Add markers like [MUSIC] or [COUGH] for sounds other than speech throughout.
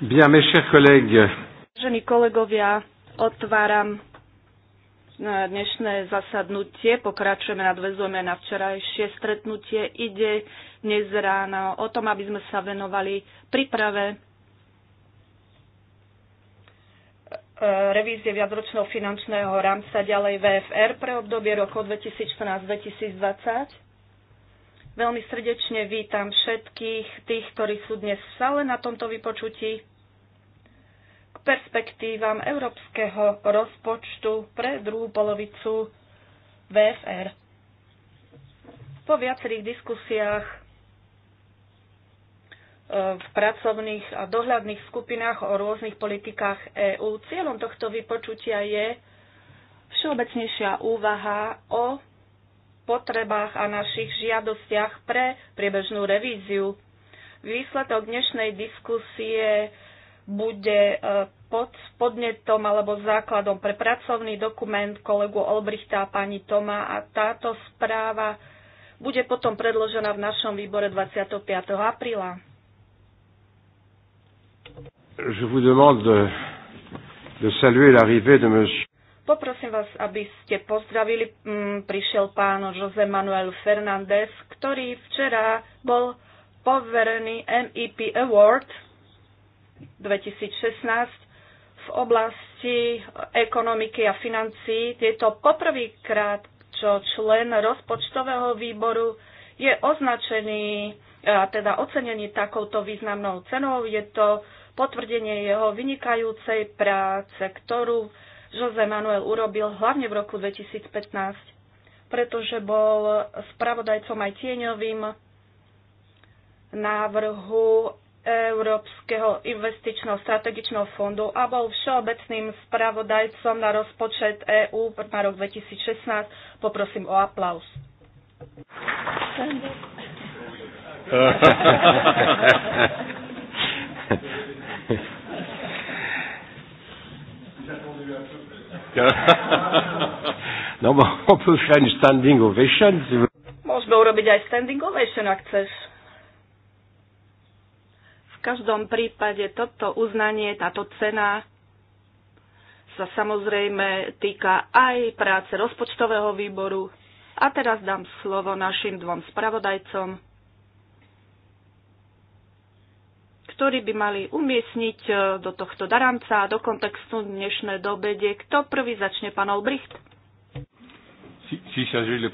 Bien, mes chers collègues. Vážení kolegovia, otváram e, dnešné zasadnutie. Pokračujeme, nadvezujeme na včerajšie stretnutie. Ide dnes ráno o tom, aby sme sa venovali príprave e, revízie viacročného finančného rámca ďalej VFR pre obdobie roku 2014-2020 Veľmi srdečne vítam všetkých tých, ktorí sú dnes v sale na tomto vypočutí k perspektívam európskeho rozpočtu pre druhú polovicu VFR. Po viacerých diskusiách e, v pracovných a dohľadných skupinách o rôznych politikách EÚ. Cieľom tohto vypočutia je všeobecnejšia úvaha o potrebách a našich žiadostiach pre priebežnú revíziu. Výsledok dnešnej diskusie bude e, pod podnetom alebo základom pre pracovný dokument kolegu Olbrichta a pani Toma a táto správa bude potom predložená v našom výbore 25. apríla. Je vous demande de, de saluer l'arrivée de monsieur Poprosím vás, aby ste pozdravili. Mm, prišiel pán Jose Manuel Fernández, ktorý včera bol poverený MEP Award 2016 v oblasti ekonomiky a financií. Je to poprvýkrát, čo člen rozpočtového výboru je označený, e, teda ocenený takouto významnou cenou. Je to potvrdenie jeho vynikajúcej práce, ktorú Jose Manuel urobil hlavne v roku 2015, pretože bol spravodajcom aj tieňovým návrhu Európskeho investičného strategičného fondu a bol všeobecným spravodajcom na rozpočet EÚ na rok 2016. Poprosím o aplaus. [LAUGHS] No, môžeme standing ovation. Môžeme urobiť aj standing ovation, ak chceš. V každom prípade toto uznanie, táto cena sa samozrejme týka aj práce rozpočtového výboru. A teraz dám slovo našim dvom spravodajcom. ktorí by mali umiestniť e, do tohto daranca a do kontextu dnešnej dobede. Kto prvý začne, pán Olbricht? Si, si de...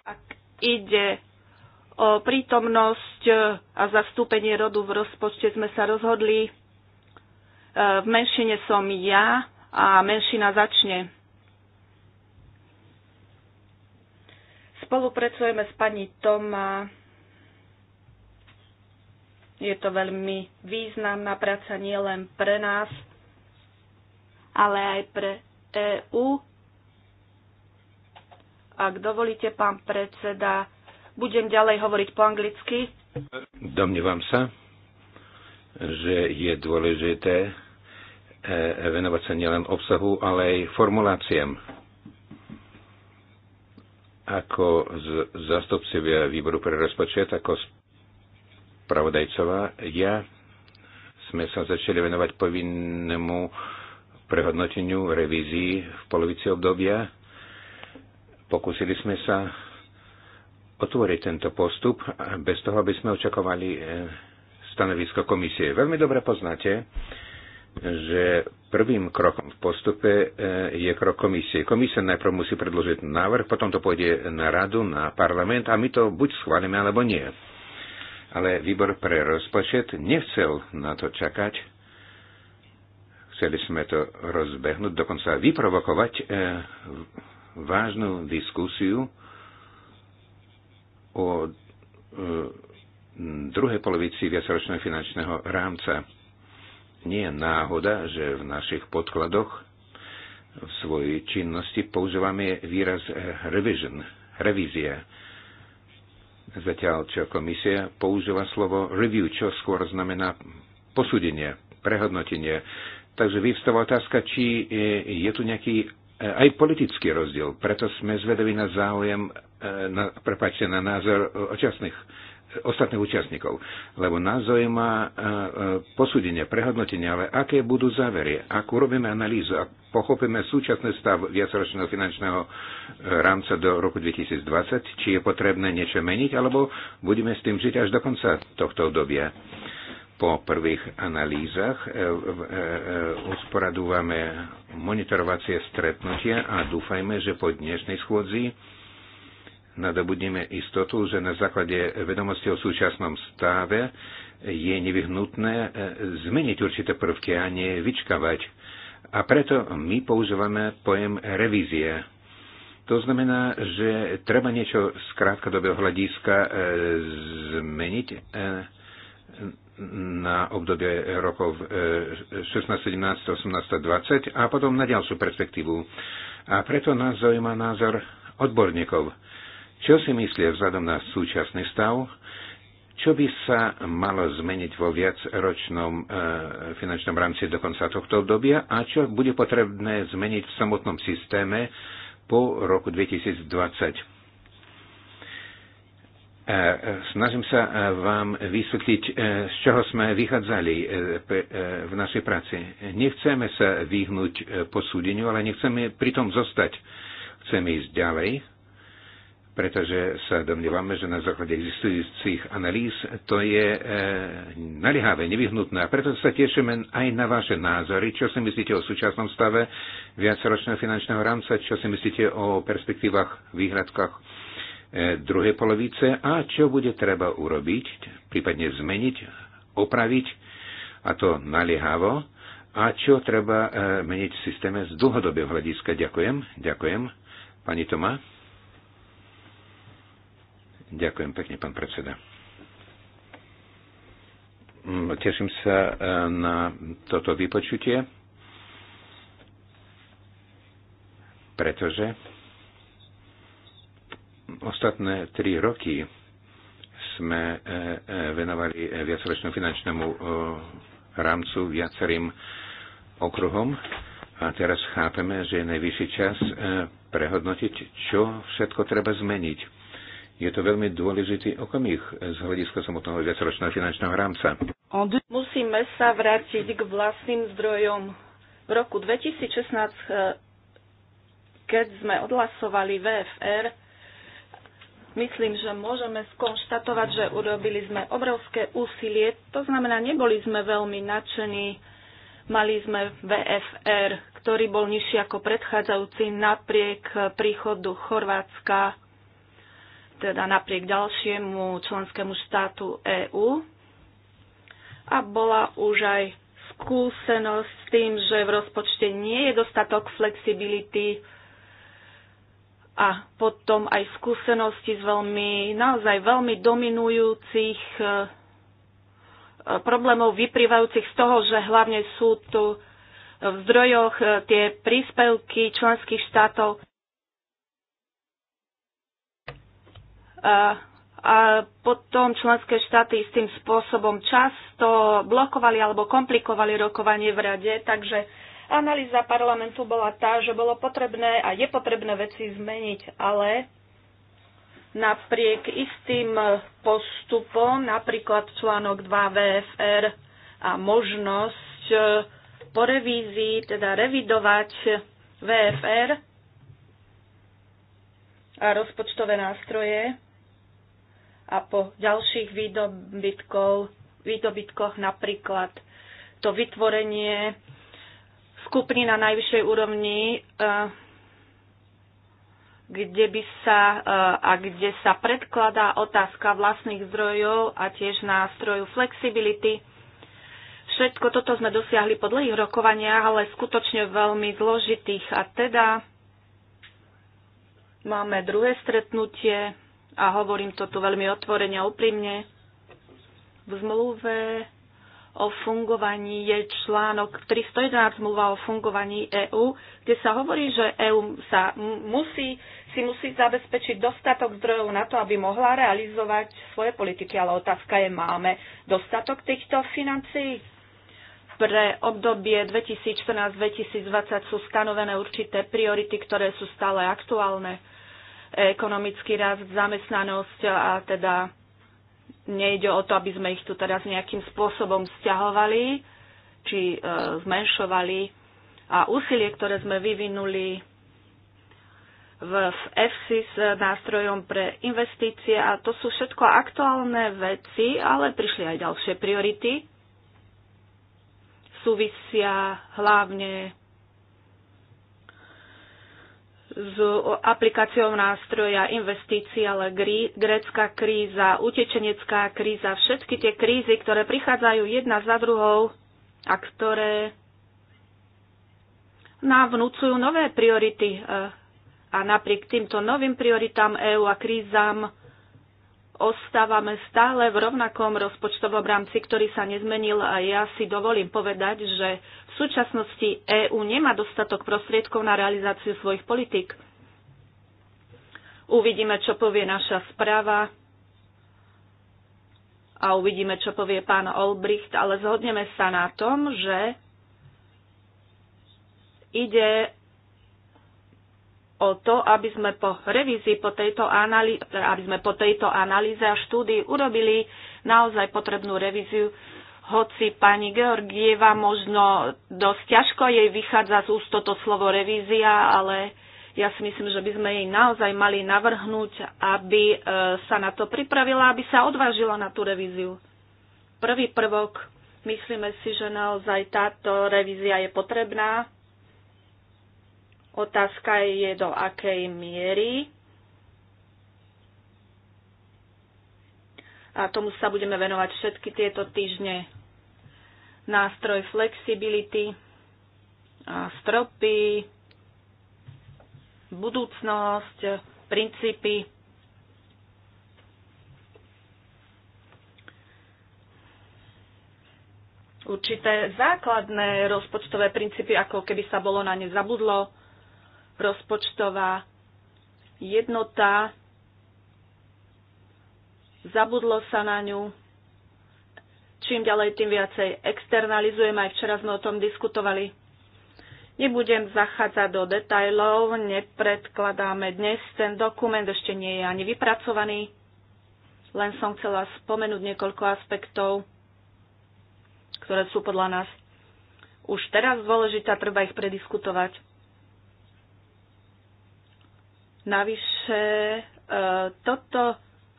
Ak ide o prítomnosť e, a zastúpenie rodu v rozpočte, sme sa rozhodli, e, v menšine som ja a menšina začne. spolupracujeme s pani Toma je to veľmi významná práca nielen pre nás, ale aj pre EÚ. Ak dovolíte, pán predseda, budem ďalej hovoriť po anglicky. Domnívam sa, že je dôležité e, venovať sa nielen obsahu, ale aj formuláciám. Ako zastupcovia výboru pre rozpočet, ako spravodajcová, ja sme sa začali venovať povinnému prehodnoteniu revízii v polovici obdobia. Pokúsili sme sa otvoriť tento postup bez toho, aby sme očakovali eh, stanovisko komisie. Veľmi dobre poznáte, že prvým krokom v postupe eh, je krok komisie. Komisia najprv musí predložiť návrh, potom to pôjde na radu, na parlament a my to buď schválime, alebo nie ale výbor pre rozpočet nechcel na to čakať. Chceli sme to rozbehnúť, dokonca vyprovokovať e, vážnu diskusiu o e, druhej polovici viacročného finančného rámca. Nie je náhoda, že v našich podkladoch v svojej činnosti používame výraz revision, revízia Zatiaľ, čo komisia používa slovo review, čo skôr znamená posúdenie, prehodnotenie. Takže vyvstáva otázka, či e, je tu nejaký e, aj politický rozdiel. Preto sme zvedaví na záujem, e, na, prepáčte, na názor očasných ostatných účastníkov. Lebo nás zaujíma e, e, posúdenie, prehodnotenie, ale aké budú závery, ak urobíme analýzu, ak pochopíme súčasný stav viacročného finančného e, rámca do roku 2020, či je potrebné niečo meniť, alebo budeme s tým žiť až do konca tohto obdobia. Po prvých analýzach usporadúvame monitorovacie stretnutia a dúfajme, že po dnešnej schôdzi nadobudneme istotu, že na základe vedomosti o súčasnom stave je nevyhnutné e, zmeniť určité prvky a nie vyčkavať. A preto my používame pojem revízie. To znamená, že treba niečo z krátkodobého hľadiska e, zmeniť e, na obdobie rokov 16, 17, 18, 20 a potom na ďalšiu perspektívu. A preto nás zaujíma názor odborníkov. Čo si myslia vzhľadom na súčasný stav? Čo by sa malo zmeniť vo viacročnom e, finančnom rámci do konca tohto obdobia a čo bude potrebné zmeniť v samotnom systéme po roku 2020? E, snažím sa e, vám vysvetliť, e, z čoho sme vychádzali v našej práci. Nechceme sa vyhnúť posúdeniu, ale nechceme pritom zostať. Chceme ísť ďalej, pretože sa domnievame, že na základe existujúcich analýz to je e, naliehavé, nevyhnutné. A preto sa tešíme aj na vaše názory, čo si myslíte o súčasnom stave viacročného finančného rámca, čo si myslíte o perspektívach, výhradkách e, druhej polovice a čo bude treba urobiť, prípadne zmeniť, opraviť, a to naliehavo, a čo treba e, meniť v systéme z dlhodobého hľadiska. Ďakujem, ďakujem. Pani Toma. Ďakujem pekne, pán predseda. Mm, teším sa e, na toto vypočutie, pretože ostatné tri roky sme e, e, venovali viacročnému finančnému rámcu viacerým okruhom a teraz chápeme, že je najvyšší čas prehodnotiť, čo všetko treba zmeniť je to veľmi dôležitý okamih z hľadiska samotného viacročného finančného rámca. Musíme sa vrátiť k vlastným zdrojom. V roku 2016, eh, keď sme odhlasovali VFR, myslím, že môžeme skonštatovať, že urobili sme obrovské úsilie. To znamená, neboli sme veľmi nadšení. Mali sme VFR, ktorý bol nižší ako predchádzajúci napriek príchodu Chorvátska teda napriek ďalšiemu členskému štátu EÚ. A bola už aj skúsenosť s tým, že v rozpočte nie je dostatok flexibility a potom aj skúsenosti z veľmi, naozaj veľmi dominujúcich e, problémov vyprývajúcich z toho, že hlavne sú tu v zdrojoch e, tie príspevky členských štátov A, a potom členské štáty s tým spôsobom často blokovali alebo komplikovali rokovanie v rade, takže analýza parlamentu bola tá, že bolo potrebné a je potrebné veci zmeniť, ale napriek istým postupom, napríklad článok 2 VFR a možnosť e, po revízii, teda revidovať VFR a rozpočtové nástroje, a po ďalších výdobytkoch napríklad to vytvorenie skupiny na najvyššej úrovni, e, kde by sa e, a kde sa predkladá otázka vlastných zdrojov a tiež nástroju flexibility. Všetko toto sme dosiahli po dlhých rokovaniach, ale skutočne veľmi zložitých. A teda máme druhé stretnutie a hovorím to tu veľmi otvorene a úprimne, v zmluve o fungovaní je článok 311 zmluva o fungovaní EÚ, kde sa hovorí, že EÚ sa musí, si musí zabezpečiť dostatok zdrojov na to, aby mohla realizovať svoje politiky. Ale otázka je, máme dostatok týchto financií? Pre obdobie 2014-2020 sú stanovené určité priority, ktoré sú stále aktuálne ekonomický rast, zamestnanosť a teda nejde o to, aby sme ich tu teraz nejakým spôsobom stiahovali či e, zmenšovali a úsilie, ktoré sme vyvinuli v EFSI s nástrojom pre investície a to sú všetko aktuálne veci, ale prišli aj ďalšie priority. Súvisia hlavne s aplikáciou nástroja investícia, ale grécka kríza, utečenecká kríza, všetky tie krízy, ktoré prichádzajú jedna za druhou a ktoré nám vnúcujú nové priority. E, a napriek týmto novým prioritám EÚ a krízam ostávame stále v rovnakom rozpočtovom rámci, ktorý sa nezmenil a ja si dovolím povedať, že v súčasnosti EÚ nemá dostatok prostriedkov na realizáciu svojich politik. Uvidíme, čo povie naša správa a uvidíme, čo povie pán Olbricht, ale zhodneme sa na tom, že ide o to, aby sme po revízii, po tejto analý- aby sme po tejto analýze a štúdii urobili naozaj potrebnú revíziu, hoci pani Georgieva možno dosť ťažko jej vychádza z úst toto slovo revízia, ale ja si myslím, že by sme jej naozaj mali navrhnúť, aby e, sa na to pripravila, aby sa odvážila na tú revíziu. Prvý prvok, myslíme si, že naozaj táto revízia je potrebná Otázka je, do akej miery. A tomu sa budeme venovať všetky tieto týždne. Nástroj flexibility, stropy, budúcnosť, princípy. určité základné rozpočtové princípy, ako keby sa bolo na ne zabudlo rozpočtová jednota. Zabudlo sa na ňu. Čím ďalej, tým viacej externalizujem, Aj včera sme o tom diskutovali. Nebudem zachádzať do detajlov, nepredkladáme dnes. Ten dokument ešte nie je ani vypracovaný. Len som chcela spomenúť niekoľko aspektov, ktoré sú podľa nás už teraz dôležité a treba ich prediskutovať. Navyše e, toto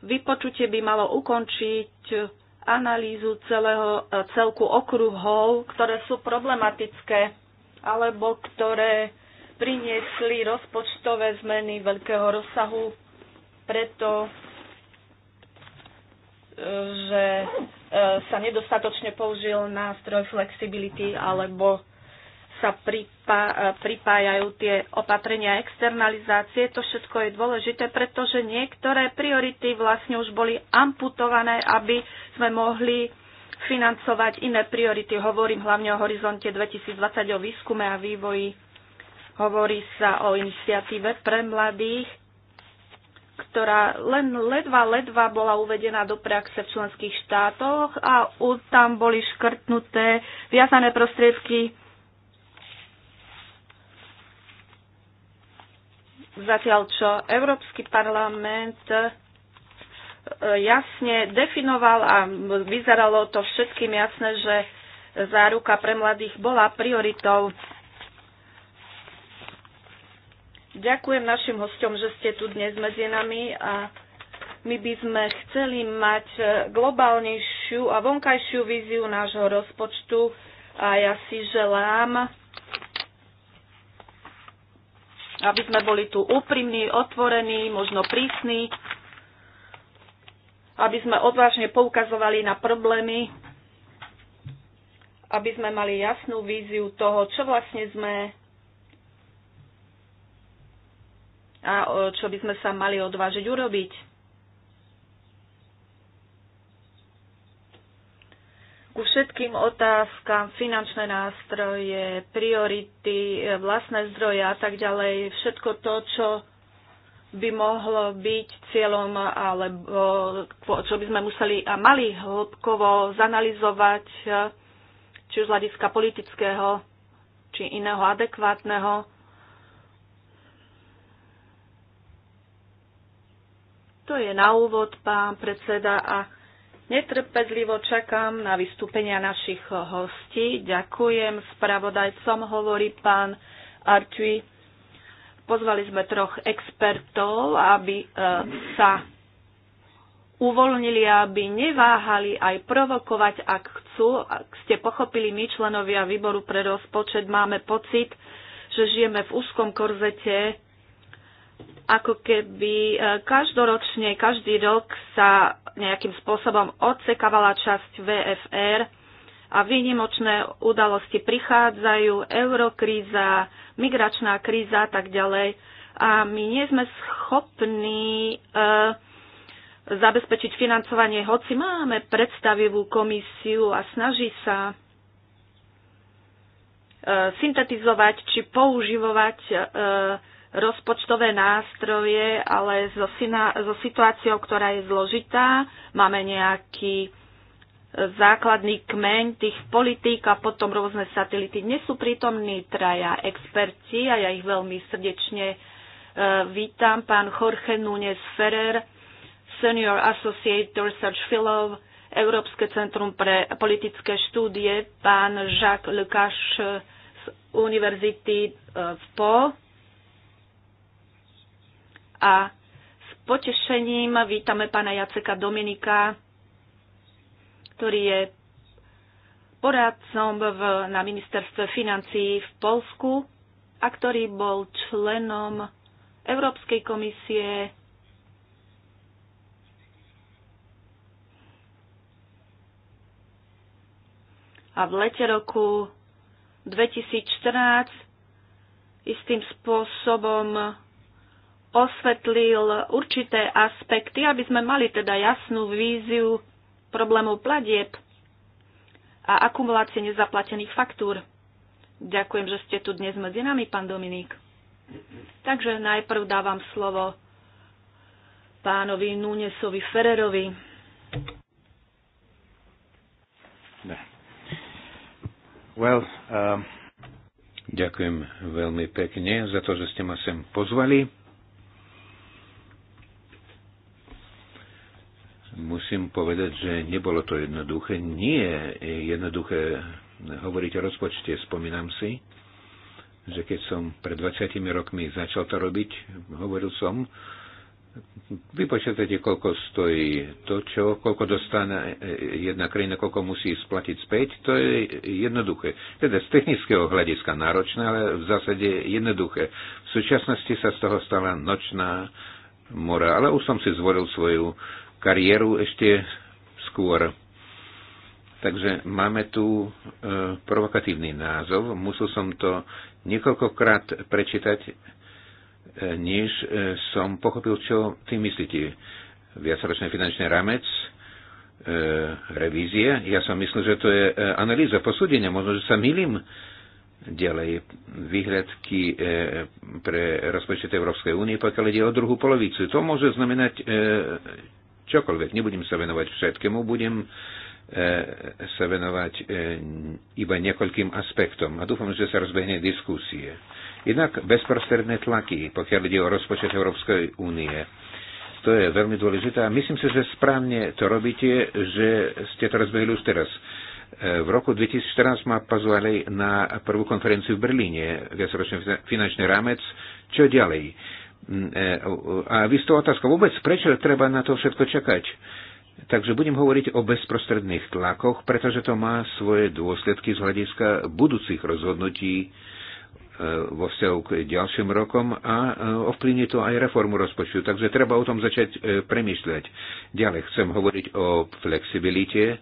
vypočutie by malo ukončiť analýzu celého e, celku okruhov, ktoré sú problematické alebo ktoré priniesli rozpočtové zmeny veľkého rozsahu, preto e, že sa nedostatočne použil nástroj flexibility alebo sa pripá, pripájajú tie opatrenia externalizácie. To všetko je dôležité, pretože niektoré priority vlastne už boli amputované, aby sme mohli financovať iné priority. Hovorím hlavne o horizonte 2020, o výskume a vývoji. Hovorí sa o iniciatíve pre mladých, ktorá len ledva, ledva bola uvedená do praxe v členských štátoch a tam boli škrtnuté viazané prostriedky Zatiaľ čo Európsky parlament e, jasne definoval a vyzeralo to všetkým jasné, že záruka pre mladých bola prioritou. Ďakujem našim hostom, že ste tu dnes medzi nami a my by sme chceli mať e, globálnejšiu a vonkajšiu víziu nášho rozpočtu a ja si želám, aby sme boli tu úprimní, otvorení, možno prísni, aby sme odvážne poukazovali na problémy, aby sme mali jasnú víziu toho, čo vlastne sme a čo by sme sa mali odvážiť urobiť. ku všetkým otázkam, finančné nástroje, priority, vlastné zdroje a tak ďalej, všetko to, čo by mohlo byť cieľom, alebo čo by sme museli a mali hĺbkovo zanalizovať, či už z hľadiska politického, či iného adekvátneho. To je na úvod, pán predseda, a Netrpezlivo čakám na vystúpenia našich hostí. Ďakujem spravodajcom, hovorí pán Artui. Pozvali sme troch expertov, aby e, sa uvoľnili, aby neváhali aj provokovať, ak chcú. Ak ste pochopili, my členovia výboru pre rozpočet máme pocit, že žijeme v úzkom korzete ako keby e, každoročne, každý rok sa nejakým spôsobom odsekávala časť VFR a výnimočné udalosti prichádzajú, eurokríza, migračná kríza a tak ďalej. A my nie sme schopní e, zabezpečiť financovanie, hoci máme predstavivú komisiu a snaží sa e, syntetizovať či e, rozpočtové nástroje, ale so, so situáciou, ktorá je zložitá. Máme nejaký e, základný kmeň tých politík a potom rôzne satelity. Dnes sú prítomní traja experti a ja ich veľmi srdečne e, vítam. Pán Jorge Núñez Ferrer, Senior Associate Research Fellow, Európske centrum pre politické štúdie, pán Jacques Lukáš z Univerzity e, v Po, a s potešením vítame pána Jaceka Dominika, ktorý je poradcom v, na ministerstve financií v Polsku a ktorý bol členom Európskej komisie a v lete roku 2014 istým spôsobom osvetlil určité aspekty, aby sme mali teda jasnú víziu problémov platieb a akumulácie nezaplatených faktúr. Ďakujem, že ste tu dnes medzi nami, pán Dominik. Takže najprv dávam slovo pánovi Núnesovi Ferrerovi. Well, um... Ďakujem veľmi pekne za to, že ste ma sem pozvali. Musím povedať, že nebolo to jednoduché. Nie je jednoduché hovoriť o rozpočte. Spomínam si, že keď som pred 20 rokmi začal to robiť, hovoril som, vypočítajte, koľko stojí to, čo, koľko dostane jedna krajina, koľko musí splatiť späť, to je jednoduché. Teda z technického hľadiska náročné, ale v zásade jednoduché. V súčasnosti sa z toho stala nočná mora, ale už som si zvolil svoju kariéru ešte skôr. Takže máme tu e, provokatívny názov. Musel som to niekoľkokrát prečítať, e, než e, som pochopil, čo tým myslíte. Viacročný finančný ramec, e, revízie. Ja som myslel, že to je e, analýza, posúdenie. Možno, že sa milím. Ďalej, výhľadky e, pre rozpočet Európskej únie, pokiaľ ide o druhú polovicu. To môže znamenať e, čokoľvek. Nebudem sa venovať všetkému, budem e, sa venovať e, iba niekoľkým aspektom a dúfam, že sa rozbehne diskusie. Jednak bezprostredné tlaky, pokiaľ ide o rozpočet Európskej únie. To je veľmi dôležité a myslím si, že správne to robíte, že ste to rozbehli už teraz. E, v roku 2014 ma pozvali na prvú konferenciu v Berlíne, viacročný finančný rámec. Čo ďalej? Mm, e, a vy toho otázka vôbec, prečo treba na to všetko čakať? Takže budem hovoriť o bezprostredných tlakoch, pretože to má svoje dôsledky z hľadiska budúcich rozhodnutí e, vo vzťahu k ďalším rokom a e, ovplyvní to aj reformu rozpočtu. Takže treba o tom začať premýšľať. Ďalej chcem hovoriť o flexibilite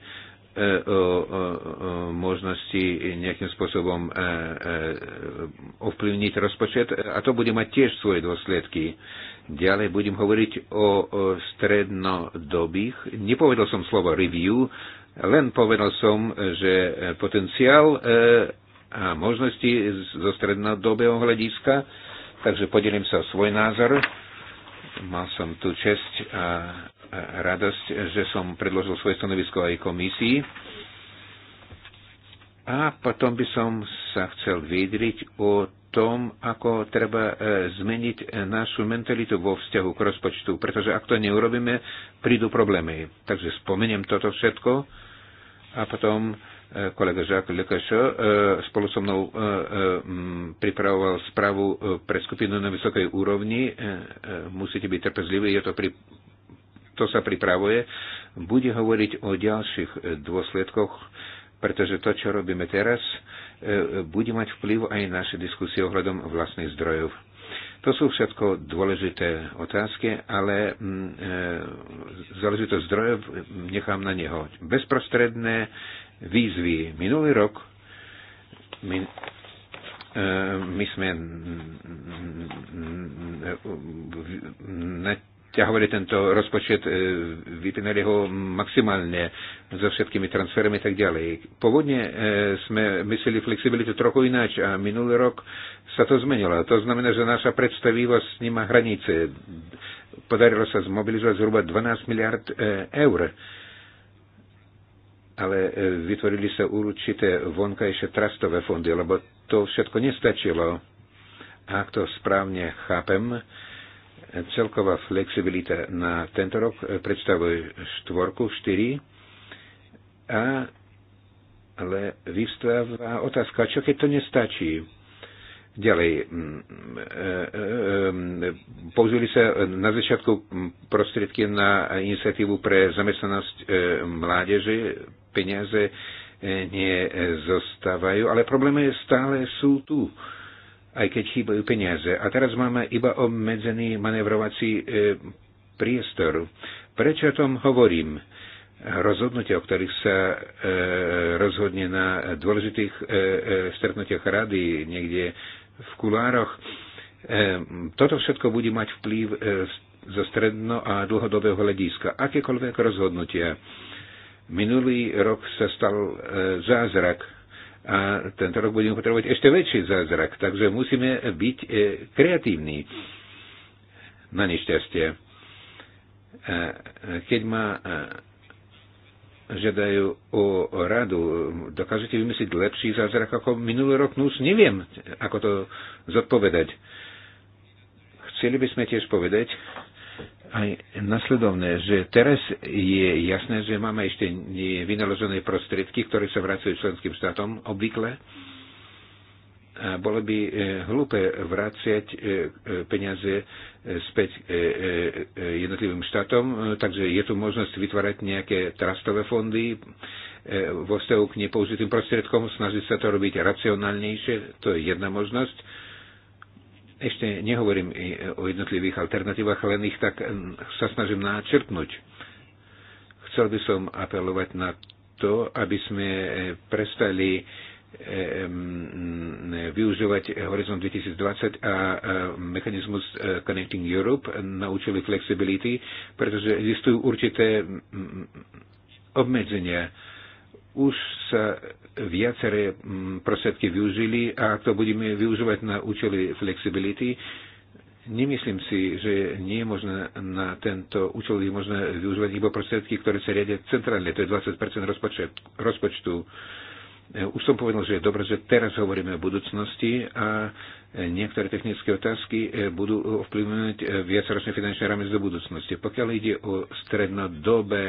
o o, o možnosti nejakým spôsobom e, e, ovplyvniť rozpočet a to bude mať tiež svoje dôsledky. Ďalej budem hovoriť o o strednodobých. Nepovedal som slovo review, len povedal som, že potenciál e, a možnosti zo strednodobého hľadiska, takže podelím sa o svoj názor. Mal som tu čest a radosť, že som predložil svoje stanovisko aj komisii. A potom by som sa chcel vydriť o tom, ako treba e, zmeniť našu mentalitu vo vzťahu k rozpočtu, pretože ak to neurobíme, prídu problémy. Takže spomeniem toto všetko a potom e, kolega Žák Lekašo e, spolu so mnou pripravoval správu pre skupinu na vysokej úrovni. Musíte byť trpezliví, je to pri to sa pripravuje, bude hovoriť o ďalších e, dôsledkoch, pretože to, čo robíme teraz, e, bude mať vplyv aj naše diskusie ohľadom vlastných zdrojov. To sú všetko dôležité otázky, ale mm, e, záležitosť zdrojov mm, nechám na neho. Bezprostredné výzvy. Minulý rok my, e, my sme mm, e, ťahovali tento rozpočet, e, vypínali ho maximálne so všetkými transfermi a tak ďalej. Povodne e, sme mysleli flexibilitu trochu ináč a minulý rok sa to zmenilo. To znamená, že naša predstavivosť nemá hranice. Podarilo sa zmobilizovať zhruba 12 miliard e, eur ale vytvorili sa určité vonkajšie trastové fondy, lebo to všetko nestačilo. Ak to správne chápem, Celková flexibilita na tento rok predstavuje štvorku, štyri, a, ale vystáva otázka, čo keď to nestačí. Ďalej, mm, e, e, e, použili sa na začiatku prostriedky na iniciatívu pre zamestnanosť mládeže, peniaze nezostávajú, ale problémy stále sú tu. E, aj keď chýbajú peniaze. A teraz máme iba obmedzený manevrovací e, priestor. Prečo o tom hovorím? Rozhodnutia, o ktorých sa e, rozhodne na dôležitých e, e, stretnutiach rady, niekde v kulároch, e, toto všetko bude mať vplyv e, zo stredno- a dlhodobého hľadiska. Akékoľvek rozhodnutia. Minulý rok sa stal e, zázrak a tento rok budeme potrebovať ešte väčší zázrak, takže musíme byť e, kreatívni na nešťastie. E, keď ma e, žiadajú o radu, dokážete vymyslieť lepší zázrak ako minulý rok? No už neviem, ako to zodpovedať. Chceli by sme tiež povedať, aj nasledovné, že teraz je jasné, že máme ešte vynaložené prostriedky, ktoré sa vracujú členským štátom obvykle. A bolo by e, hlúpe vraciať e, e, peniaze späť jednotlivým štátom, takže je tu možnosť vytvárať nejaké trastové fondy vo vzťahu k nepoužitým prostriedkom, snažiť sa to robiť racionálnejšie, to je jedna možnosť. Ešte nehovorím o jednotlivých alternatívach, len ich tak sa snažím načrtnúť. Chcel by som apelovať na to, aby sme e, prestali e, využívať Horizon 2020 a e, mechanizmus Connecting Europe na účely flexibility, pretože existujú určité obmedzenia už sa viaceré mm, prostriedky využili a ak to budeme využívať na účely flexibility, nemyslím si, že nie je možné na tento účel je možné využívať iba prostriedky, ktoré sa riadia centrálne, to je 20 rozpočet, rozpočtu. Už som povedal, že je dobré, že teraz hovoríme o budúcnosti a niektoré technické otázky e, budú ovplyvňovať viaceročné finančné rámec do budúcnosti. Pokiaľ ide o strednodobé dobe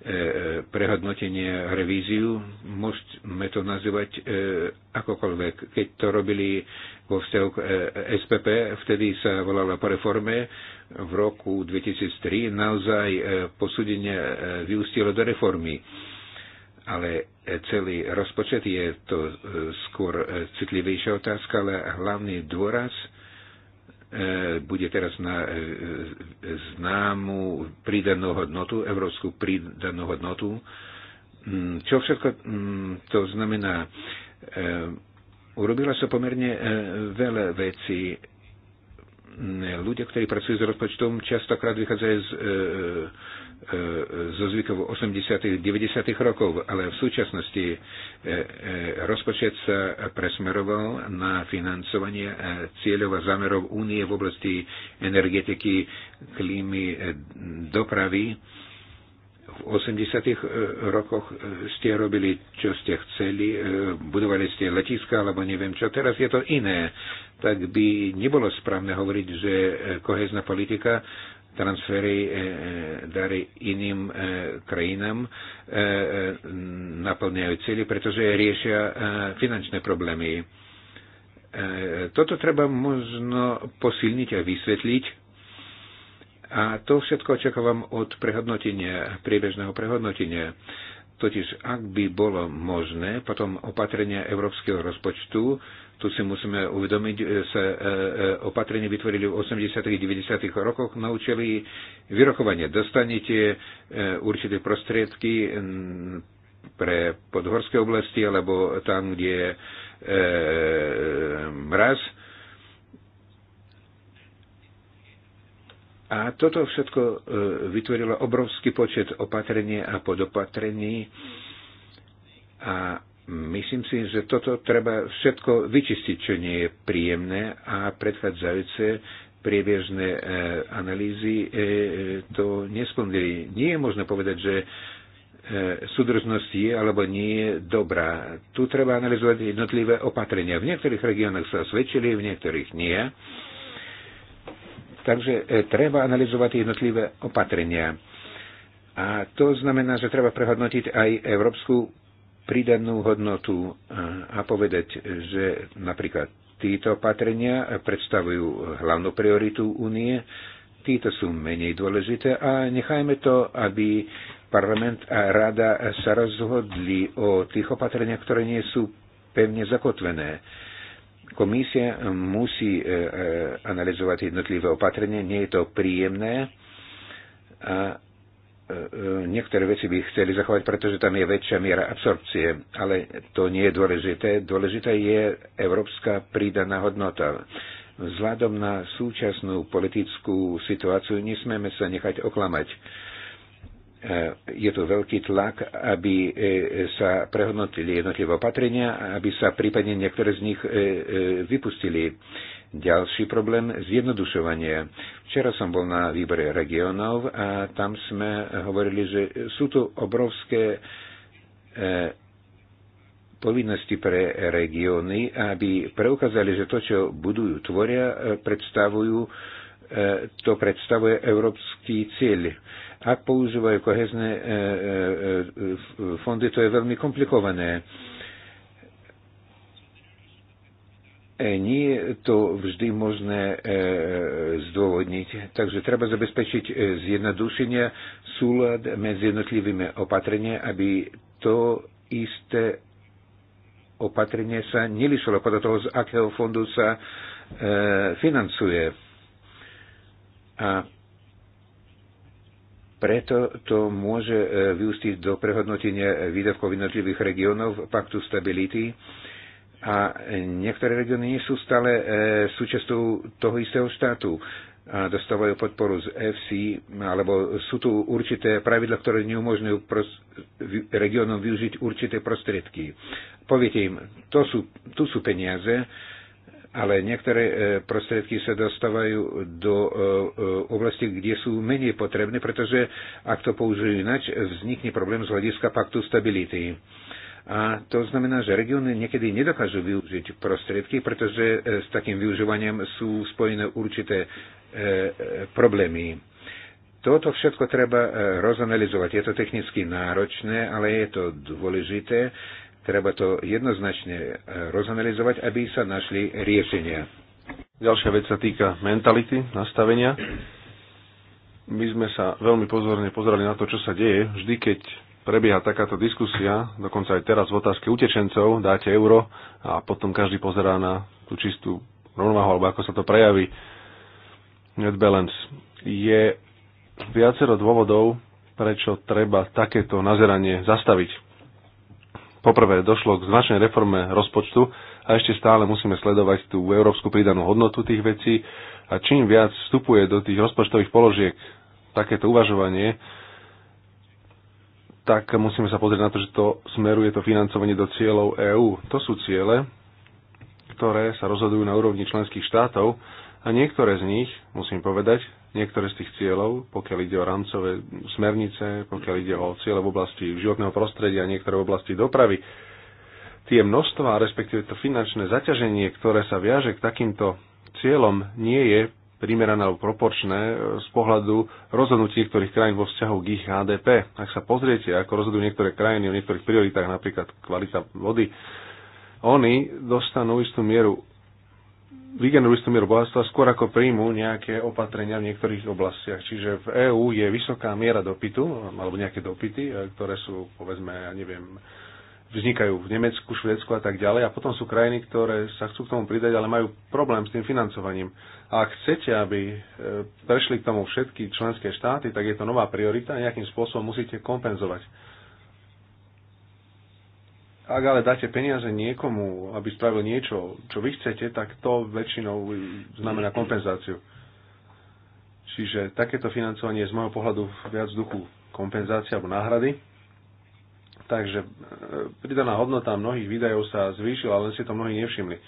E, prehodnotenie, revíziu, môžeme to nazývať e, akokoľvek. Keď to robili vo vzťahu k e, SPP, vtedy sa volala po reforme v roku 2003, naozaj e, posúdenie e, vyústilo do reformy. Ale e, celý rozpočet je to e, skôr citlivejšia otázka, ale hlavný dôraz e, E, bude teraz na e, e, známu pridanú hodnotu, európsku pridanú hodnotu. Mm, čo všetko mm, to znamená? Urobila sa pomerne veľa vecí. Mm, ľudia, ktorí pracujú s rozpočtom, častokrát vychádzajú z E, zo zvykov 80. 90. rokov, ale v súčasnosti e, e, rozpočet sa presmeroval na financovanie cieľov a zámerov únie v oblasti energetiky, klímy, dopravy. V 80. rokoch ste robili, čo ste chceli, budovali ste letiska alebo neviem čo, teraz je to iné. Tak by nebolo správne hovoriť, že kohezná politika transfery e, e, dary iným e, krajinám, naplňajú cieľy, pretože riešia finančné problémy. Toto treba možno posilniť a vysvetliť. A to všetko očakávam od prehodnotenia, priebežného prehodnotenia. Totiž, ak by bolo možné, potom opatrenia európskeho rozpočtu tu si musíme uvedomiť, e, sa e, e, opatrenie vytvorili v 80. a 90. rokoch, naučili vyrokovanie. Dostanete určité prostriedky pre podhorské oblasti alebo tam, kde je mraz. A toto všetko vytvorilo obrovský počet opatrení a podopatrení a Myslím si, že toto treba všetko vyčistiť, čo nie je príjemné a predchádzajúce priebežné e, analýzy e, e to nesplnili. Nie je možné povedať, že e, súdržnosť je alebo nie je dobrá. Tu treba analyzovať jednotlivé opatrenia. V niektorých regiónoch sa osvedčili, v niektorých nie. Takže e, treba analyzovať jednotlivé opatrenia. A to znamená, že treba prehodnotiť aj európsku pridanú hodnotu e, a povedať, že napríklad títo opatrenia predstavujú hlavnú prioritu únie, títo sú menej dôležité a nechajme to, aby parlament a rada sa rozhodli o tých opatreniach, ktoré nie sú pevne zakotvené. Komisia musí e, e, analyzovať jednotlivé opatrenia, nie je to príjemné a E, e, niektoré veci by chceli zachovať, pretože tam je väčšia miera absorpcie, ale to nie je dôležité. Dôležitá je európska prídaná hodnota. Vzhľadom na súčasnú politickú situáciu nesmieme sa nechať oklamať. E, je tu veľký tlak, aby sa prehodnotili jednotlivé opatrenia, aby sa prípadne niektoré z nich vypustili. Ďalší problém zjednodušovanie. Včera som bol na výbore regionov a tam sme hovorili, že sú tu obrovské e, povinnosti pre regióny, aby preukázali, že to, čo budujú, tvoria, e, predstavujú, e, to predstavuje európsky cieľ. Ak používajú kohezné fondy, to je veľmi komplikované nie je to vždy možné e, zdôvodniť. Takže treba zabezpečiť e, zjednodušenie súlad medzi jednotlivými opatrenia, aby to isté opatrenie sa nelišilo podľa toho, z akého fondu sa e, financuje. A preto to môže vyústiť do prehodnotenia výdavkov jednotlivých regionov paktu stability a niektoré regióny sú stále e, súčasťou toho istého štátu a dostávajú podporu z FC, alebo sú tu určité pravidla, ktoré neumožňujú regiónom využiť určité prostriedky. Poviete im, to sú, tu sú peniaze, ale niektoré e, prostriedky sa dostávajú do e, oblasti, kde sú menej potrebné, pretože ak to použijú inač, vznikne problém z hľadiska paktu stability. A to znamená, že regióny niekedy nedokážu využiť prostriedky, pretože e, s takým využívaním sú spojené určité e, e, problémy. Toto všetko treba rozanalizovať. Je to technicky náročné, ale je to dôležité. Treba to jednoznačne rozanalizovať, aby sa našli riešenia. Ďalšia vec sa týka mentality, nastavenia. My sme sa veľmi pozorne pozerali na to, čo sa deje. Vždy, keď prebieha takáto diskusia, dokonca aj teraz v otázke utečencov, dáte euro a potom každý pozerá na tú čistú rovnováhu, alebo ako sa to prejaví, net balance. Je viacero dôvodov, prečo treba takéto nazeranie zastaviť. Poprvé, došlo k značnej reforme rozpočtu a ešte stále musíme sledovať tú európsku pridanú hodnotu tých vecí a čím viac vstupuje do tých rozpočtových položiek takéto uvažovanie, tak musíme sa pozrieť na to, že to smeruje to financovanie do cieľov EÚ. To sú ciele, ktoré sa rozhodujú na úrovni členských štátov a niektoré z nich, musím povedať, niektoré z tých cieľov, pokiaľ ide o rámcové smernice, pokiaľ ide o ciele v oblasti životného prostredia, niektoré v oblasti dopravy, tie množstva, respektíve to finančné zaťaženie, ktoré sa viaže k takýmto cieľom, nie je primerané alebo proporčné e, z pohľadu rozhodnutí niektorých krajín vo vzťahu k ich HDP. Ak sa pozriete, ako rozhodujú niektoré krajiny o niektorých prioritách, napríklad kvalita vody, oni dostanú istú mieru vygenerujú istú mieru bohatstva skôr ako príjmu nejaké opatrenia v niektorých oblastiach. Čiže v EÚ je vysoká miera dopytu, alebo nejaké dopyty, e, ktoré sú, povedzme, ja neviem, vznikajú v Nemecku, Švedsku a tak ďalej. A potom sú krajiny, ktoré sa chcú k tomu pridať, ale majú problém s tým financovaním. A ak chcete, aby e, prešli k tomu všetky členské štáty, tak je to nová priorita a nejakým spôsobom musíte kompenzovať. Ak ale dáte peniaze niekomu, aby spravil niečo, čo vy chcete, tak to väčšinou znamená kompenzáciu. Čiže takéto financovanie je z môjho pohľadu viac duchu kompenzácia alebo náhrady Takže e, pridaná hodnota mnohých výdajov sa zvýšila, len si to mnohí nevšimli. E,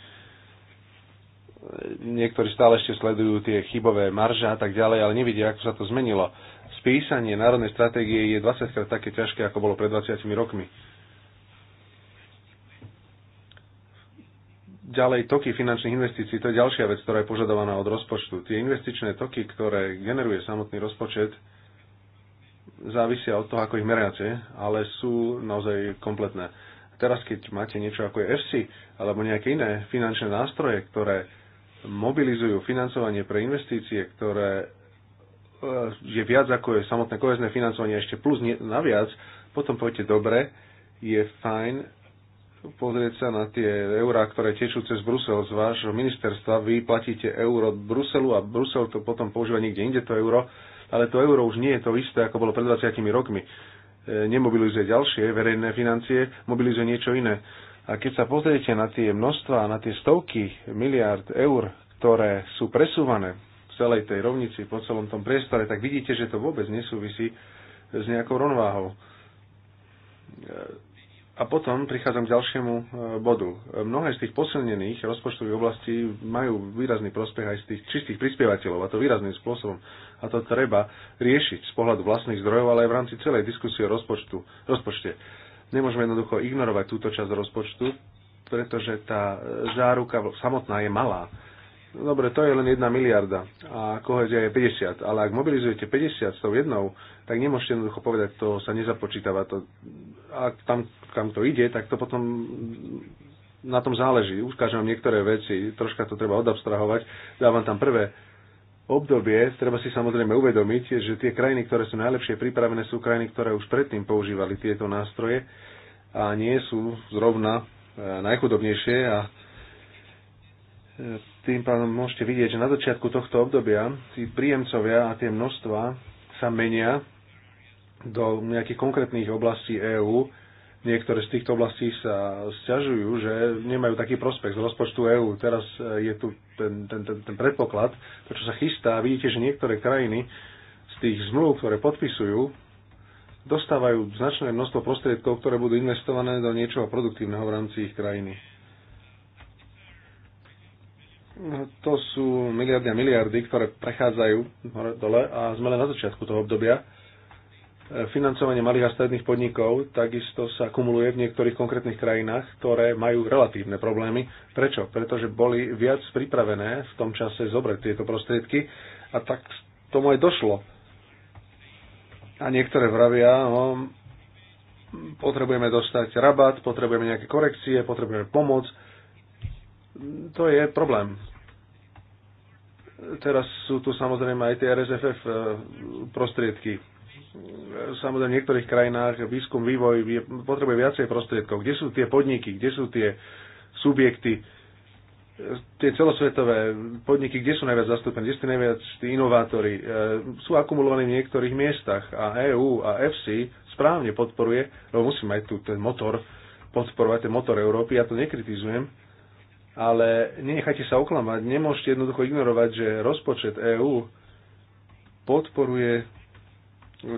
niektorí stále ešte sledujú tie chybové marže a tak ďalej, ale nevidia, ako sa to zmenilo. Spísanie národnej stratégie je 20 krát také ťažké, ako bolo pred 20 rokmi. ďalej toky finančných investícií, to je ďalšia vec, ktorá je požadovaná od rozpočtu. Tie investičné toky, ktoré generuje samotný rozpočet, závisia od toho, ako ich meriate, ale sú naozaj kompletné. Teraz, keď máte niečo ako je FC alebo nejaké iné finančné nástroje, ktoré mobilizujú financovanie pre investície, ktoré e, je viac ako je samotné kohezné financovanie, ešte plus naviac, potom poviete, dobre, je fajn pozrieť sa na tie eurá, ktoré tečú cez Brusel z vášho ministerstva. Vy platíte euro Bruselu a Brusel to potom používa niekde inde to euro ale to euro už nie je to isté, ako bolo pred 20 rokmi. E, nemobilizuje ďalšie verejné financie, mobilizuje niečo iné. A keď sa pozriete na tie množstva, na tie stovky miliárd eur, ktoré sú presúvané v celej tej rovnici, po celom tom priestore, tak vidíte, že to vôbec nesúvisí s nejakou rovnováhou e, a potom prichádzam k ďalšiemu e, bodu. E, mnohé z tých posilnených rozpočtových oblastí majú výrazný prospech aj z tých čistých prispievateľov, a to výrazným spôsobom. A to treba riešiť z pohľadu vlastných zdrojov, ale aj v rámci celej diskusie o rozpočtu, rozpočte. Nemôžeme jednoducho ignorovať túto časť rozpočtu, pretože tá e, záruka samotná je malá. Dobre, to je len 1 miliarda a kohezia je 50, ale ak mobilizujete 50 s tou jednou tak nemôžete jednoducho povedať, to sa nezapočítava. To, a tam, kam to ide, tak to potom na tom záleží. Ukážem vám niektoré veci, troška to treba odabstrahovať. Dávam tam prvé obdobie, treba si samozrejme uvedomiť, že tie krajiny, ktoré sú najlepšie pripravené, sú krajiny, ktoré už predtým používali tieto nástroje a nie sú zrovna e, najchudobnejšie a e, tým pádom môžete vidieť, že na začiatku tohto obdobia tí príjemcovia a tie množstva sa menia do nejakých konkrétnych oblastí EÚ. Niektoré z týchto oblastí sa sťažujú, že nemajú taký prospekt z rozpočtu EÚ. Teraz eh, je tu ten, ten, ten, ten predpoklad, to, čo sa chystá. Vidíte, že niektoré krajiny z tých zmluv, ktoré podpisujú, dostávajú značné množstvo prostriedkov, ktoré budú investované do niečoho produktívneho v rámci ich krajiny. To sú miliardy a miliardy, ktoré prechádzajú hore-dole a sme len na začiatku toho obdobia. E, financovanie malých a stredných podnikov takisto sa kumuluje v niektorých konkrétnych krajinách, ktoré majú relatívne problémy. Prečo? Pretože boli viac pripravené v tom čase zobrať tieto prostriedky a tak tomu aj došlo. A niektoré vravia, no, potrebujeme dostať rabat, potrebujeme nejaké korekcie, potrebujeme pomoc, to je problém. Teraz sú tu samozrejme aj tie RSFF e, prostriedky. Samozrejme v niektorých krajinách výskum, vývoj potrebuje viacej prostriedkov. Kde sú tie podniky, kde sú tie subjekty, e, tie celosvetové podniky, kde sú najviac zastúpené, kde sú najviac tí inovátori, e, sú akumulovaní v niektorých miestach a EÚ a FC správne podporuje, lebo musíme aj tu ten motor podporovať, ten motor Európy, ja to nekritizujem, ale nenechajte sa oklamať, nemôžete jednoducho ignorovať, že rozpočet EÚ podporuje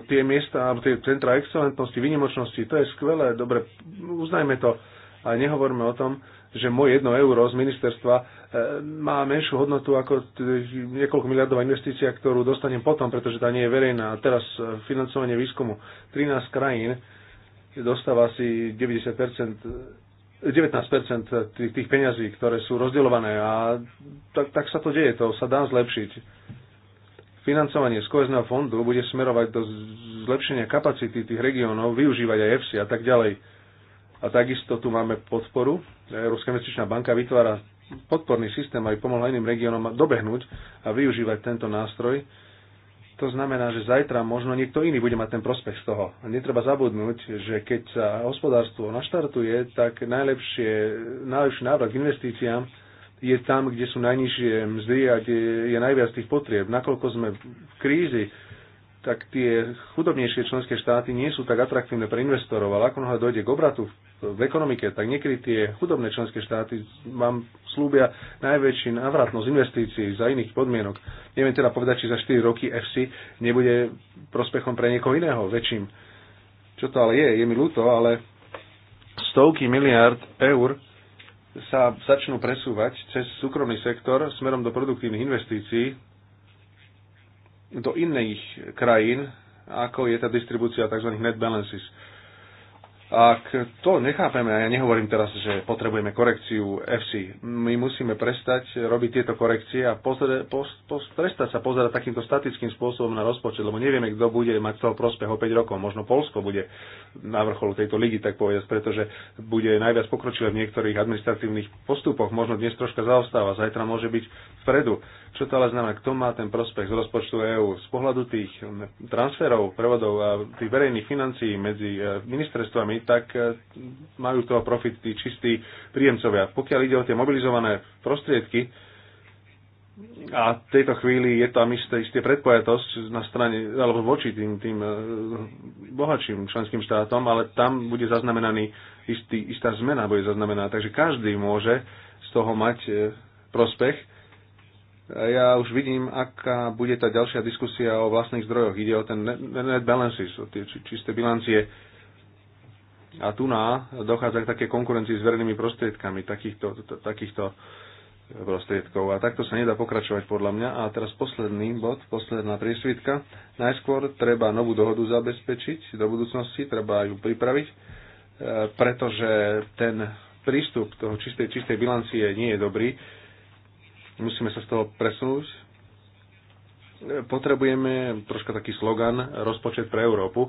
tie miesta, alebo tie centra excelentnosti, vynimočnosti, to je skvelé, dobre, uznajme to, ale nehovorme o tom, že moje jedno euro z ministerstva e, má menšiu hodnotu ako niekoľko miliardová investícia, ktorú dostanem potom, pretože tá nie je verejná. Teraz e, financovanie výskumu 13 krajín dostáva asi 90 19% tých, tých peňazí, ktoré sú rozdeľované a tak, tak sa to deje, to sa dá zlepšiť. Financovanie z kohezného fondu bude smerovať do zlepšenia kapacity tých regiónov, využívať aj EFSI a tak ďalej. A takisto tu máme podporu. Európska investičná banka vytvára podporný systém, aby pomohla iným regiónom dobehnúť a využívať tento nástroj to znamená, že zajtra možno niekto iný bude mať ten prospech z toho. A netreba zabudnúť, že keď sa hospodárstvo naštartuje, tak najlepšie, najlepší návrat k investíciám je tam, kde sú najnižšie mzdy a kde je najviac tých potrieb. Nakoľko sme v krízi, tak tie chudobnejšie členské štáty nie sú tak atraktívne pre investorov, ale ako náhle dojde k obratu v ekonomike, tak niekedy tie chudobné členské štáty vám slúbia najväčší návratnosť investícií za iných podmienok. Neviem teda povedať, či za 4 roky FC nebude prospechom pre niekoho iného väčším. Čo to ale je, je mi ľúto, ale stovky miliard eur sa začnú presúvať cez súkromný sektor smerom do produktívnych investícií do iných krajín, ako je tá distribúcia tzv. net balances. Ak to nechápeme, a ja nehovorím teraz, že potrebujeme korekciu FC, my musíme prestať robiť tieto korekcie a pozre, post, post, prestať sa pozerať takýmto statickým spôsobom na rozpočet, lebo nevieme, kto bude mať z toho prospech o 5 rokov. Možno Polsko bude na vrcholu tejto ligy, tak povedať, pretože bude najviac pokročilé v niektorých administratívnych postupoch. Možno dnes troška zaostáva, zajtra môže byť vpredu čo to ale znamená? Kto má ten prospech z rozpočtu EÚ? Z pohľadu tých transferov, prevodov a tých verejných financií medzi e, ministerstvami, tak e, majú toho profit tí čistí príjemcovia. Pokiaľ ide o tie mobilizované prostriedky, a v tejto chvíli je tam isté, isté predpojatosť na strane, alebo voči tým, tým e, bohatším členským štátom, ale tam bude zaznamenaný istý, istá zmena, bude zaznamená. Takže každý môže z toho mať prospech ja už vidím, aká bude tá ďalšia diskusia o vlastných zdrojoch. Ide o ten net balances, o tie čisté bilancie. A tu na dochádza k také konkurencii s vernými prostriedkami takýchto, takýchto e, prostriedkov. A takto sa nedá pokračovať podľa mňa. A teraz posledný bod, posledná priesvitka. Najskôr treba novú dohodu zabezpečiť do budúcnosti, treba ju pripraviť, e, pretože ten prístup toho čistej, čistej bilancie nie je dobrý Musíme sa z toho presunúť. Potrebujeme troška taký slogan rozpočet pre Európu.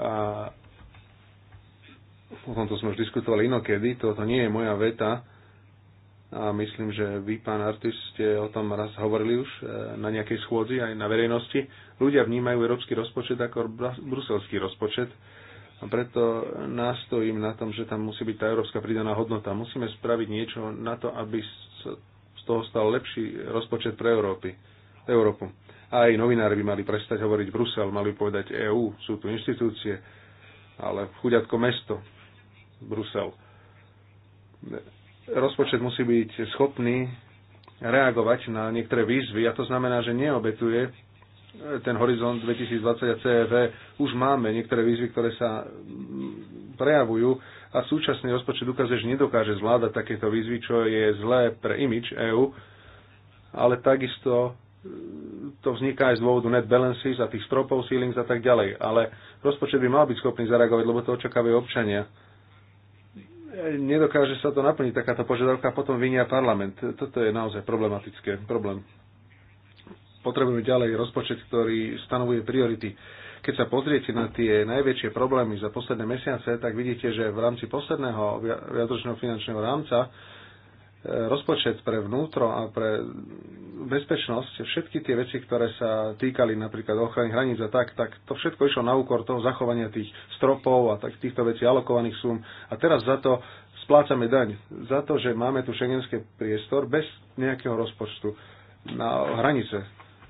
A o tomto sme už diskutovali inokedy, toto nie je moja veta. A myslím, že vy, pán Artis, ste o tom raz hovorili už e, na nejakej schôdzi aj na verejnosti. Ľudia vnímajú európsky rozpočet ako bruselský rozpočet. A preto nástojím na tom, že tam musí byť tá európska pridaná hodnota. Musíme spraviť niečo na to, aby z toho stal lepší rozpočet pre Európy, Európu. A aj novinári by mali prestať hovoriť Brusel, mali povedať EÚ, sú tu inštitúcie, ale chuďatko mesto, Brusel. Rozpočet musí byť schopný reagovať na niektoré výzvy a to znamená, že neobetuje ten horizont 2020 a CEV. Už máme niektoré výzvy, ktoré sa mm, prejavujú a súčasný rozpočet ukazuje, že nedokáže zvládať takéto výzvy, čo je zlé pre imič EÚ, ale takisto e, to vzniká aj z dôvodu net balances a tých stropov, ceilings a tak ďalej. Ale rozpočet by mal byť schopný zareagovať, lebo to očakávajú občania. E, nedokáže sa to naplniť takáto požiadavka, a potom vinia parlament. Toto je naozaj problematické. Problém. Potrebujeme ďalej rozpočet, ktorý stanovuje priority keď sa pozriete na tie najväčšie problémy za posledné mesiace, tak vidíte, že v rámci posledného viacročného finančného rámca e, rozpočet pre vnútro a pre bezpečnosť, všetky tie veci, ktoré sa týkali napríklad ochrany hraníc a tak, tak to všetko išlo na úkor toho zachovania tých stropov a tak, týchto vecí alokovaných sum. A teraz za to splácame daň. Za to, že máme tu šengenský priestor bez nejakého rozpočtu na hranice.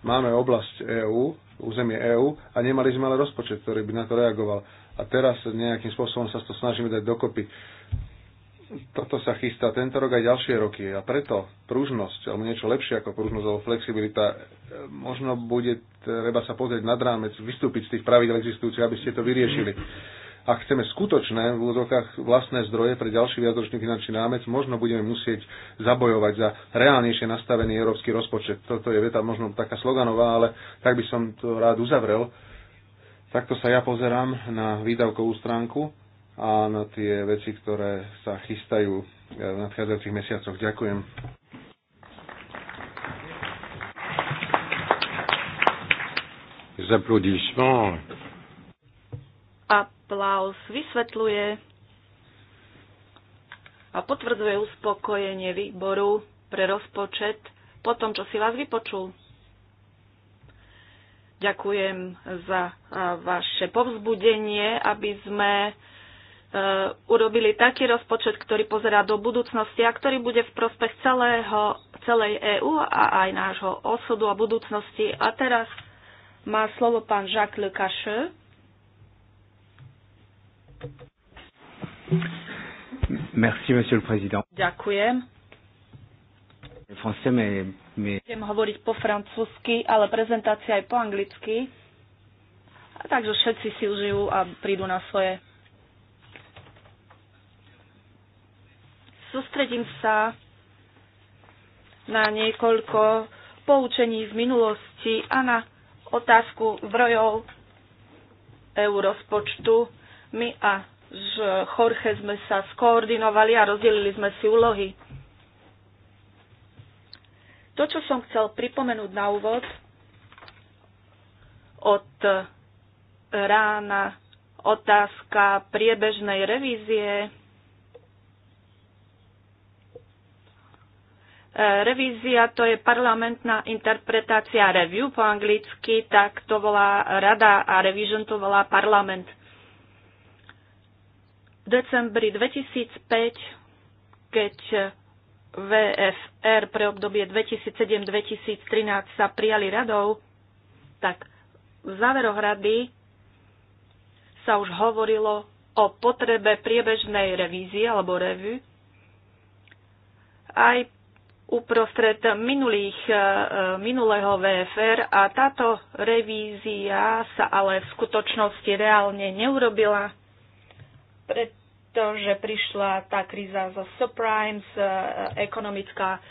Máme oblasť EÚ, územie EÚ a nemali sme ale rozpočet, ktorý by na to reagoval. A teraz nejakým spôsobom sa to snažíme dať dokopy. Toto sa chystá tento rok aj ďalšie roky a preto prúžnosť, alebo niečo lepšie ako prúžnosť alebo flexibilita, e, možno bude treba sa pozrieť nad rámec, vystúpiť z tých pravidel existujúcich, aby ste to vyriešili ak chceme skutočné v úvodzovkách vlastné zdroje pre ďalší viacročný finančný námec možno budeme musieť zabojovať za reálnejšie nastavený európsky rozpočet. Toto je veta možno taká sloganová, ale tak by som to rád uzavrel. Takto sa ja pozerám na výdavkovú stránku a na tie veci, ktoré sa chystajú v nadchádzajúcich mesiacoch. Ďakujem. Applaudissements a aplaus, vysvetľuje a potvrdzuje uspokojenie výboru pre rozpočet po tom, čo si vás vypočul. Ďakujem za vaše povzbudenie, aby sme e, urobili taký rozpočet, ktorý pozerá do budúcnosti a ktorý bude v prospech celého, celej EÚ a aj nášho osudu a budúcnosti. A teraz má slovo pán Jacques Le Cacheux. Merci, monsieur le président. Ďakujem. Français, mais, mais... Budem hovoriť po francúzsky, ale prezentácia aj po anglicky. A takže všetci si užijú a prídu na svoje. Sústredím sa na niekoľko poučení z minulosti a na otázku zdrojov EU rozpočtu my a Jorge sme sa skoordinovali a rozdelili sme si úlohy. To, čo som chcel pripomenúť na úvod, od rána otázka priebežnej revízie. Revízia to je parlamentná interpretácia review po anglicky, tak to volá rada a revision to volá parlament decembri 2005, keď VFR pre obdobie 2007-2013 sa prijali radou, tak v záveroch rady sa už hovorilo o potrebe priebežnej revízie alebo revy. Aj uprostred minulých, e, minulého VFR a táto revízia sa ale v skutočnosti reálne neurobila, pred, to, že prišla tá kríza zo subprimes, e, ekonomická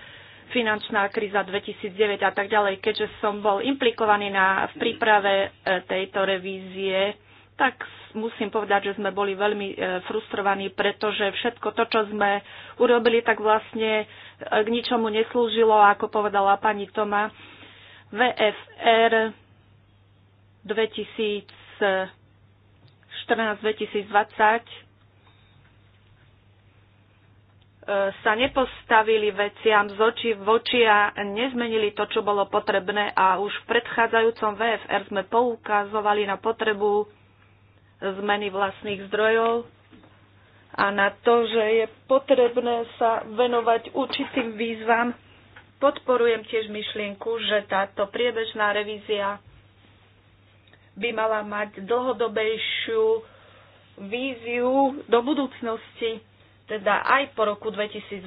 finančná kríza 2009 a tak ďalej. Keďže som bol implikovaný na, v príprave e, tejto revízie, tak musím povedať, že sme boli veľmi e, frustrovaní, pretože všetko to, čo sme urobili, tak vlastne k ničomu neslúžilo, ako povedala pani Toma. VFR 2014-2020 sa nepostavili veciam z očí v oči a nezmenili to, čo bolo potrebné. A už v predchádzajúcom VFR sme poukazovali na potrebu zmeny vlastných zdrojov a na to, že je potrebné sa venovať určitým výzvam. Podporujem tiež myšlienku, že táto priebežná revízia by mala mať dlhodobejšiu víziu do budúcnosti teda aj po roku 2020.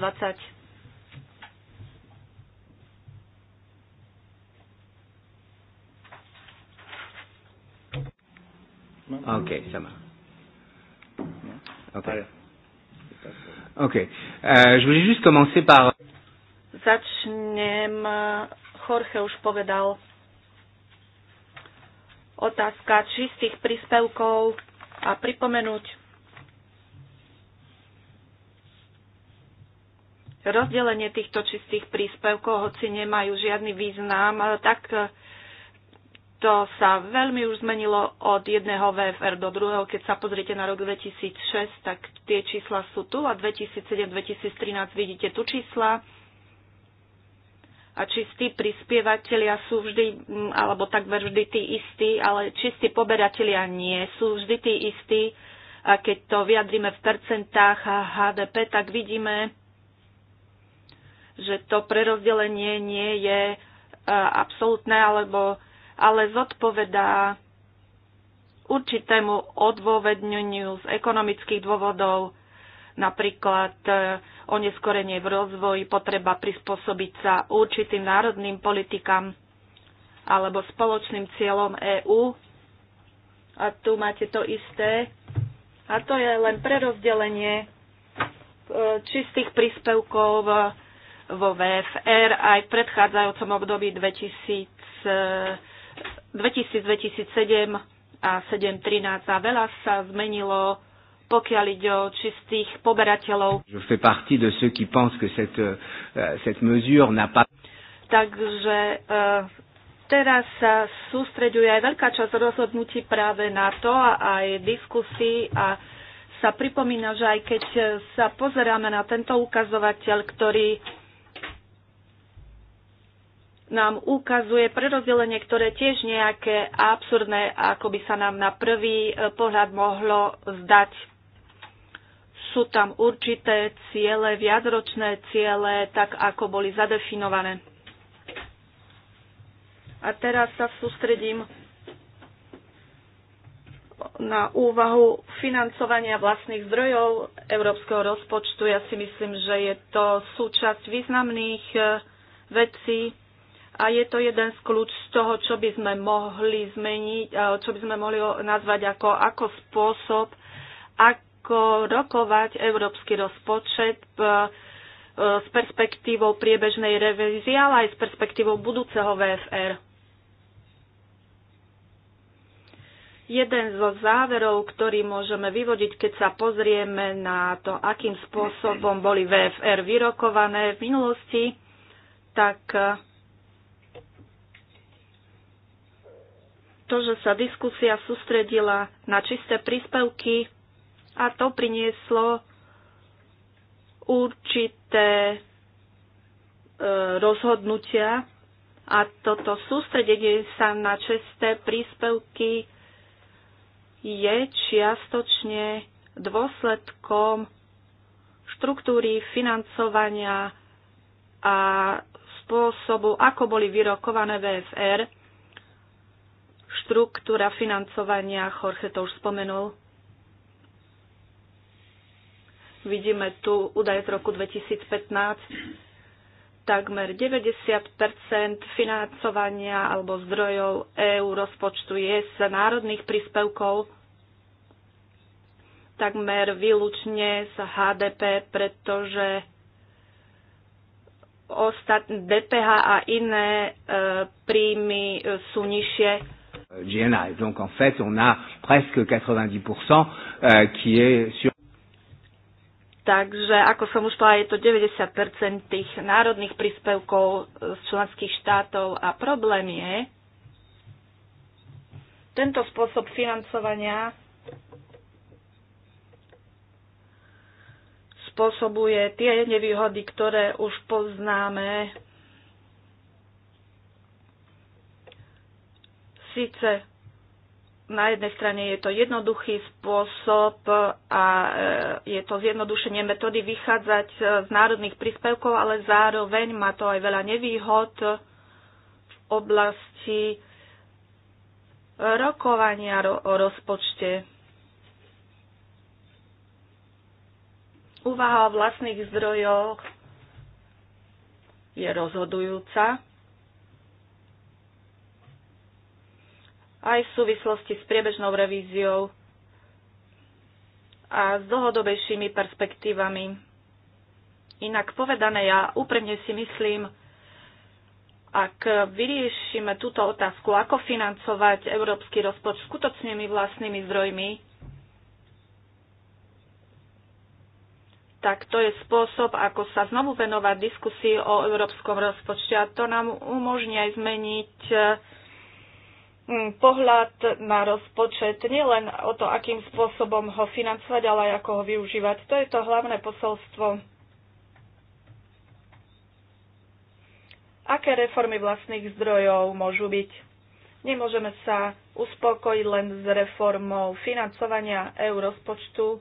OK, sama. OK. Ok. Euh, je voulais juste commencer par... Začnem, Jorge už povedal, otázka čistých príspevkov a pripomenúť rozdelenie týchto čistých príspevkov, hoci nemajú žiadny význam, tak eh, to sa veľmi už zmenilo od jedného VFR do druhého. Keď sa pozriete na rok 2006, tak tie čísla sú tu a 2007-2013 vidíte tu čísla. A čistí prispievateľia sú vždy, mm, alebo takmer vždy tí istí, ale čistí poberatelia nie sú vždy tí istí. A keď to vyjadríme v percentách HDP, tak vidíme, že to prerozdelenie nie je e, absolútne, alebo, ale zodpovedá určitému odôvedneniu z ekonomických dôvodov, napríklad e, oneskorenie v rozvoji, potreba prispôsobiť sa určitým národným politikám alebo spoločným cieľom EÚ. A tu máte to isté. A to je len prerozdelenie e, čistých príspevkov vo VFR aj v predchádzajúcom období 2000-2007 a 7-13 a veľa sa zmenilo pokiaľ ide o čistých poberateľov. Je fais partie de ceux qui pensent que cette, euh, cette mesure n'a pas... Takže eh, teraz sa sústreďuje aj veľká časť rozhodnutí práve na to a aj diskusí a sa pripomína, že aj keď sa pozeráme na tento ukazovateľ, ktorý nám ukazuje prerozdelenie, ktoré tiež nejaké absurdné, ako by sa nám na prvý e, pohľad mohlo zdať. Sú tam určité ciele, viacročné ciele, tak ako boli zadefinované. A teraz sa sústredím na úvahu financovania vlastných zdrojov európskeho rozpočtu. Ja si myslím, že je to súčasť významných e, vecí, a je to jeden z kľúč z toho, čo by sme mohli zmeniť, čo by sme mohli nazvať ako, ako spôsob, ako rokovať európsky rozpočet e, s perspektívou priebežnej revízie, ale aj s perspektívou budúceho VFR. Jeden zo záverov, ktorý môžeme vyvodiť, keď sa pozrieme na to, akým spôsobom boli VFR vyrokované v minulosti, tak e, to, že sa diskusia sústredila na čisté príspevky a to prinieslo určité e, rozhodnutia a toto sústredenie sa na čisté príspevky je čiastočne dôsledkom štruktúry financovania a spôsobu, ako boli vyrokované VFR štruktúra financovania, Jorge to už spomenul. Vidíme tu údaje z roku 2015. Takmer 90 financovania alebo zdrojov EÚ rozpočtu je z národných príspevkov, takmer výlučne z HDP, pretože DPH a iné e, príjmy e, sú nižšie GNI. Donc en fait, on a presque 90% euh, qui est sur Takže, ako som už povedala, je to 90% tých národných príspevkov e, z členských štátov a problém je, tento spôsob financovania spôsobuje tie nevýhody, ktoré už poznáme Sice na jednej strane je to jednoduchý spôsob a e, je to zjednodušenie metódy vychádzať e, z národných príspevkov, ale zároveň má to aj veľa nevýhod v oblasti rokovania o rozpočte. Úvaha o vlastných zdrojoch je rozhodujúca aj v súvislosti s priebežnou revíziou a s dlhodobejšími perspektívami. Inak povedané, ja úprimne si myslím, ak vyriešime túto otázku, ako financovať európsky rozpočet skutočnými vlastnými zdrojmi, tak to je spôsob, ako sa znovu venovať diskusii o európskom rozpočte a to nám umožní aj zmeniť Mm, pohľad na rozpočet, nielen o to, akým spôsobom ho financovať, ale aj ako ho využívať. To je to hlavné posolstvo. Aké reformy vlastných zdrojov môžu byť? Nemôžeme sa uspokojiť len s reformou financovania EU rozpočtu.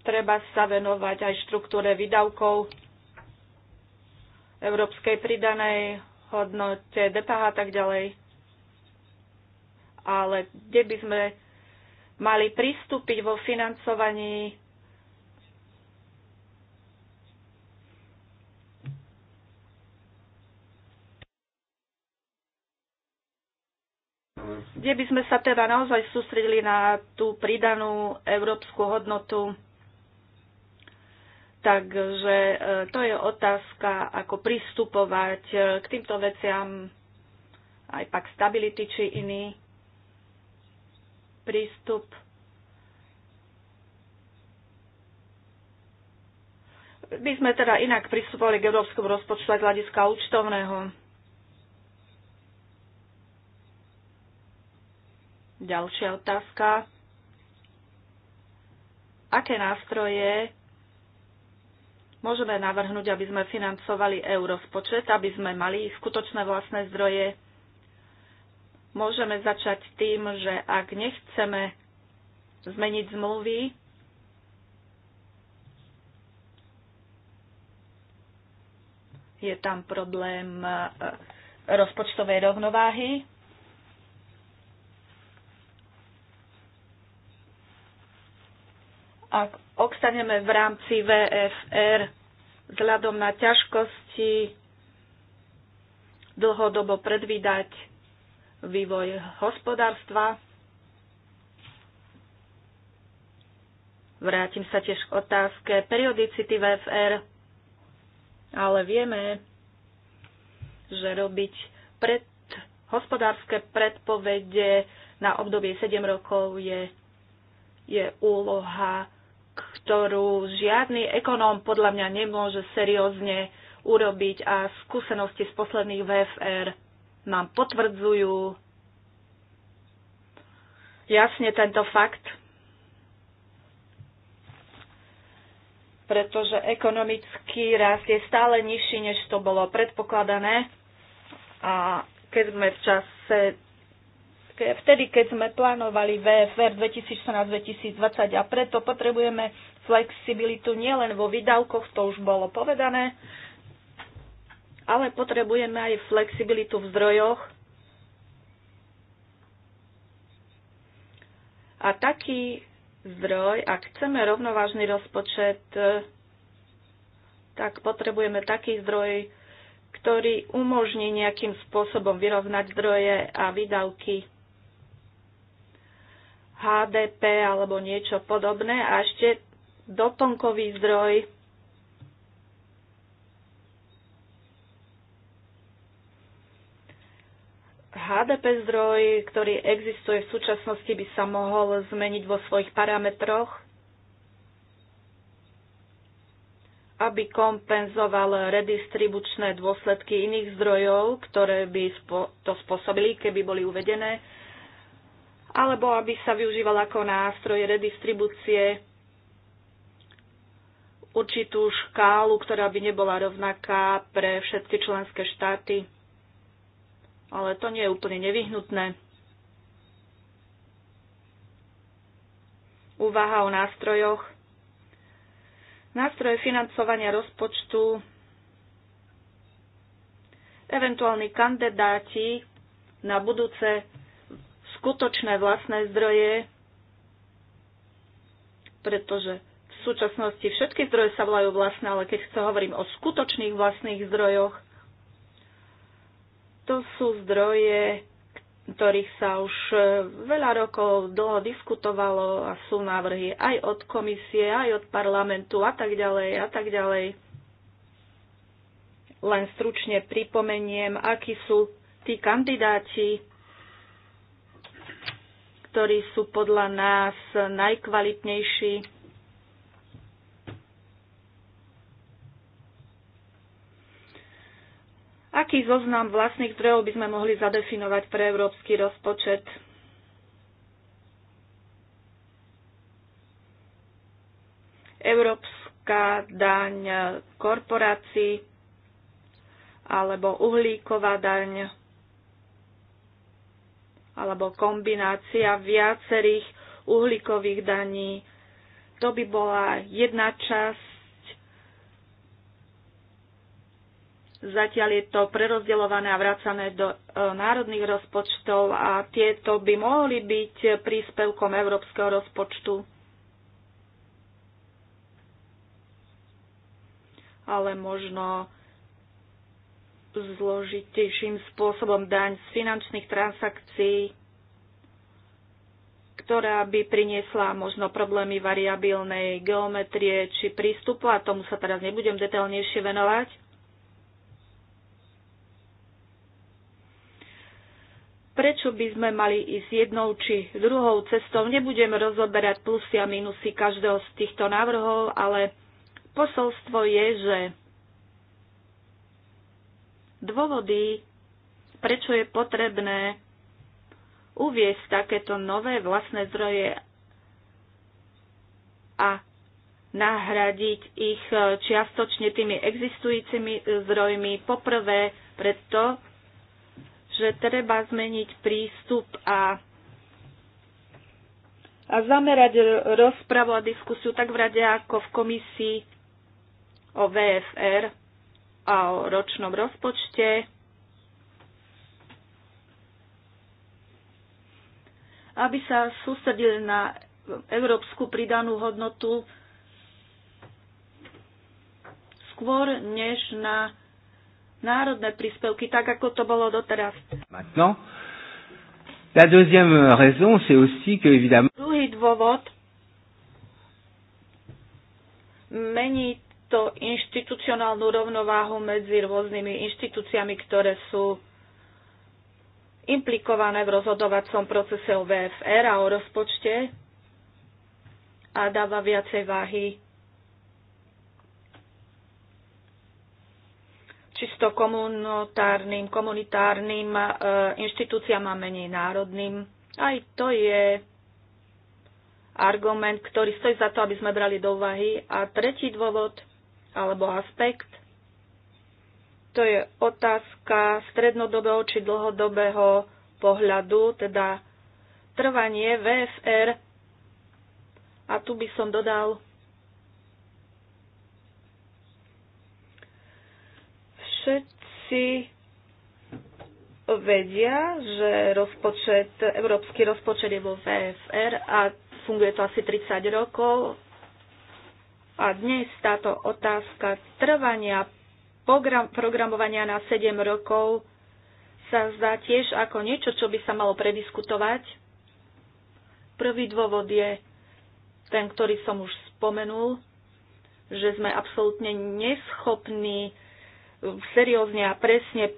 Treba sa venovať aj štruktúre výdavkov európskej pridanej hodnote, DPH a tak ďalej. Ale kde by sme mali pristúpiť vo financovaní kde by sme sa teda naozaj sústredili na tú pridanú európsku hodnotu Takže e, to je otázka, ako pristupovať e, k týmto veciam, aj pak stability či iný prístup. By sme teda inak pristupovali k európskom rozpočtu aj z hľadiska účtovného. Ďalšia otázka. Aké nástroje Môžeme navrhnúť, aby sme financovali eurozpočet, aby sme mali skutočné vlastné zdroje. Môžeme začať tým, že ak nechceme zmeniť zmluvy, je tam problém e, rozpočtovej rovnováhy. Ak obstaneme v rámci VFR, vzhľadom na ťažkosti dlhodobo predvídať vývoj hospodárstva. Vrátim sa tiež k otázke periodicity VFR, ale vieme, že robiť pred, hospodárske predpovede na obdobie 7 rokov je, je úloha ktorú žiadny ekonóm podľa mňa nemôže seriózne urobiť a skúsenosti z posledných VFR nám potvrdzujú jasne tento fakt, pretože ekonomický rast je stále nižší, než to bolo predpokladané a keď sme v čase vtedy, keď sme plánovali VFR 2014-2020 a preto potrebujeme flexibilitu nielen vo výdavkoch, to už bolo povedané, ale potrebujeme aj flexibilitu v zdrojoch. A taký zdroj, ak chceme rovnovážny rozpočet, tak potrebujeme taký zdroj, ktorý umožní nejakým spôsobom vyrovnať zdroje a výdavky. HDP alebo niečo podobné a ešte doplnkový zdroj HDP zdroj, ktorý existuje v súčasnosti, by sa mohol zmeniť vo svojich parametroch, aby kompenzoval redistribučné dôsledky iných zdrojov, ktoré by to spôsobili, keby boli uvedené alebo aby sa využíval ako nástroj redistribúcie určitú škálu, ktorá by nebola rovnaká pre všetky členské štáty. Ale to nie je úplne nevyhnutné. Úvaha o nástrojoch. Nástroje financovania rozpočtu. Eventuálni kandidáti na budúce skutočné vlastné zdroje, pretože v súčasnosti všetky zdroje sa volajú vlastné, ale keď sa hovorím o skutočných vlastných zdrojoch, to sú zdroje, ktorých sa už e, veľa rokov dlho diskutovalo a sú návrhy aj od komisie, aj od parlamentu a tak ďalej a tak ďalej. Len stručne pripomeniem, akí sú tí kandidáti, ktorí sú podľa nás najkvalitnejší. Aký zoznam vlastných zdrojov by sme mohli zadefinovať pre európsky rozpočet? Európska daň korporácií alebo uhlíková daň alebo kombinácia viacerých uhlíkových daní. To by bola jedna časť. Zatiaľ je to prerozdeľované a vracané do e, národných rozpočtov a tieto by mohli byť príspevkom európskeho rozpočtu. Ale možno zložitejším spôsobom daň z finančných transakcií, ktorá by priniesla možno problémy variabilnej geometrie či prístupu, a tomu sa teraz nebudem detailnejšie venovať. Prečo by sme mali ísť jednou či druhou cestou? Nebudem rozoberať plusy a minusy každého z týchto návrhov, ale posolstvo je, že dôvody, prečo je potrebné uviesť takéto nové vlastné zdroje a nahradiť ich e, čiastočne tými existujúcimi e, zdrojmi. Poprvé preto, že treba zmeniť prístup a, a zamerať rozpravu a diskusiu tak v rade ako v komisii o VFR a o ročnom rozpočte. aby sa sústredili na európsku pridanú hodnotu skôr než na národné príspevky, tak ako to bolo doteraz. Maintenant, la deuxième raison, c'est aussi que évidemment... Druhý dôvod mení to inštitucionálnu rovnováhu medzi rôznymi inštitúciami, ktoré sú implikované v rozhodovacom procese o VFR a o rozpočte a dáva viacej váhy čisto komunitárnym, komunitárnym e, inštitúciám a menej národným. Aj to je argument, ktorý stojí za to, aby sme brali do úvahy. A tretí dôvod – alebo aspekt. To je otázka strednodobého či dlhodobého pohľadu, teda trvanie VFR. A tu by som dodal všetci vedia, že rozpočet, európsky rozpočet je vo VFR a funguje to asi 30 rokov a dnes táto otázka trvania programovania na 7 rokov sa zdá tiež ako niečo, čo by sa malo prediskutovať. Prvý dôvod je ten, ktorý som už spomenul, že sme absolútne neschopní seriózne a presne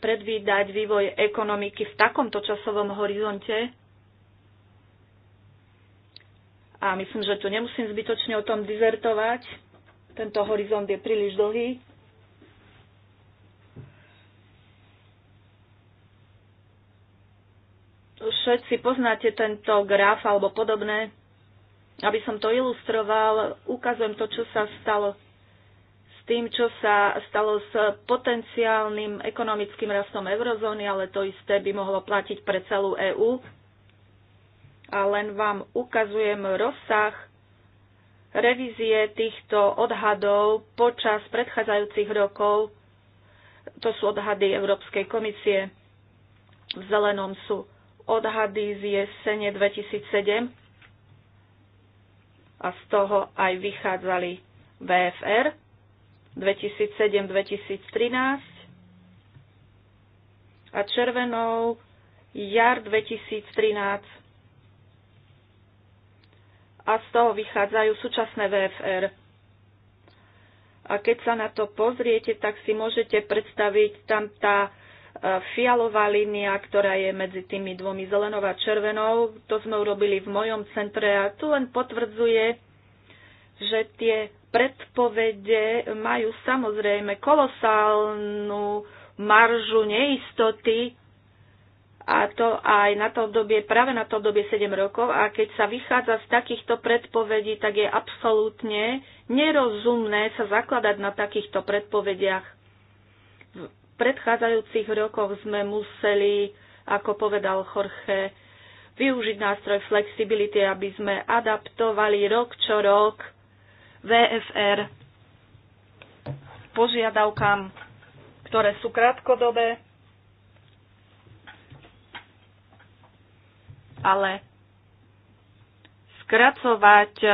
predvídať vývoj ekonomiky v takomto časovom horizonte a myslím, že tu nemusím zbytočne o tom dizertovať. Tento horizont je príliš dlhý. Všetci poznáte tento graf alebo podobné. Aby som to ilustroval, ukazujem to, čo sa stalo s tým, čo sa stalo s potenciálnym ekonomickým rastom eurozóny, ale to isté by mohlo platiť pre celú EÚ a len vám ukazujem rozsah revízie týchto odhadov počas predchádzajúcich rokov. To sú odhady Európskej komisie. V zelenom sú odhady z jesene 2007 a z toho aj vychádzali VFR 2007-2013 a červenou jar 2013 a z toho vychádzajú súčasné VFR. A keď sa na to pozriete, tak si môžete predstaviť tam tá e, fialová línia, ktorá je medzi tými dvomi zelenou a červenou. To sme urobili v mojom centre a tu len potvrdzuje, že tie predpovede majú samozrejme kolosálnu maržu neistoty, a to aj na to obdobie, práve na to obdobie 7 rokov a keď sa vychádza z takýchto predpovedí, tak je absolútne nerozumné sa zakladať na takýchto predpovediach. V predchádzajúcich rokoch sme museli, ako povedal Jorge, využiť nástroj flexibility, aby sme adaptovali rok čo rok VFR požiadavkám, ktoré sú krátkodobé ale skracovať e,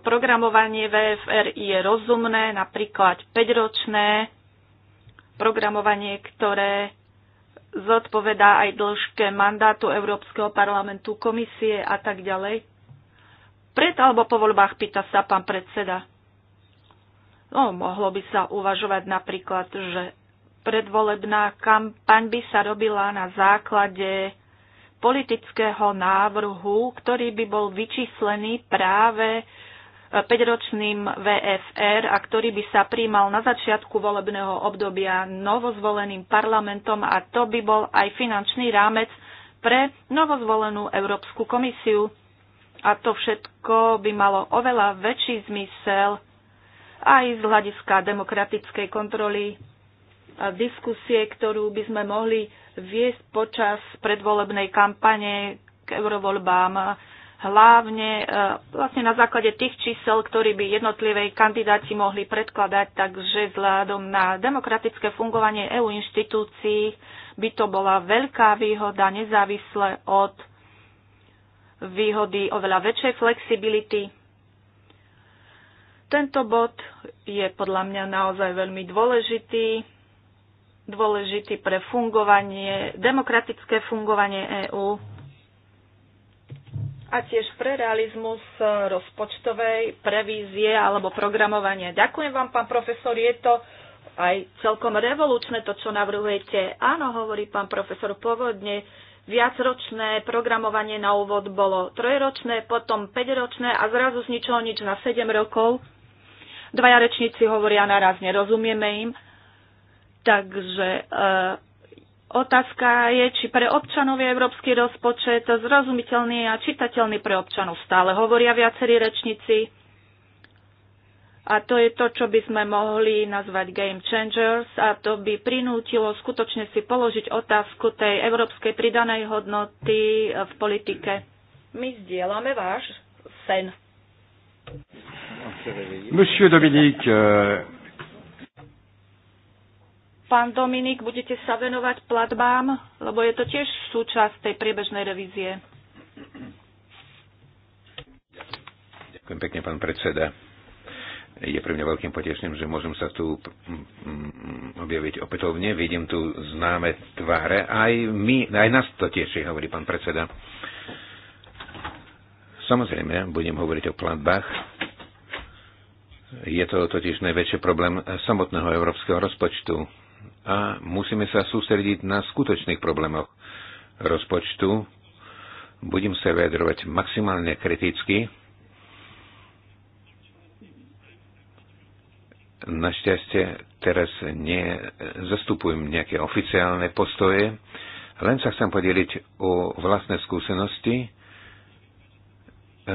programovanie VFR je rozumné, napríklad 5-ročné programovanie, ktoré zodpovedá aj dĺžke mandátu Európskeho parlamentu, komisie a tak ďalej? Pred alebo po voľbách, pýta sa pán predseda. No, mohlo by sa uvažovať napríklad, že predvolebná kampaň by sa robila na základe politického návrhu, ktorý by bol vyčíslený práve 5-ročným e, VFR a ktorý by sa príjmal na začiatku volebného obdobia novozvoleným parlamentom a to by bol aj finančný rámec pre novozvolenú Európsku komisiu. A to všetko by malo oveľa väčší zmysel aj z hľadiska demokratickej kontroly diskusie, ktorú by sme mohli viesť počas predvolebnej kampane k eurovoľbám, hlavne e, vlastne na základe tých čísel, ktorí by jednotlivej kandidáti mohli predkladať, takže vzhľadom na demokratické fungovanie EU inštitúcií by to bola veľká výhoda nezávisle od výhody oveľa väčšej flexibility. Tento bod je podľa mňa naozaj veľmi dôležitý dôležitý pre fungovanie, demokratické fungovanie EÚ a tiež pre realizmus e, rozpočtovej prevízie alebo programovania. Ďakujem vám, pán profesor, je to aj celkom revolučné to, čo navrhujete. Áno, hovorí pán profesor, pôvodne viacročné programovanie na úvod bolo trojročné, potom päťročné a zrazu z ničoho nič na 7 rokov. Dvaja rečníci hovoria naraz, nerozumieme im. Takže e, Otázka je, či pre občanov je európsky rozpočet zrozumiteľný a čitateľný pre občanov. Stále hovoria viacerí rečníci. A to je to, čo by sme mohli nazvať game changers a to by prinútilo skutočne si položiť otázku tej európskej pridanej hodnoty v politike. My zdieľame váš sen. Monsieur Dominique, euh... Pán Dominik, budete sa venovať platbám, lebo je to tiež súčasť tej priebežnej revízie. Ďakujem pekne, pán predseda. Je pre mňa veľkým potešením, že môžem sa tu mm, mm, objaviť opätovne. Vidím tu známe tváre. Aj, my, aj nás to teší, hovorí pán predseda. Samozrejme, budem hovoriť o platbách. Je to totiž najväčší problém samotného európskeho rozpočtu a musíme sa sústrediť na skutočných problémoch rozpočtu. Budem sa vyjadrovať maximálne kriticky. Našťastie teraz nezastupujem nejaké oficiálne postoje, len sa chcem podeliť o vlastné skúsenosti E,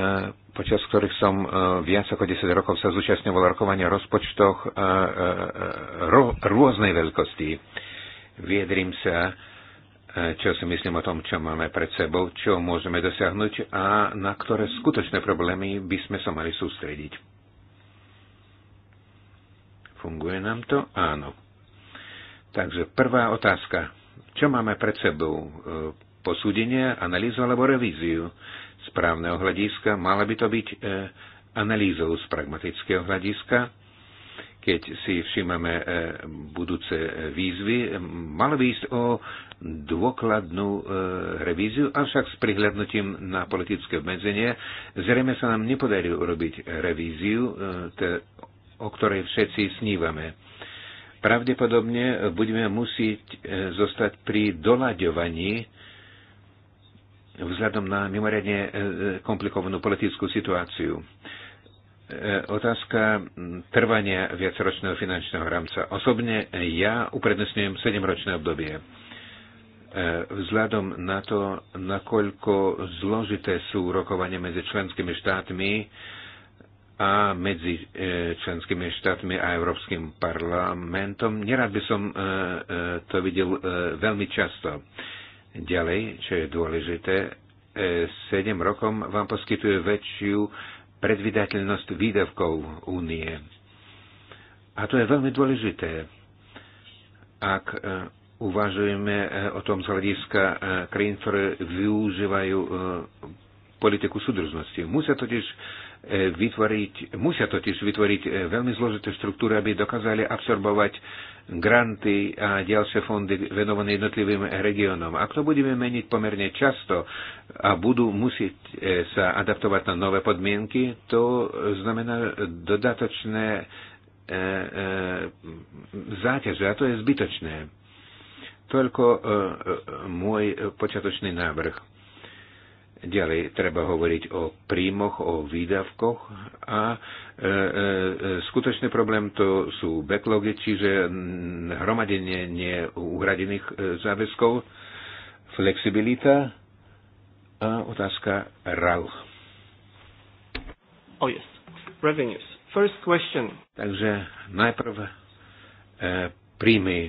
počas ktorých som e, viac ako 10 rokov sa zúčastňoval rokovania o rozpočtoch e, rôznej veľkosti. Viedrim sa, čo si myslím o tom, čo máme pred sebou, čo môžeme dosiahnuť a na ktoré skutočné problémy by sme sa mali sústrediť. Funguje nám to? Áno. Takže prvá otázka. Čo máme pred sebou? Posúdenie, analýzu alebo revíziu? správneho hľadiska, mala by to byť e, analýzou z pragmatického hľadiska. Keď si všímame e, budúce výzvy, malo by ísť o dôkladnú e, revíziu, avšak s prihľadnutím na politické obmedzenie zrejme sa nám nepodarí urobiť revíziu, o ktorej všetci snívame. Pravdepodobne budeme musieť zostať pri doľaďovaní vzhľadom na mimoriadne e, e, komplikovanú politickú situáciu. E, otázka trvania viacročného finančného rámca. Osobne ja uprednostňujem 7-ročné obdobie. Vzhľadom na to, nakoľko zložité sú rokovania medzi členskými štátmi a medzi členskými štátmi a Európskym parlamentom, nerad by som to videl veľmi často Ďalej, čo je dôležité, 7 e, rokom vám poskytuje väčšiu predvydateľnosť výdavkov únie. A to je veľmi dôležité, ak e, uvažujeme e, o tom z hľadiska krajín, ktoré využívajú politiku súdržnosti. Musia totiž E, vytvoriť, musia totiž vytvoriť e, veľmi zložité štruktúry, aby dokázali absorbovať granty a ďalšie fondy venované jednotlivým regiónom. Ak to budeme meniť pomerne často a budú musieť e, sa adaptovať na nové podmienky, to znamená dodatočné záťaže a to je zbytočné. Toľko môj počiatočný návrh. Ďalej treba hovoriť o príjmoch, o výdavkoch a e, e, e skutočný problém to sú backlogy, čiže hromadenie neuhradených e, záväzkov, flexibilita a otázka RAL. Oh yes, revenues. First question. Takže najprv e, príjmy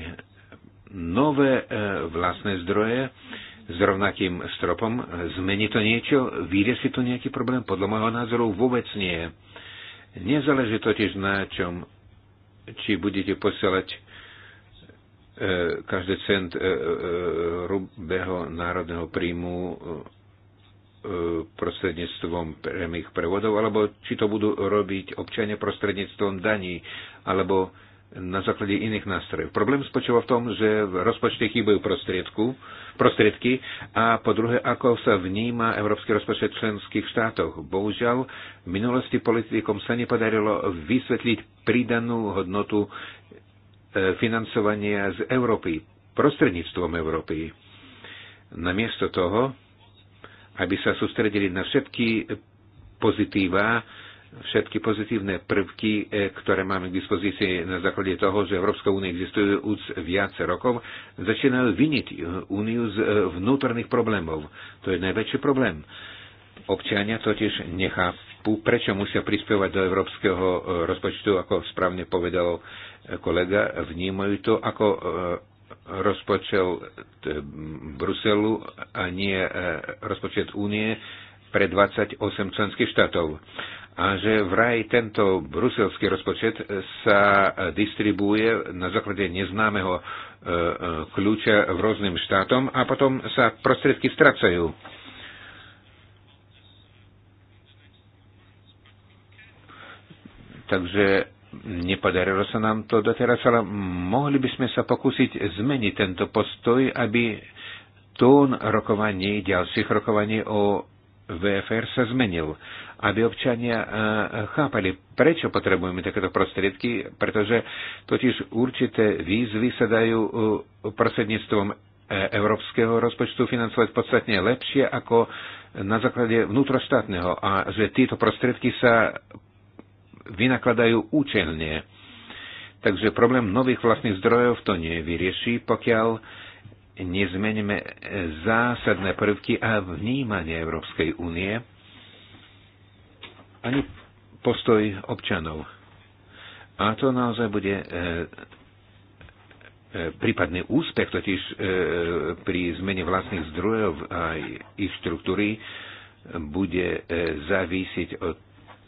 nové e, vlastné zdroje. E, s rovnakým stropom. Zmení to niečo? si to nejaký problém? Podľa môjho názoru vôbec nie. Nezáleží totiž na čom, či budete posielať e, každý cent e, e, hrubého národného príjmu e, prostredníctvom priamých prevodov, alebo či to budú robiť občania prostredníctvom daní, alebo na základe iných nástrojov. Problém spočíva v tom, že v rozpočte chýbajú prostriedky a po druhé, ako sa vníma európsky rozpočet členských štátov. Bohužiaľ, v minulosti politikom sa nepodarilo vysvetliť pridanú hodnotu e, financovania z Európy, prostredníctvom Európy. Namiesto toho, aby sa sústredili na všetky pozitíva, všetky pozitívne prvky, e, ktoré máme k dispozícii na základe toho, že Európska únia existuje už viac rokov, začínajú vyniť úniu z e, vnútorných problémov. To je najväčší problém. Občania totiž nechápu, prečo musia prispievať do európskeho e, rozpočtu, ako správne povedal kolega, vnímajú to ako rozpočet Bruselu a nie rozpočet únie pre 28 členských štátov a že vraj tento bruselský rozpočet sa distribuje na základe neznámeho e, e, kľúča v rôznym štátom a potom sa prostriedky stracajú. Takže nepodarilo sa nám to doteraz, ale mohli by sme sa pokúsiť zmeniť tento postoj, aby tón rokovaní, ďalších rokovaní o VFR sa zmenil, aby občania eh, chápali, prečo potrebujeme takéto prostriedky, pretože totiž určité výzvy sa dajú eh, prostredníctvom eh, európskeho rozpočtu financovať podstatne lepšie ako na základe vnútroštátneho a že tieto prostriedky sa vynakladajú účelne. Takže problém nových vlastných zdrojov to nevyrieši, pokiaľ nezmeníme e, zásadné prvky a vnímanie Európskej únie, ani postoj občanov. A to naozaj bude e, e, prípadný úspech totiž pri zmene vlastných zdrojov a ich štruktúry bude závisiť od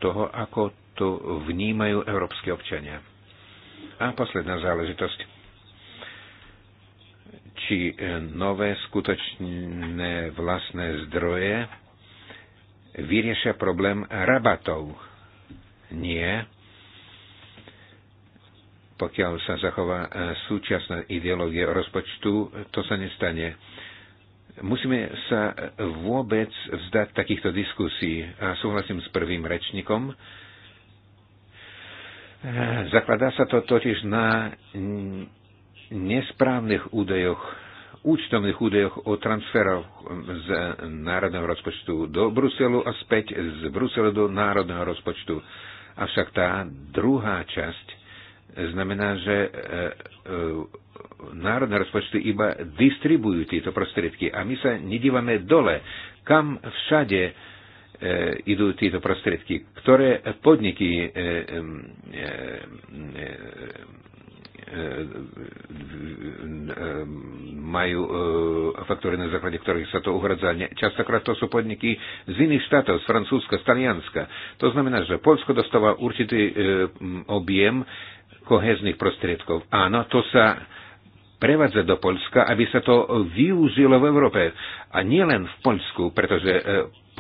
toho, ako to vnímajú európske občania. A posledná záležitosť či e, nové skutočné vlastné zdroje vyriešia problém rabatov. Nie. Pokiaľ sa zachová e, súčasná ideológia rozpočtu, to sa nestane. Musíme sa vôbec vzdať takýchto diskusí a súhlasím s prvým rečníkom, e, Zakladá sa to totiž na nesprávnych údajoch, účtovných údajoch o transferoch z národného rozpočtu do Bruselu a späť z Bruselu do národného rozpočtu. Avšak tá druhá časť znamená, že e, e, národné rozpočty iba distribujú tieto prostriedky a my sa nedívame dole, kam všade e, idú tieto prostriedky, ktoré podniky E, e, e, majú faktory, na základe ktorých sa to uhradza. Častokrát to sú podniky z iných štátov, z Francúzska, z Talianska. To znamená, že Polsko dostáva určitý objem kohezných prostriedkov. Áno, to sa prevádza do Polska, aby sa to využilo v Európe. A nielen v Polsku, pretože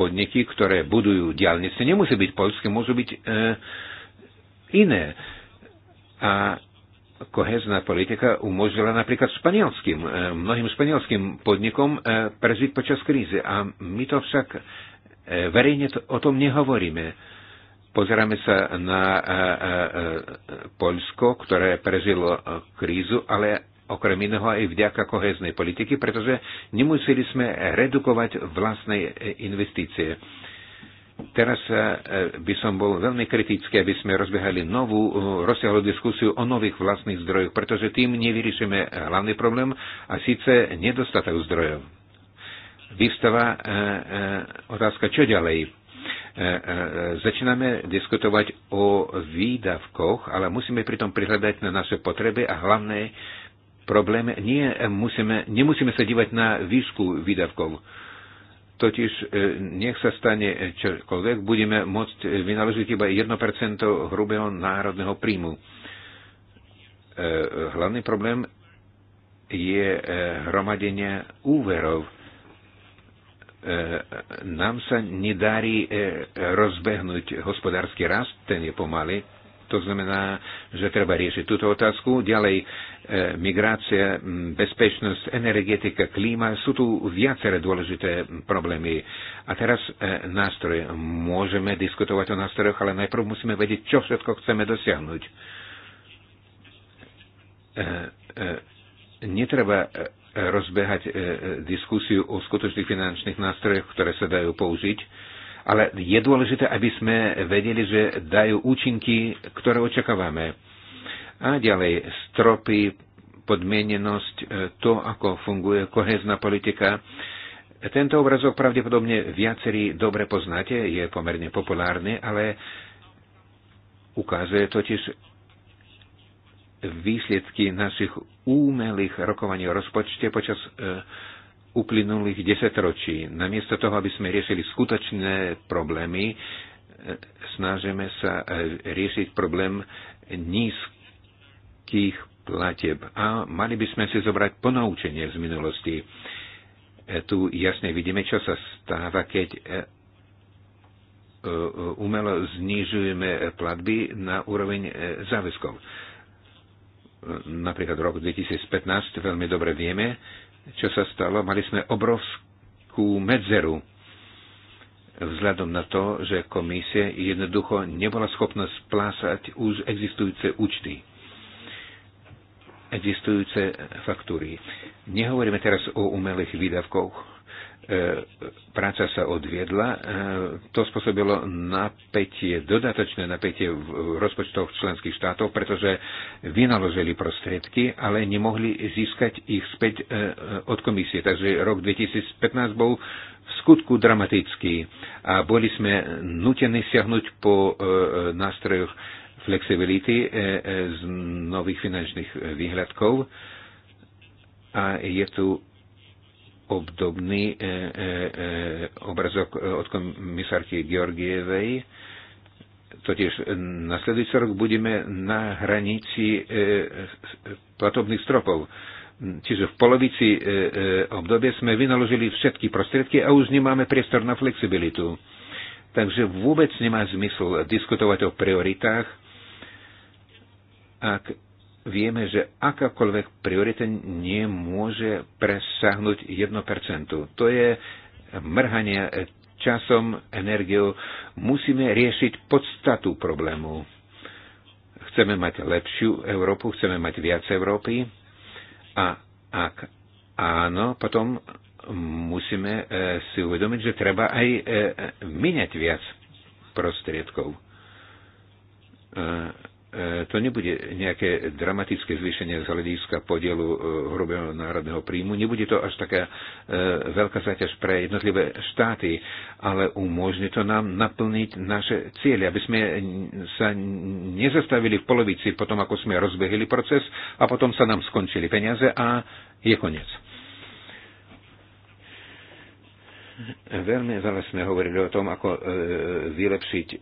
podniky, ktoré budujú diálnice, nemusí byť polské, môžu byť e, iné. A kohezná politika umožnila napríklad španielským, e, mnohým španielským podnikom e, prežiť počas krízy. A my to však e, verejne o tom nehovoríme. Pozeráme sa na Polsko, ktoré prežilo krízu, ale okrem iného aj vďaka koheznej politiky, pretože nemuseli sme redukovať vlastné investície. Teraz e, e, by som bol veľmi kritický, aby sme rozbiehali novú e, rozsiahlu diskusiu o nových vlastných zdrojoch, pretože tým nevyriešime hlavný problém a síce nedostatok zdrojov. Vystáva otázka, čo ďalej. Začíname diskutovať o výdavkoch, ale musíme pritom prihľadať na naše potreby a hlavné problémy. Nie, musíme, nemusíme sa dívať na výšku výdavkov Totiž e, nech sa stane čokoľvek, budeme môcť vynaložiť iba 1% hrubého národného príjmu. E, hlavný problém je e, hromadenie úverov. Nám sa nedarí rozbehnúť hospodársky rast, ten je pomaly to znamená, že treba riešiť túto otázku. Ďalej, e, migrácia, bezpečnosť, energetika, klíma, sú tu viaceré dôležité problémy. A teraz e, nástroje. Môžeme diskutovať o nástrojoch, ale najprv musíme vedieť, čo všetko chceme dosiahnuť. E, e, netreba e, rozbehať e, e, diskusiu o skutočných finančných nástrojoch, ktoré sa dajú použiť ale je dôležité, aby sme vedeli, že dajú účinky, ktoré očakávame. A ďalej stropy, podmienenosť, e, to, ako funguje kohezná politika. Tento obrazok pravdepodobne viacerí dobre poznáte, je pomerne populárny, ale ukazuje totiž výsledky našich úmelých rokovaní o rozpočte počas e, uplynulých desetročí. Namiesto toho, aby sme riešili skutočné problémy, e, snažíme sa e, riešiť problém nízkych plateb. A mali by sme si zobrať ponaučenie z minulosti. E, tu jasne vidíme, čo sa stáva, keď umelo znižujeme platby na úroveň záväzkov. Napríklad rok 2015 veľmi dobre vieme, čo sa stalo, mali sme obrovskú medzeru vzhľadom na to, že komisie jednoducho nebola schopná splásať už existujúce účty, existujúce faktúry. Nehovoríme teraz o umelých výdavkoch, E, práca sa odviedla, e, to spôsobilo napätie, dodatočné napätie v rozpočtoch členských štátov, pretože vynaložili prostriedky, ale nemohli získať ich späť e, od komisie. Takže rok 2015 bol v skutku dramatický a boli sme nutení siahnuť po nástrojoch flexibility z nových finančných výhľadkov a je tu obdobný e, e, e, obrazok od komisárky Georgievej. Totiž nasledujúci rok budeme na hranici platobných stropov. Čiže v polovici obdobia sme vynaložili všetky prostriedky a už nemáme priestor na flexibilitu. Takže vôbec nemá zmysel diskutovať o prioritách, ak vieme, že akákoľvek priorita nemôže presahnuť 1%. To je mrhanie časom, energiou. Musíme riešiť podstatu problému. Chceme mať lepšiu Európu, chceme mať viac Európy a ak áno, potom musíme e, si uvedomiť, že treba aj e, e miniať viac prostriedkov e, E, to nebude nejaké dramatické zvýšenie z hľadiska podielu e, hrubého národného príjmu, nebude to až taká e, veľká záťaž pre jednotlivé štáty, ale umožní to nám naplniť naše cieľe, aby sme sa nezastavili v polovici potom, ako sme rozbehli proces a potom sa nám skončili peniaze a je koniec. Veľmi veľa sme hovorili o tom, ako e, vylepšiť e,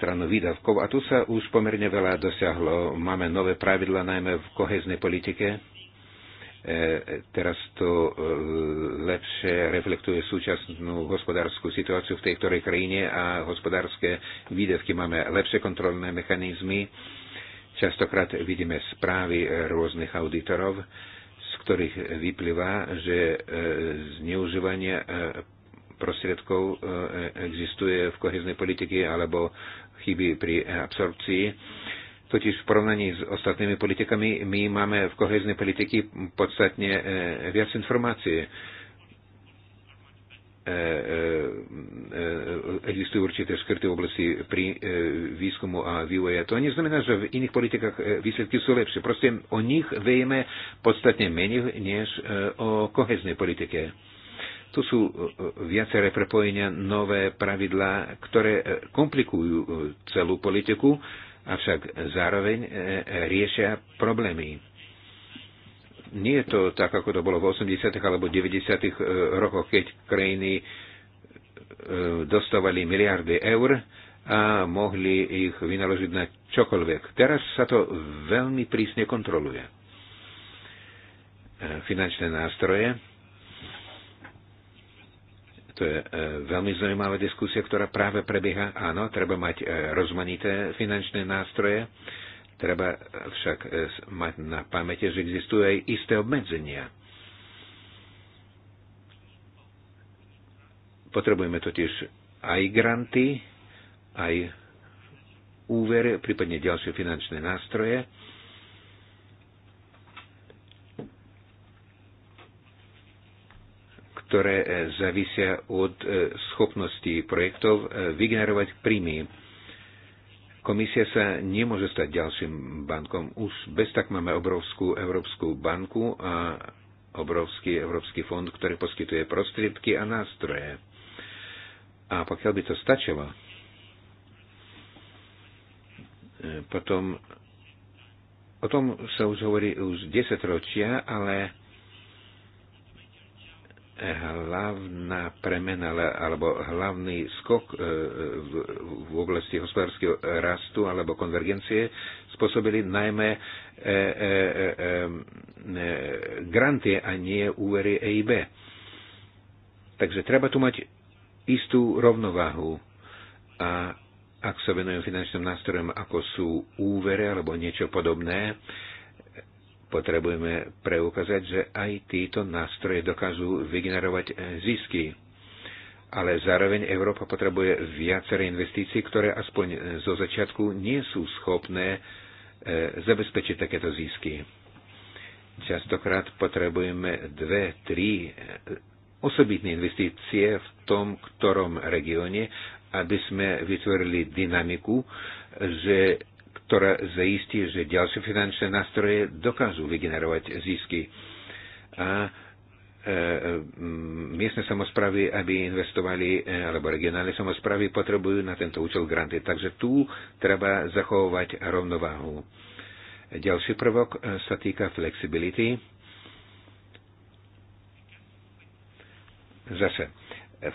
stranu výdavkov a tu sa už pomerne veľa dosiahlo. Máme nové pravidla najmä v koheznej politike. E, teraz to lepšie reflektuje súčasnú hospodárskú situáciu v tej ktorej krajine a hospodárske výdavky máme lepšie kontrolné mechanizmy. Častokrát vidíme správy rôznych auditorov ktorých vyplýva, že e, zneužívanie e, prostriedkov e, existuje v koheznej politike alebo chyby pri absorpcii. Totiž v porovnaní s ostatnými politikami my máme v koheznej politike podstatne viac informácie E, e, e, existujú určité škrty v oblasti pri výskumu a vývoje. To neznamená, že v iných politikách výsledky sú lepšie. Proste o nich vieme podstatne menej než o koheznej politike. Tu sú viaceré prepojenia, nové pravidlá, ktoré komplikujú celú politiku, avšak zároveň riešia problémy nie je to tak, ako to bolo v 80. alebo 90. E, rokoch, keď krajiny e, dostávali miliardy eur a mohli ich vynaložiť na čokoľvek. Teraz sa to veľmi prísne kontroluje. E, finančné nástroje. To je veľmi zaujímavá diskusia, ktorá práve prebieha. Áno, treba mať rozmanité finančné nástroje Treba však e, mať na pamäte, že existujú aj isté obmedzenia. Potrebujeme totiž aj granty, aj úvery, prípadne ďalšie finančné nástroje. ktoré e, zavisia od e, schopnosti projektov vygenerovať príjmy. Komisia sa nemôže stať ďalším bankom. Už bez tak máme obrovskú Európsku banku a obrovský Európsky fond, ktorý poskytuje prostriedky a nástroje. A pokiaľ by to stačilo, e, potom o tom sa už hovorí už 10 ročia, ale hlavná premena alebo hlavný skok e, e, v oblasti hospodárskeho rastu alebo konvergencie spôsobili najmä e, granty a nie úvery EIB. Takže treba tu mať istú rovnováhu a ak sa venujem finančným nástrojom, ako sú úvere alebo niečo podobné, Potrebujeme preukázať, že aj títo nástroje dokážu vygenerovať e, zisky. Ale zároveň Európa potrebuje viacere investícií, ktoré aspoň e, zo začiatku nie sú schopné e, zabezpečiť takéto zisky. Častokrát potrebujeme dve, tri osobitné investície v tom, ktorom regióne, aby sme vytvorili dynamiku, že ktorá zaistí, že ďalšie finančné nástroje dokážu vygenerovať zisky. A e, e, miestne samozpravy, aby investovali, e, alebo regionálne samozpravy potrebujú na tento účel granty. Takže tu treba zachovať rovnováhu. Ďalší prvok sa týka flexibility. Zase,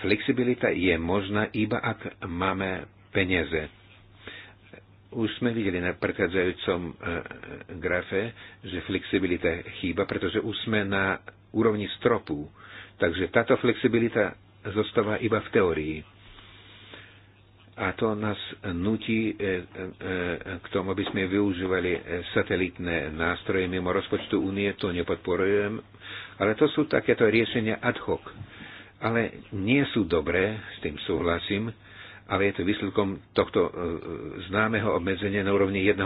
flexibilita je možná iba ak máme peniaze už sme videli na predchádzajúcom e, e, grafe, že flexibilita chýba, pretože už sme na úrovni stropu. Takže táto flexibilita zostáva iba v teórii. A to nás nutí e, k tomu, aby sme využívali satelitné nástroje mimo rozpočtu únie, to nepodporujem, ale to sú takéto riešenia ad hoc. Ale nie sú dobré, s tým súhlasím, ale je to výsledkom tohto e, známeho obmedzenia na úrovni 1%.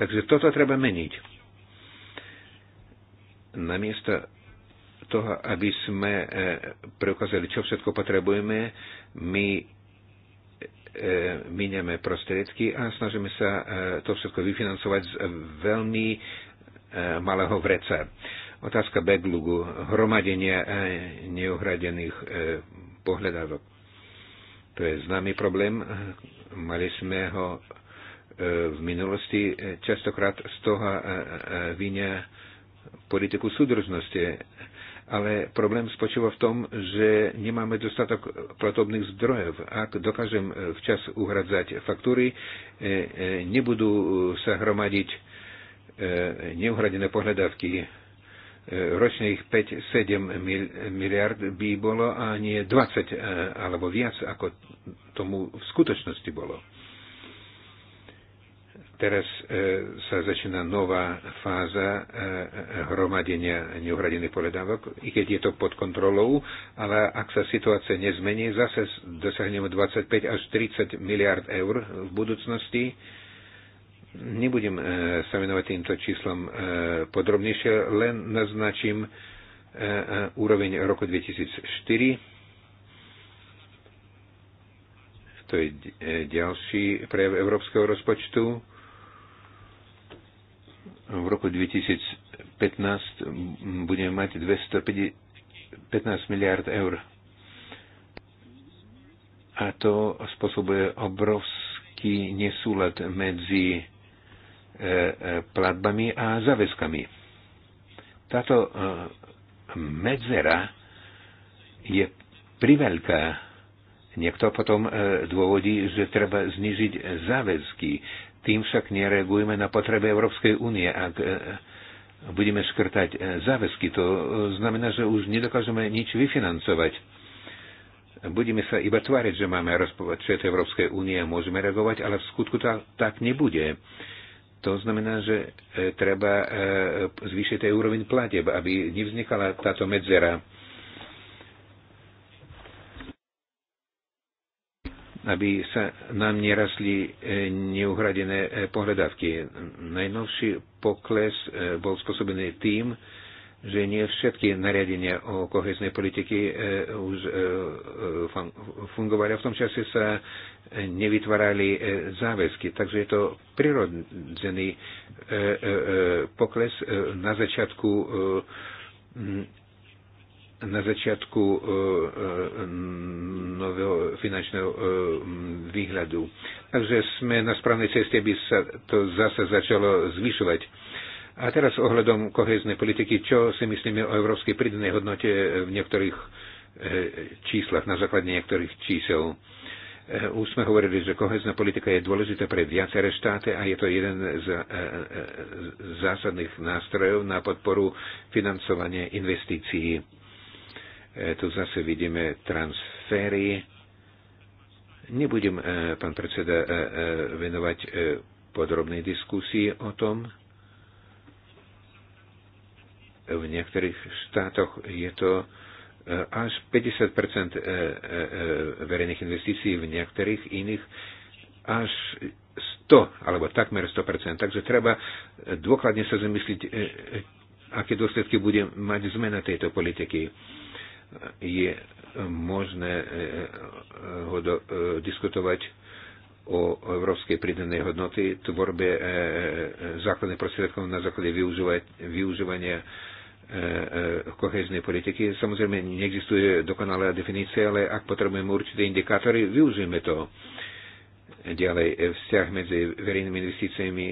Takže toto treba meniť. Namiesto toho, aby sme e, preukázali, čo všetko potrebujeme, my e, miniame prostriedky a snažíme sa to všetko vyfinancovať z veľmi malého vreca. Otázka backlogu, hromadenie neuhradených pohľadávok to je známy problém. Mali sme ho e, v minulosti. E, častokrát z toho e, vinia politiku súdržnosti. Ale problém spočíva v tom, že nemáme dostatok platobných zdrojov. Ak dokážem včas uhradzať faktúry, nebudú sa hromadiť neuhradené pohľadavky ročných 5-7 miliard by bolo a nie 20 e, alebo viac, ako tomu v skutočnosti bolo. Teraz e, sa začína nová fáza e, hromadenia neuhradených poledávok, i keď je to pod kontrolou, ale ak sa situácia nezmení, zase dosiahneme 25 až 30 miliard eur v budúcnosti Nebudem e, sa venovať týmto číslom e, podrobnejšie, len naznačím e, úroveň roku 2004. To je ďalší prejav európskeho rozpočtu. V roku 2015 budeme mať 215 miliard eur. A to spôsobuje obrovský nesúlad medzi E, e, platbami a záväzkami. Táto e, medzera je priveľká. Niekto potom dôvodí, že treba znižiť záväzky. Tým však nereagujeme na potreby Európskej únie. Ak budeme škrtať záväzky, to znamená, že už nedokážeme nič vyfinancovať. Budeme sa iba tváriť, že máme rozpočet Európskej únie a môžeme reagovať, ale v skutku to tak nebude. To znamená, že e, treba e, zvýšiť tej úroveň plateb, aby nevznikala táto medzera. aby sa nám nerasli e, neuhradené pohľadavky. Najnovší pokles bol spôsobený tým, že nie všetky nariadenia o koheznej politiky e, už e, e, fungovali. V tom čase sa nevytvárali záväzky, takže je to prirodzený pokles na začiatku na začiatku nového finančného výhľadu. Takže sme na správnej ceste, by sa to zase začalo zvyšovať a teraz ohľadom koheznej politiky, čo si myslíme o európskej pridanej hodnote v niektorých e, číslach, na základe niektorých čísel. E, už sme hovorili, že kohezná politika je dôležitá pre viaceré štáty a je to jeden z e, zásadných nástrojov na podporu financovania investícií. Tu zase vidíme transfery. Nebudem, pán predseda, venovať podrobnej diskusii o tom, v niektorých štátoch je to e, až 50 e, e, verejných investícií, v niektorých iných až 100 alebo takmer 100 Takže treba dôkladne sa zamyslieť, aké dôsledky bude mať zmena tejto politiky. Je možné diskutovať o európskej pridanej hodnoty, tvorbe základných prostriedkov na základe využívania E, e, koheznej politiky. Samozrejme, neexistuje dokonalá definícia, ale ak potrebujeme určité indikátory, využijeme to. Ďalej, e, vzťah medzi verejnými investíciami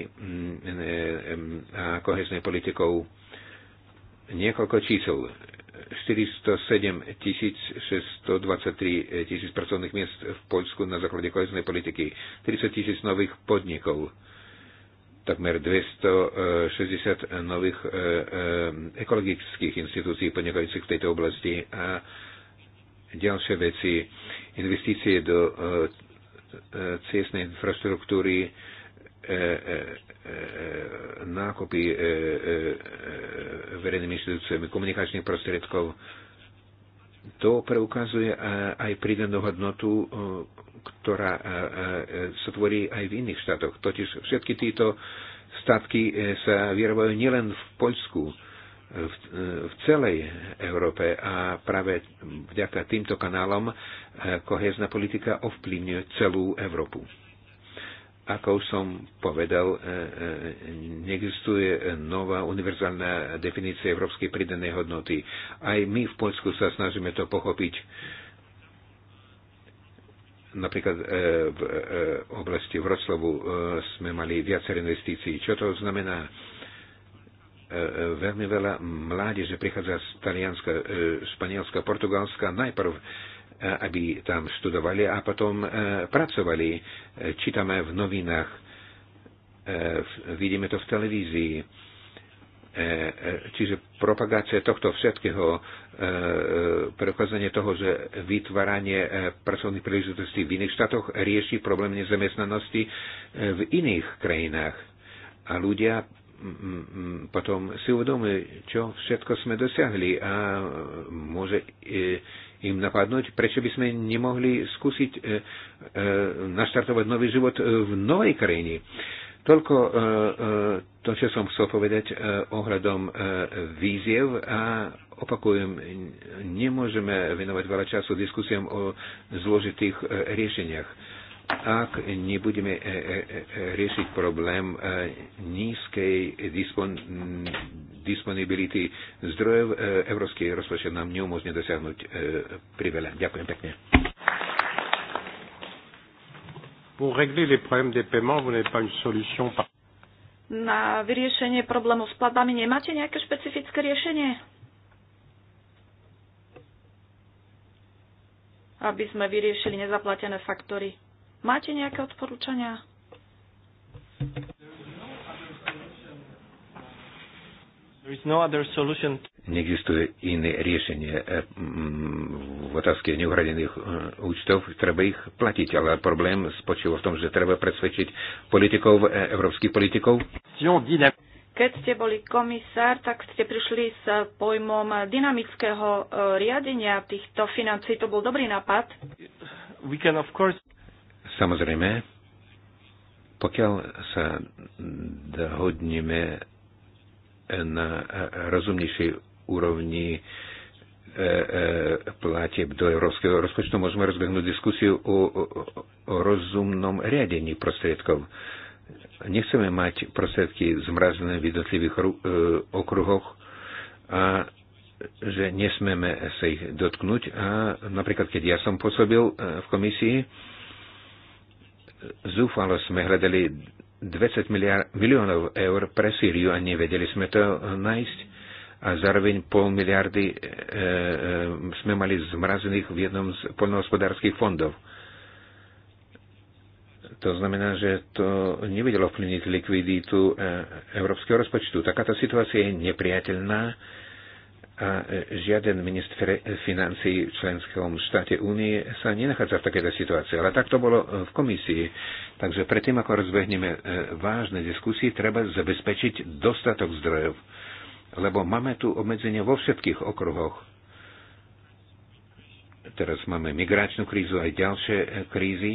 a koheznej politikou. Niekoľko čísel. 407 623 tisíc pracovných miest v Poľsku na základe koheznej politiky, 30 tisíc nových podnikov, takmer 260 eh, nových eh, eh, ekologických institúcií podnikajúcich v tejto oblasti a ďalšie veci, investície do ciestnej infraštruktúry, nákupy verejnými inštitúciami komunikačných prostriedkov, to preukazuje e, aj pridanú hodnotu, e, ktorá e, sa tvorí aj v iných štátoch. Totiž všetky títo statky sa vyrábajú nielen v Poľsku, v, v celej Európe a práve vďaka týmto kanálom kohezná politika ovplyvňuje celú Európu. Ako som povedal, e, e, neexistuje nová univerzálna definícia európskej pridanej hodnoty. Aj my v Poľsku sa snažíme to pochopiť napríklad e, v oblasti Vroclavu sme mali viacer investícií. Čo to znamená? Veľmi veľa mládeže prichádza z Talianska, Španielska, Portugalska. Najprv aby tam študovali a potom e, pracovali. E, čítame v novinách, e, vidíme to v televízii. Čiže propagácia tohto všetkého, prekazanie toho, že vytváranie pracovných príležitostí v iných štátoch rieši problém nezamestnanosti v iných krajinách. A ľudia potom si uvedomujú, čo všetko sme dosiahli a môže im napadnúť, prečo by sme nemohli skúsiť e, e, naštartovať nový život e, v novej krajine. Toľko e, e, to, čo som chcel povedať e, ohľadom e, víziev a opakujem, nemôžeme venovať veľa času diskusiam o zložitých e, riešeniach. Ak nebudeme e, e, e riešiť problém e, nízkej dispon- disponibility zdrojov e, európsky rozpočet nám neumožne dosiahnuť e, priveľa. Ďakujem pekne. Pour régler les problèmes des paiements, vous n'avez pas une solution par... Na vyriešenie problému s platbami nemáte nejaké špecifické riešenie? Aby sme vyriešili nezaplatené faktory. Máte nejaké odporúčania? No Neexistuje iné riešenie eh, mm, v otázke neuhradených eh, účtov. Treba ich platiť, ale problém spočíva v tom, že treba presvedčiť politikov, eh, európskych politikov. Keď ste boli komisár, tak ste prišli s pojmom dynamického riadenia týchto financí. To bol dobrý nápad. We can of course... Samozrejme, pokiaľ sa dohodneme na rozumnejšej úrovni e, e, platieb do európskeho rozpočtu môžeme rozbehnúť diskusiu o, o, o rozumnom riadení prostriedkov. Nechceme mať prostriedky zmrazené v jednotlivých e, okruhoch a že nesmeme sa ich dotknúť. A napríklad, keď ja som pôsobil e, v komisii, zúfalo sme hľadali 20 miliard, miliónov eur pre Sýriu a nevedeli sme to eh, nájsť a zároveň pol miliardy e, e, sme mali zmrazených v jednom z poľnohospodárských fondov. To znamená, že to nevedelo vplyvniť likviditu e, európskeho rozpočtu. Takáto situácia je nepriateľná a žiaden minister financí v členskom štáte únie sa nenachádza v takejto situácii. Ale tak to bolo v komisii. Takže predtým, ako rozbehneme e, vážne diskusie, treba zabezpečiť dostatok zdrojov. Lebo máme tu obmedzenia vo všetkých okruhoch. Teraz máme migračnú krízu aj ďalšie e, krízy.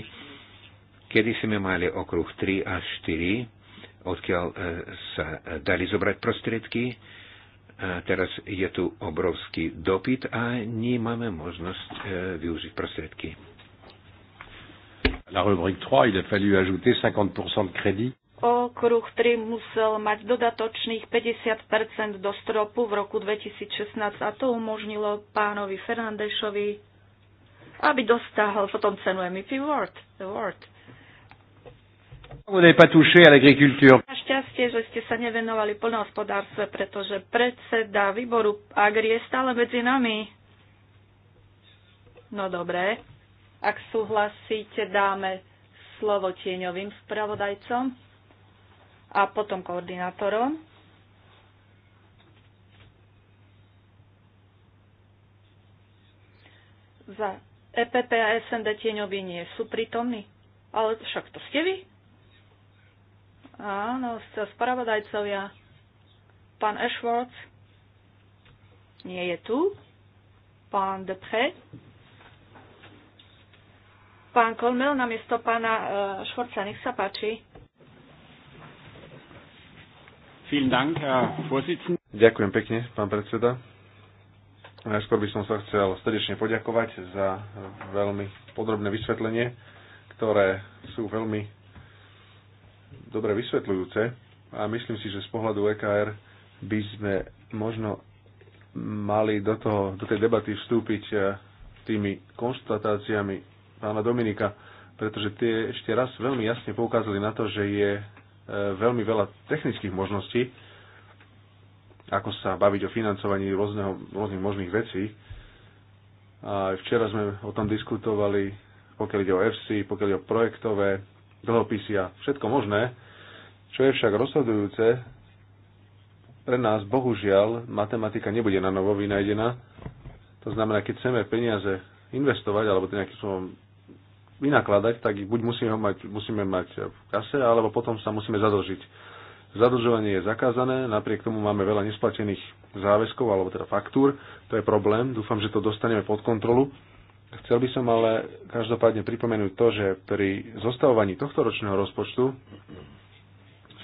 Kedy sme mali okruh 3 a 4, odkiaľ e, sa dali zobrať prostriedky, a Teraz je tu obrovský dopyt a nemáme možnosť e, využiť prostriedky. La rubrique 3, il a fallu ajouter 50% de crédit. Okruh 3 musel mať dodatočných 50% do stropu v roku 2016 a to umožnilo pánovi Fernandešovi, aby dostal potom cenu MEP Award. Award. Našťastie, že ste sa nevenovali poľnohospodárstve, pretože predseda výboru Agri je stále medzi nami. No dobre, ak súhlasíte, dáme slovo tieňovým spravodajcom a potom koordinátorom. Za EPP a SND tieňoví nie sú prítomní, ale však to ste vy. Áno, sa spravodajcovia. Pán Ashworth nie je tu. Pán Depre. Pán Kolmel na miesto pána e, eh, Švorca, nech sa páči. Ďakujem pekne, pán predseda. Najskôr by som sa chcel srdečne poďakovať za veľmi podrobné vysvetlenie, ktoré sú veľmi dobre vysvetľujúce a myslím si, že z pohľadu EKR by sme možno mali do, toho, do tej debaty vstúpiť e, tými konštatáciami pána Dominika, pretože tie ešte raz veľmi jasne poukázali na to, že je e, veľmi veľa technických možností, ako sa baviť o financovaní rôzneho, rôznych možných vecí. A včera sme o tom diskutovali, pokiaľ ide o FC, pokiaľ ide o projektové dlhopisy a všetko možné. Čo je však rozhodujúce, pre nás bohužiaľ matematika nebude na novo vynajdená. To znamená, keď chceme peniaze investovať alebo to nejakým spôsobom vynakladať, tak ich buď musíme mať, musíme mať v kase, alebo potom sa musíme zadlžiť. Zadlžovanie je zakázané, napriek tomu máme veľa nesplatených záväzkov, alebo teda faktúr, to je problém, dúfam, že to dostaneme pod kontrolu. Chcel by som ale každopádne pripomenúť to, že pri zostavovaní tohto ročného rozpočtu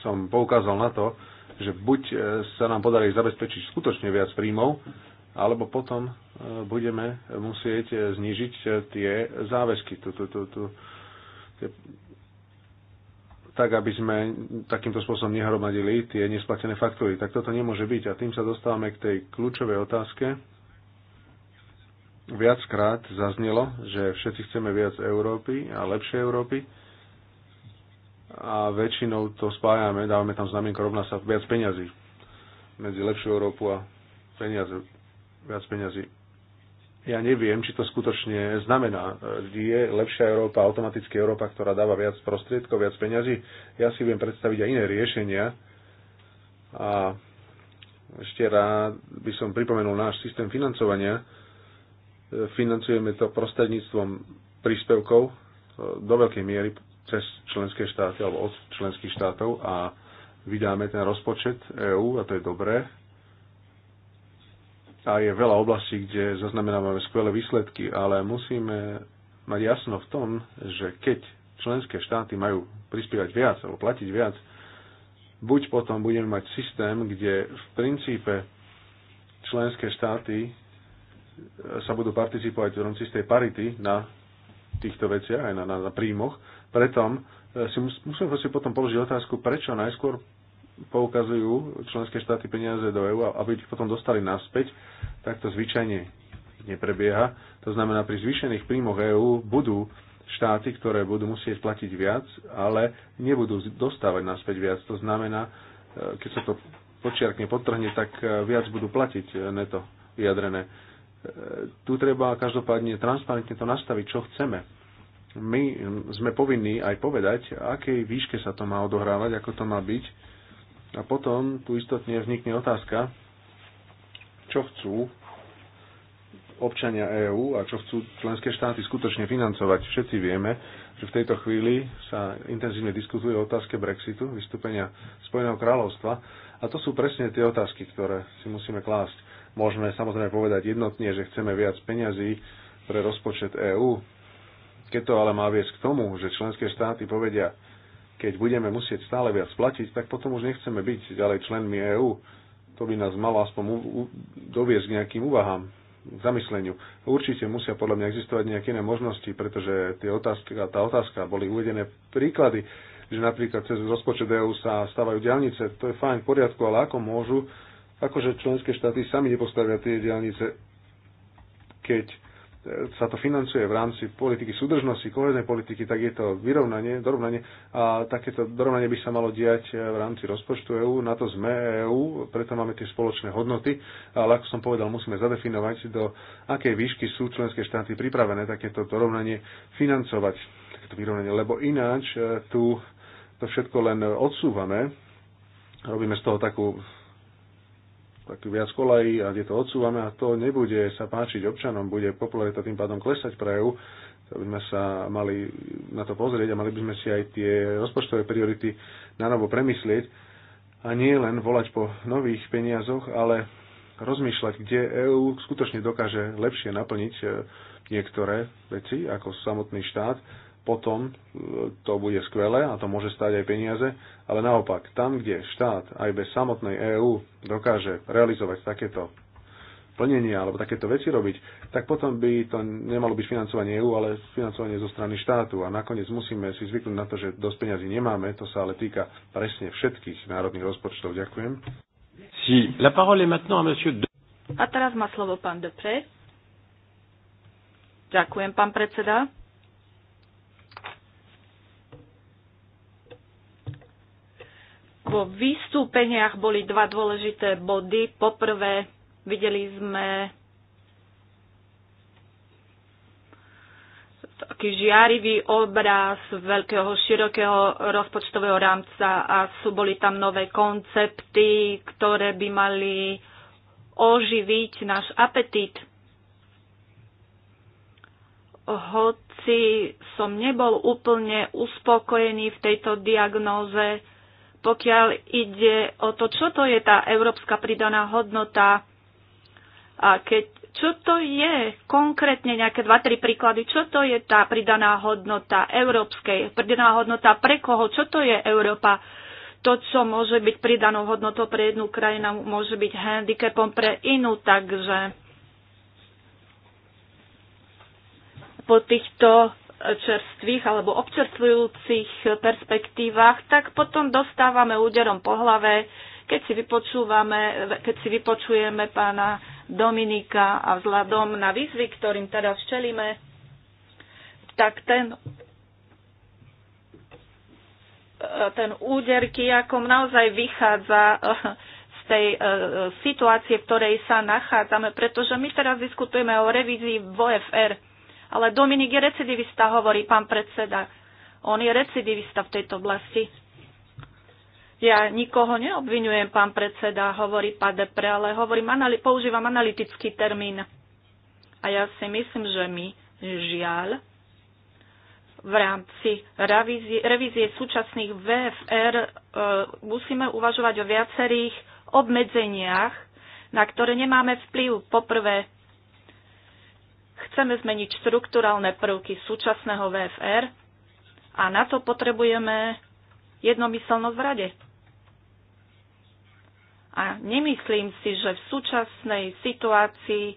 som poukázal na to, že buď e, sa nám podarí zabezpečiť skutočne viac príjmov, alebo potom e, budeme musieť e, znižiť tie záväzky, tu, tu, tu, tu, tie, tak, aby sme takýmto spôsobom nehromadili tie nesplatené faktúry. Tak toto nemôže byť. A tým sa dostávame k tej kľúčovej otázke. Viackrát zaznelo, že všetci chceme viac Európy a lepšie Európy a väčšinou to spájame, dávame tam znamienko rovná sa viac peňazí medzi lepšiu Európu a peniaze, viac peňazí. Ja neviem, či to skutočne znamená, je lepšia Európa, automaticky Európa, ktorá dáva viac prostriedkov, viac peňazí. Ja si viem predstaviť aj iné riešenia. A ešte rád by som pripomenul náš systém financovania. Financujeme to prostredníctvom príspevkov do veľkej miery cez členské štáty alebo od členských štátov a vydáme ten rozpočet EÚ a to je dobré. A je veľa oblastí, kde zaznamenávame skvelé výsledky, ale musíme mať jasno v tom, že keď členské štáty majú prispievať viac alebo platiť viac, buď potom budeme mať systém, kde v princípe členské štáty sa budú participovať v rámci tej parity na týchto veciach, aj na, na, na príjmoch, preto e, si musím si potom položiť otázku, prečo najskôr poukazujú členské štáty peniaze do EÚ, aby ich potom dostali naspäť, tak to zvyčajne neprebieha. To znamená, pri zvýšených príjmoch EÚ budú štáty, ktoré budú musieť platiť viac, ale nebudú dostávať naspäť viac. To znamená, e, keď sa to počiarkne, potrhne, tak e, viac budú platiť neto vyjadrené. Tu treba každopádne transparentne to nastaviť, čo chceme my sme povinní aj povedať, akej výške sa to má odohrávať, ako to má byť. A potom tu istotne vznikne otázka, čo chcú občania EÚ a čo chcú členské štáty skutočne financovať. Všetci vieme, že v tejto chvíli sa intenzívne diskutuje o otázke Brexitu, vystúpenia Spojeného kráľovstva. A to sú presne tie otázky, ktoré si musíme klásť. Môžeme samozrejme povedať jednotne, že chceme viac peňazí pre rozpočet EÚ, keď to ale má viesť k tomu, že členské štáty povedia, keď budeme musieť stále viac platiť, tak potom už nechceme byť ďalej členmi EÚ. To by nás malo aspoň doviesť k nejakým úvahám, k zamysleniu. Určite musia podľa mňa existovať nejaké iné možnosti, pretože tie otázky, tá otázka boli uvedené príklady, že napríklad cez rozpočet EÚ sa stávajú diálnice, to je fajn, v poriadku, ale ako môžu, akože členské štáty sami nepostavia tie diálnice, keď sa to financuje v rámci politiky súdržnosti, kohezné politiky, tak je to vyrovnanie, dorovnanie a takéto dorovnanie by sa malo diať e, v rámci rozpočtu EÚ, na to sme EÚ, preto máme tie spoločné hodnoty, ale ako som povedal, musíme zadefinovať, do akej výšky sú členské štáty pripravené takéto dorovnanie financovať, takéto vyrovnanie, lebo ináč e, tu to všetko len odsúvame, robíme z toho takú tak viac kolají a kde to odsúvame a to nebude sa páčiť občanom, bude popularita tým pádom klesať pre EU, to by sme sa mali na to pozrieť a mali by sme si aj tie rozpočtové priority na novo premyslieť a nie len volať po nových peniazoch, ale rozmýšľať, kde EÚ skutočne dokáže lepšie naplniť e, niektoré veci ako samotný štát potom e, to bude skvelé a to môže stať aj peniaze, ale naopak, tam, kde štát aj bez samotnej EÚ dokáže realizovať takéto plnenia alebo takéto veci robiť, tak potom by to nemalo byť financovanie EÚ, ale financovanie zo strany štátu. A nakoniec musíme si zvyknúť na to, že dosť peniazy nemáme, to sa ale týka presne všetkých národných rozpočtov. Ďakujem. Si, la parole maintenant à monsieur De... A teraz má slovo pán Dupré. Ďakujem, pán predseda. vo vystúpeniach boli dva dôležité body. Poprvé videli sme taký žiarivý obraz veľkého, širokého rozpočtového rámca a sú boli tam nové koncepty, ktoré by mali oživiť náš apetít. Hoci som nebol úplne uspokojený v tejto diagnóze, pokiaľ ide o to, čo to je tá európska pridaná hodnota a keď, čo to je konkrétne, nejaké 2-3 príklady, čo to je tá pridaná hodnota európskej, pridaná hodnota pre koho, čo to je Európa, to, čo môže byť pridanou hodnotou pre jednu krajinu, môže byť handicapom pre inú, takže po týchto čerstvých alebo občerstvujúcich perspektívach, tak potom dostávame úderom po hlave, keď si, vypočúvame, keď si vypočujeme pána Dominika a vzhľadom na výzvy, ktorým teda včelíme, tak ten, ten úder Kijakom naozaj vychádza eh, z tej eh, situácie, v ktorej sa nachádzame, pretože my teraz diskutujeme o revízii VFR ale Dominik je recidivista, hovorí pán predseda. On je recidivista v tejto oblasti. Ja nikoho neobvinujem, pán predseda, hovorí pán Depre, ale hovorím, anali- používam analytický termín. A ja si myslím, že my, žiaľ, v rámci revízie, revízie súčasných VFR e, musíme uvažovať o viacerých obmedzeniach, na ktoré nemáme vplyv. Poprvé, Chceme zmeniť štruktúralne prvky súčasného VFR a na to potrebujeme jednomyselnosť v rade. A nemyslím si, že v súčasnej situácii e,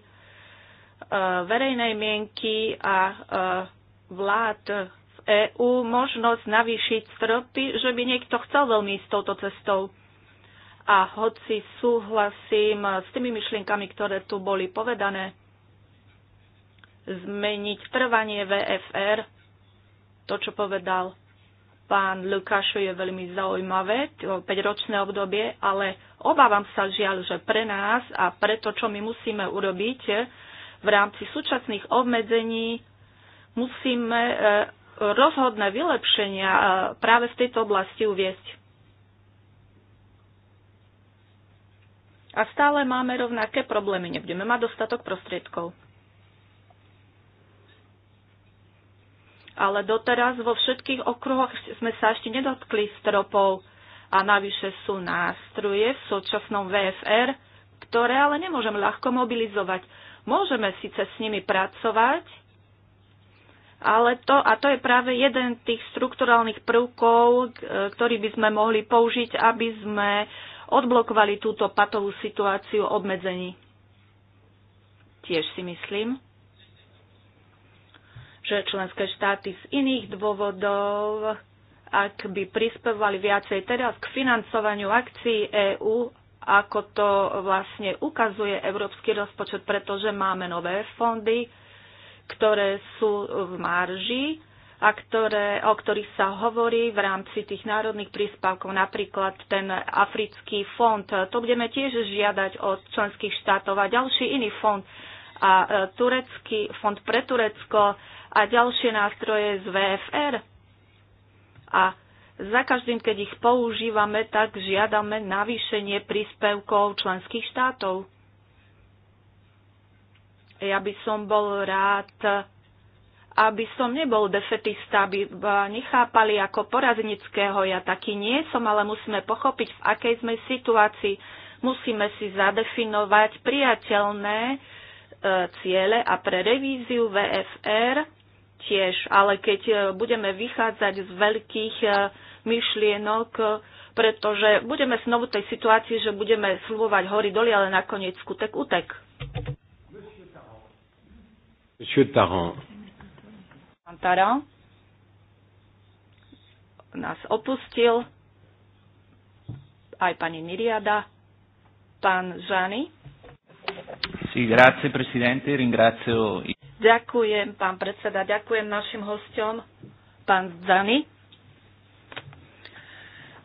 verejnej mienky a e, vlád v EÚ možnosť navýšiť stropy, že by niekto chcel veľmi ísť touto cestou. A hoci súhlasím s tými myšlienkami, ktoré tu boli povedané, zmeniť trvanie VFR. To, čo povedal pán Lukášu, je veľmi zaujímavé, 5-ročné obdobie, ale obávam sa žiaľ, že pre nás a pre to, čo my musíme urobiť eh, v rámci súčasných obmedzení, musíme eh, rozhodné vylepšenia eh, práve v tejto oblasti uviesť. A stále máme rovnaké problémy. Nebudeme mať dostatok prostriedkov. ale doteraz vo všetkých okruhoch sme sa ešte nedotkli stropov a navyše sú nástroje v súčasnom VFR, ktoré ale nemôžem ľahko mobilizovať. Môžeme síce s nimi pracovať, ale to, a to je práve jeden tých strukturálnych prvkov, e, ktorý by sme mohli použiť, aby sme odblokovali túto patovú situáciu obmedzení. Tiež si myslím, že členské štáty z iných dôvodov, ak by prispevali viacej teraz k financovaniu akcií EÚ, ako to vlastne ukazuje európsky rozpočet, pretože máme nové fondy, ktoré sú v marži a ktoré, o ktorých sa hovorí v rámci tých národných príspevkov, napríklad ten africký fond. To budeme tiež žiadať od členských štátov a ďalší iný fond a e, turecký fond pre Turecko a ďalšie nástroje z VFR. A za každým, keď ich používame, tak žiadame navýšenie príspevkov členských štátov. Ja by som bol rád, aby som nebol defetista, aby nechápali ako poraznického. Ja taký nie som, ale musíme pochopiť, v akej sme situácii. Musíme si zadefinovať priateľné e, ciele a pre revíziu VFR tiež, ale keď e, budeme vychádzať z veľkých e, myšlienok, e, pretože budeme znovu tej situácii, že budeme slúbovať hory doli, ale nakoniec skutek utek. Monsieur Pán Tarant nás opustil, aj pani Miriada. pán Žany. Sí, grazie Presidente, ringrazio i Ďakujem, pán predseda, ďakujem našim hostom, pán Zdany,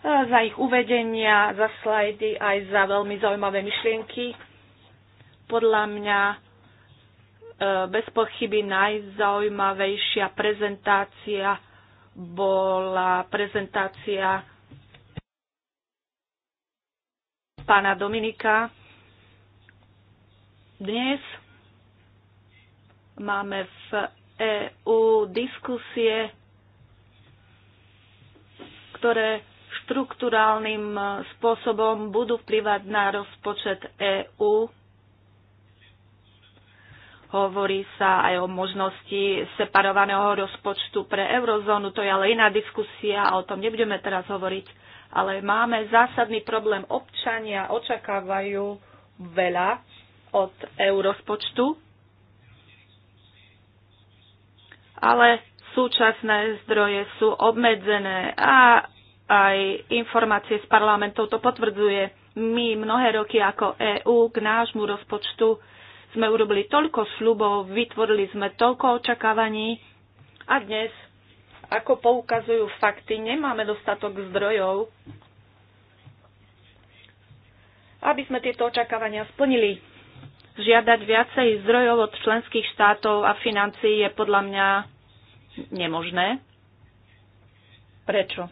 za ich uvedenia, za slajdy, aj za veľmi zaujímavé myšlienky. Podľa mňa e, bez pochyby najzaujímavejšia prezentácia bola prezentácia pána Dominika. Dnes Máme v EÚ diskusie, ktoré štruktúrálnym spôsobom budú vplyvať na rozpočet EÚ. Hovorí sa aj o možnosti separovaného rozpočtu pre eurozónu, to je ale iná diskusia a o tom nebudeme teraz hovoriť. Ale máme zásadný problém. Občania očakávajú veľa od eurozpočtu ale súčasné zdroje sú obmedzené a aj informácie z parlamentov to potvrdzuje. My mnohé roky ako EÚ k nášmu rozpočtu sme urobili toľko slubov, vytvorili sme toľko očakávaní a dnes, ako poukazujú fakty, nemáme dostatok zdrojov, aby sme tieto očakávania splnili žiadať viacej zdrojov od členských štátov a financií je podľa mňa nemožné. Prečo?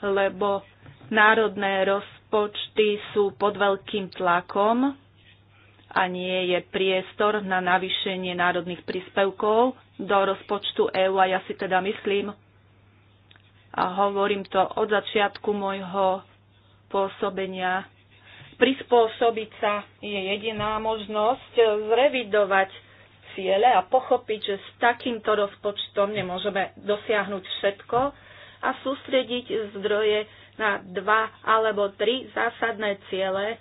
Lebo národné rozpočty sú pod veľkým tlakom a nie je priestor na navýšenie národných príspevkov do rozpočtu EÚ a ja si teda myslím, a hovorím to od začiatku môjho pôsobenia prispôsobiť sa je jediná možnosť eh, zrevidovať ciele a pochopiť, že s takýmto rozpočtom nemôžeme dosiahnuť všetko a sústrediť zdroje na dva alebo tri zásadné ciele,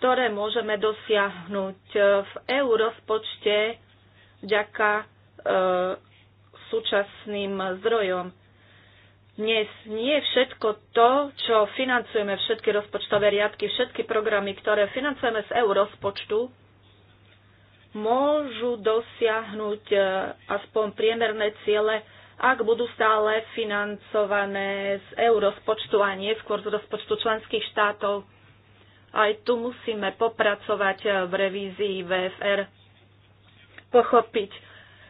ktoré môžeme dosiahnuť eh, v EU rozpočte vďaka e, súčasným zdrojom. Dnes nie všetko to, čo financujeme, všetky rozpočtové riadky, všetky programy, ktoré financujeme z EU rozpočtu, môžu dosiahnuť e, aspoň priemerné ciele, ak budú stále financované z EU rozpočtu a nie skôr z rozpočtu členských štátov. Aj tu musíme popracovať e, v revízii VFR, pochopiť,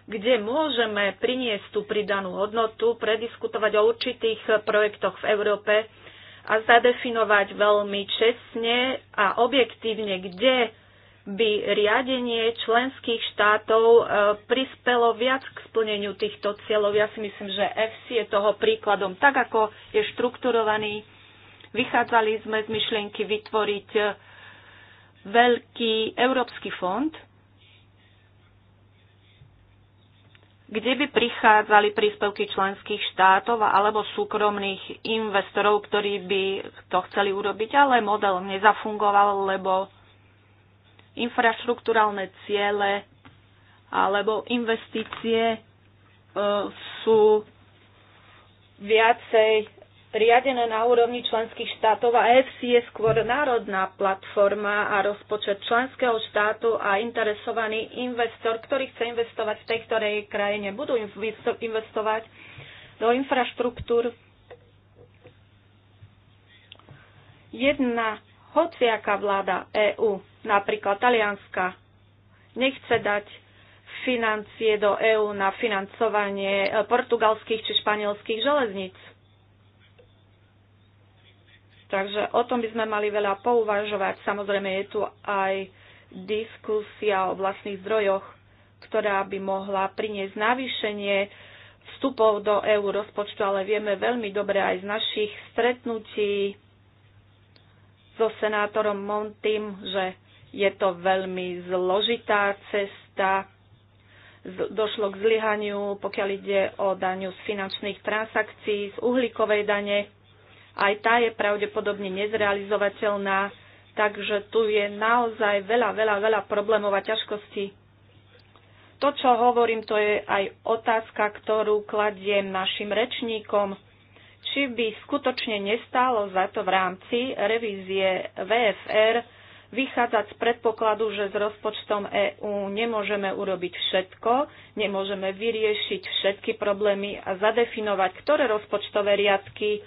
kde môžeme priniesť tú pridanú hodnotu, prediskutovať o určitých projektoch v Európe a zadefinovať veľmi čestne a objektívne, kde by riadenie členských štátov e, prispelo viac k splneniu týchto cieľov. Ja si myslím, že FC je toho príkladom. Tak, ako je štrukturovaný, vychádzali sme z myšlienky vytvoriť e, veľký európsky fond, kde by prichádzali príspevky členských štátov alebo súkromných investorov, ktorí by to chceli urobiť, ale model nezafungoval, lebo infraštruktúralne ciele alebo investície e, sú viacej riadené na úrovni členských štátov a EFSI je skôr národná platforma a rozpočet členského štátu a interesovaný investor, ktorý chce investovať v tej ktorej krajine, budú investovať do infraštruktúr. Jedna hociaká vláda EÚ, napríklad talianska, nechce dať financie do EÚ na financovanie e, portugalských či španielských železníc Takže o tom by sme mali veľa pouvažovať. Samozrejme je tu aj diskusia o vlastných zdrojoch, ktorá by mohla priniesť navýšenie vstupov do EU rozpočtu, ale vieme veľmi dobre aj z našich stretnutí so senátorom Montim, že je to veľmi zložitá cesta. Došlo k zlyhaniu, pokiaľ ide o daňu z finančných transakcií, z uhlíkovej dane aj tá je pravdepodobne nezrealizovateľná, takže tu je naozaj veľa, veľa, veľa problémov a ťažkostí. To, čo hovorím, to je aj otázka, ktorú kladiem našim rečníkom. Či by skutočne nestálo za to v rámci revízie VFR vychádzať z predpokladu, že s rozpočtom EÚ nemôžeme urobiť všetko, nemôžeme vyriešiť všetky problémy a zadefinovať, ktoré rozpočtové riadky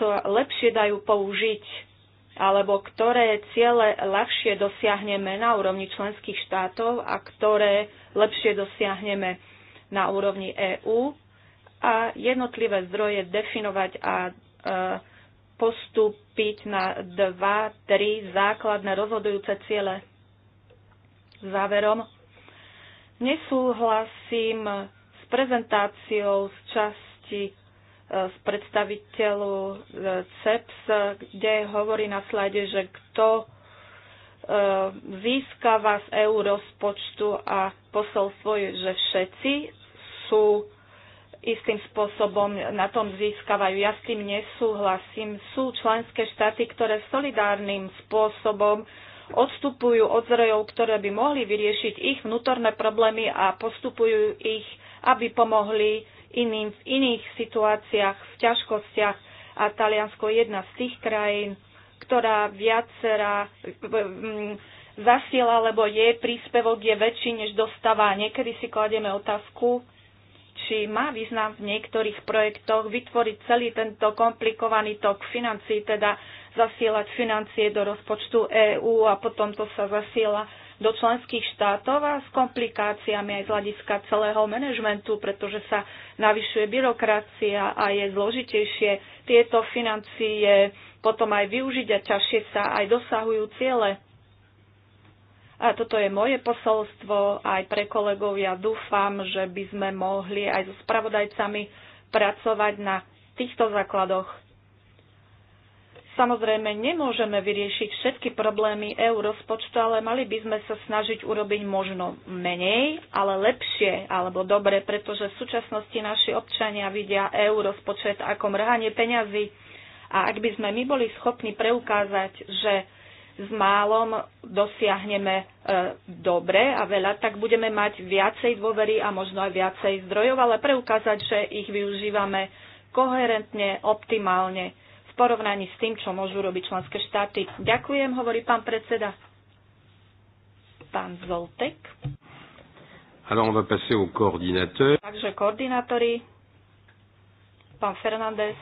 sa lepšie dajú použiť alebo ktoré ciele ľahšie dosiahneme na úrovni členských štátov a ktoré lepšie dosiahneme na úrovni EÚ a jednotlivé zdroje definovať a e, postúpiť na dva, tri základné rozhodujúce ciele. Záverom, nesúhlasím s prezentáciou z časti z predstaviteľu e, CEPS, kde hovorí na slade, že kto e, získava z EU rozpočtu a posol je, že všetci sú istým spôsobom na tom získavajú. Ja s tým nesúhlasím. Sú členské štáty, ktoré solidárnym spôsobom odstupujú od zdrojov, ktoré by mohli vyriešiť ich vnútorné problémy a postupujú ich, aby pomohli iným v iných situáciách, v ťažkostiach a Taliansko je jedna z tých krajín, ktorá viacera mm, zasiela, lebo jej príspevok je väčší, než dostáva. Niekedy si kladieme otázku, či má význam v niektorých projektoch vytvoriť celý tento komplikovaný tok financií, teda zasielať financie do rozpočtu EÚ a potom to sa zasiela do členských štátov a s komplikáciami aj z hľadiska celého manažmentu, pretože sa navyšuje byrokracia a je zložitejšie tieto financie potom aj využiť a ťažšie sa aj dosahujú ciele. A toto je moje posolstvo aj pre kolegov. Ja dúfam, že by sme mohli aj so spravodajcami pracovať na týchto základoch. Samozrejme, nemôžeme vyriešiť všetky problémy EU rozpočtu, ale mali by sme sa snažiť urobiť možno menej, ale lepšie alebo dobre, pretože v súčasnosti naši občania vidia EU rozpočet ako mrhanie peňazí. A ak by sme my boli schopní preukázať, že s málom dosiahneme e, dobre a veľa, tak budeme mať viacej dôvery a možno aj viacej zdrojov, ale preukázať, že ich využívame koherentne, optimálne porovnaní s tým, čo môžu robiť členské štáty. Ďakujem, hovorí pán predseda. Pán Zoltek. Alors on va passer au coordinateur. Takže koordinátori. Pán Fernández.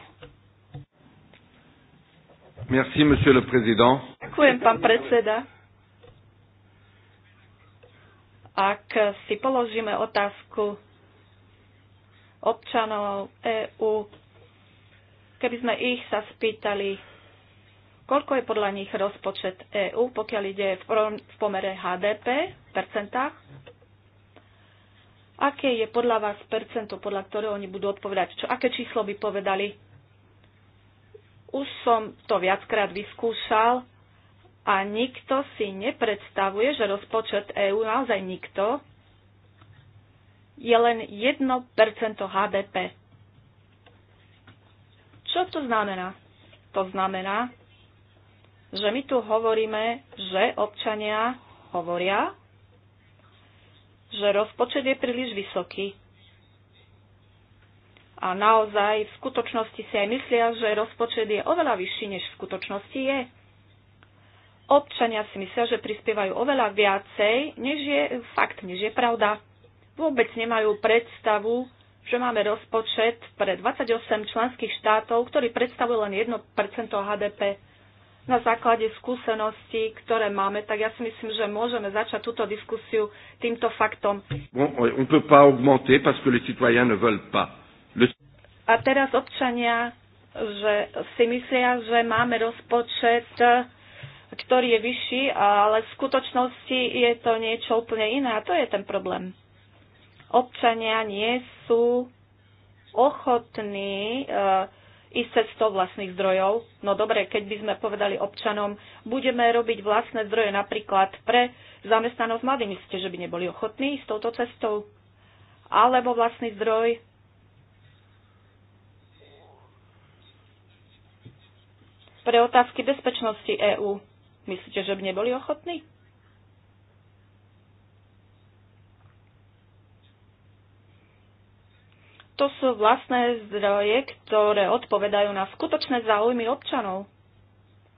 Merci, monsieur le président. Ďakujem, pán predseda. Ak si položíme otázku občanov EÚ, Keby sme ich sa spýtali, koľko je podľa nich rozpočet EÚ, pokiaľ ide v pomere HDP v percentách, aké je podľa vás percento, podľa ktorého oni budú odpovedať, čo, aké číslo by povedali. Už som to viackrát vyskúšal a nikto si nepredstavuje, že rozpočet EÚ, naozaj nikto, je len 1% HDP. Čo to znamená? To znamená, že my tu hovoríme, že občania hovoria, že rozpočet je príliš vysoký. A naozaj v skutočnosti si aj myslia, že rozpočet je oveľa vyšší, než v skutočnosti je. Občania si myslia, že prispievajú oveľa viacej, než je fakt, než je pravda. Vôbec nemajú predstavu že máme rozpočet pre 28 členských štátov, ktorý predstavuje len 1% HDP. Na základe skúseností, ktoré máme, tak ja si myslím, že môžeme začať túto diskusiu týmto faktom. Bon, on peut pas augmenter parce que les citoyens ne veulent pas. Le... A teraz občania, že si myslia, že máme rozpočet, ktorý je vyšší, ale v skutočnosti je to niečo úplne iné a to je ten problém občania nie sú ochotní e, ísť cestou vlastných zdrojov. No dobre, keď by sme povedali občanom, budeme robiť vlastné zdroje napríklad pre zamestnanosť mladých, myslíte, že by neboli ochotní ísť touto cestou? Alebo vlastný zdroj pre otázky bezpečnosti EÚ. Myslíte, že by neboli ochotní? to sú vlastné zdroje, ktoré odpovedajú na skutočné záujmy občanov,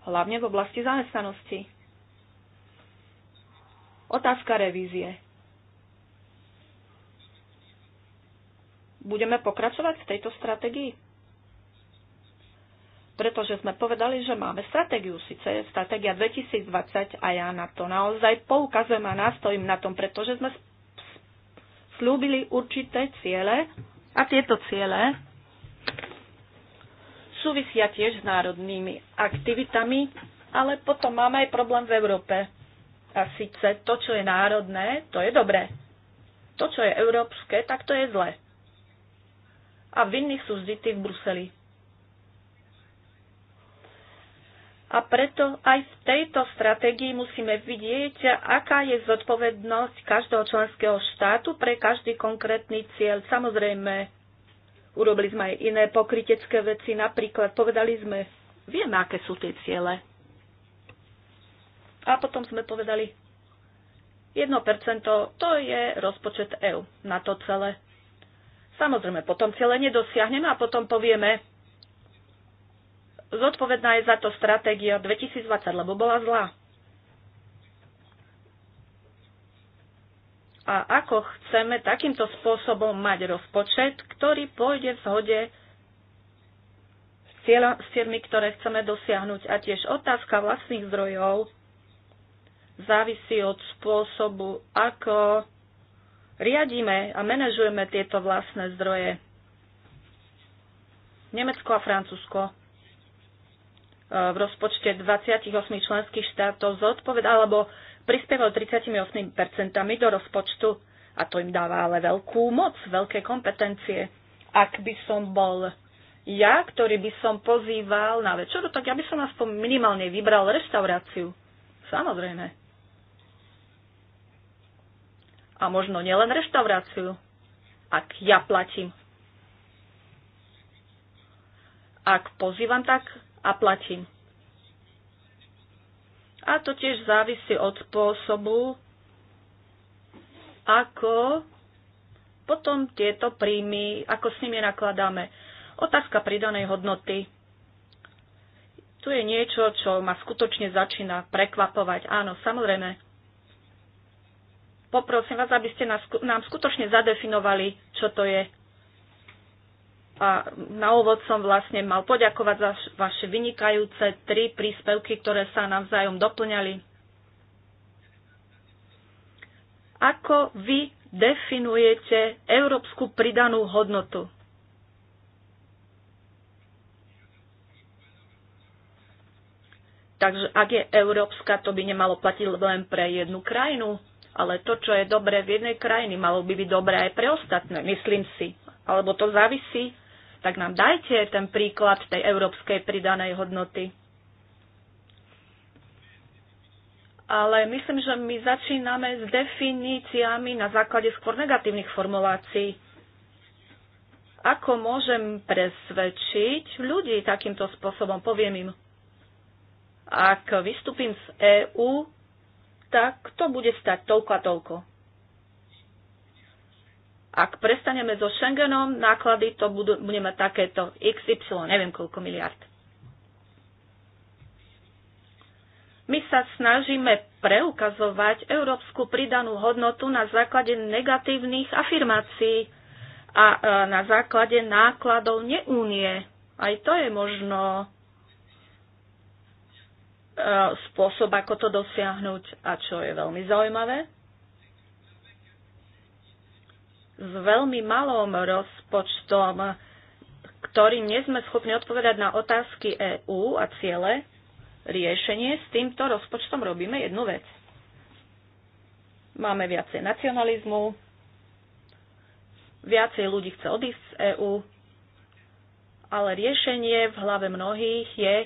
hlavne v oblasti zamestnanosti. Otázka revízie. Budeme pokračovať v tejto stratégii? Pretože sme povedali, že máme stratégiu, síce stratégia 2020 a ja na to naozaj poukazujem a nástojím na tom, pretože sme slúbili určité ciele a tieto ciele súvisia tiež s národnými aktivitami, ale potom máme aj problém v Európe. A síce to, čo je národné, to je dobré. To, čo je európske, tak to je zlé. A vinní sú vždy v Bruseli. A preto aj v tejto stratégii musíme vidieť, aká je zodpovednosť každého členského štátu pre každý konkrétny cieľ. Samozrejme, urobili sme aj iné pokrytecké veci, napríklad povedali sme, vieme, aké sú tie ciele. A potom sme povedali, 1% to je rozpočet EU na to celé. Samozrejme, potom ciele nedosiahneme a potom povieme, zodpovedná je za to stratégia 2020, lebo bola zlá. A ako chceme takýmto spôsobom mať rozpočet, ktorý pôjde v zhode s, tými, ktoré chceme dosiahnuť. A tiež otázka vlastných zdrojov závisí od spôsobu, ako riadíme a manažujeme tieto vlastné zdroje. Nemecko a Francúzsko v rozpočte 28 členských štátov zodpoved alebo prispieval 38% do rozpočtu a to im dáva ale veľkú moc, veľké kompetencie. Ak by som bol ja, ktorý by som pozýval na večeru, tak ja by som aspoň minimálne vybral reštauráciu. Samozrejme. A možno nielen reštauráciu, ak ja platím. Ak pozývam, tak a platí. A to tiež závisí od spôsobu, ako potom tieto príjmy, ako s nimi nakladáme. Otázka pridanej hodnoty. Tu je niečo, čo ma skutočne začína prekvapovať. Áno, samozrejme. Poprosím vás, aby ste nám skutočne zadefinovali, čo to je. A na úvod som vlastne mal poďakovať za vaše vynikajúce tri príspevky, ktoré sa navzájom doplňali. Ako vy definujete európsku pridanú hodnotu? Takže ak je európska, to by nemalo platiť len pre jednu krajinu, ale to, čo je dobré v jednej krajine, malo by byť dobré aj pre ostatné, myslím si. Alebo to závisí tak nám dajte ten príklad tej európskej pridanej hodnoty. Ale myslím, že my začíname s definíciami na základe skôr negatívnych formulácií. Ako môžem presvedčiť ľudí takýmto spôsobom? Poviem im, ak vystúpim z EÚ, tak to bude stať toľko a toľko ak prestaneme so Schengenom, náklady to budú, budeme takéto XY, neviem koľko miliard. My sa snažíme preukazovať európsku pridanú hodnotu na základe negatívnych afirmácií a e, na základe nákladov neúnie. Aj to je možno e, spôsob, ako to dosiahnuť a čo je veľmi zaujímavé s veľmi malým rozpočtom, ktorým nie sme schopní odpovedať na otázky EÚ a ciele, riešenie s týmto rozpočtom robíme jednu vec. Máme viacej nacionalizmu, viacej ľudí chce odísť z EÚ, ale riešenie v hlave mnohých je,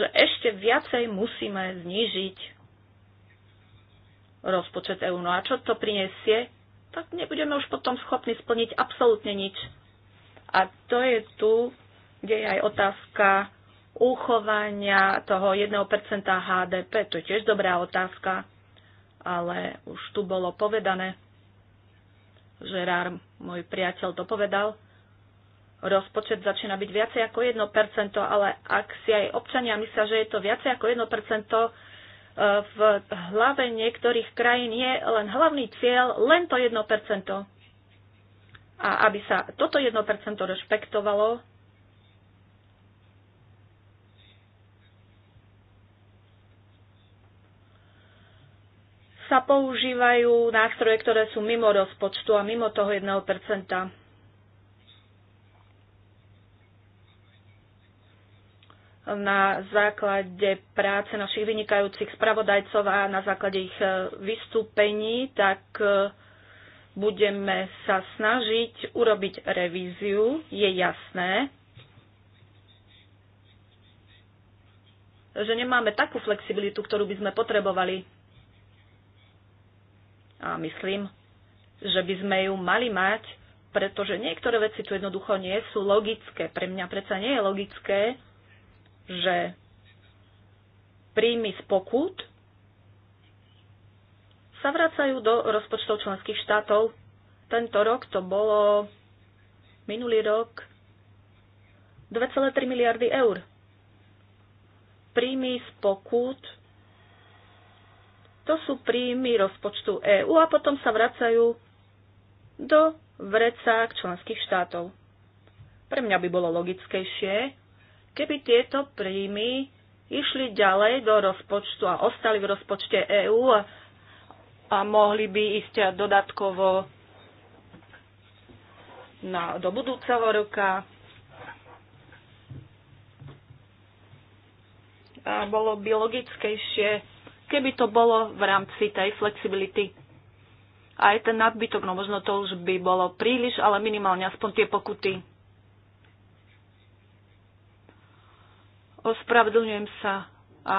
že ešte viacej musíme znížiť rozpočet EÚ. No a čo to prinesie? tak nebudeme už potom schopní splniť absolútne nič. A to je tu, kde je aj otázka uchovania toho 1% HDP. To je tiež dobrá otázka, ale už tu bolo povedané, že rár môj priateľ, to povedal, rozpočet začína byť viacej ako 1%, ale ak si aj občania myslia, že je to viacej ako 1%, v hlave niektorých krajín je len hlavný cieľ len to 1%. A aby sa toto 1% rešpektovalo, sa používajú nástroje, ktoré sú mimo rozpočtu a mimo toho 1%. na základe práce našich vynikajúcich spravodajcov a na základe ich e, vystúpení, tak e, budeme sa snažiť urobiť revíziu. Je jasné, že nemáme takú flexibilitu, ktorú by sme potrebovali. A myslím, že by sme ju mali mať, pretože niektoré veci tu jednoducho nie sú logické. Pre mňa predsa nie je logické, že príjmy z pokút sa vracajú do rozpočtov členských štátov. Tento rok to bolo minulý rok 2,3 miliardy eur. Príjmy z pokút to sú príjmy rozpočtu EÚ a potom sa vracajú do vreca členských štátov. Pre mňa by bolo logickejšie, Keby tieto príjmy išli ďalej do rozpočtu a ostali v rozpočte EÚ a, a mohli by ísť dodatkovo na, do budúceho roka. A bolo by logickejšie, keby to bolo v rámci tej flexibility. Aj ten nadbytok, no možno to už by bolo príliš, ale minimálne aspoň tie pokuty. ospravedlňujem sa a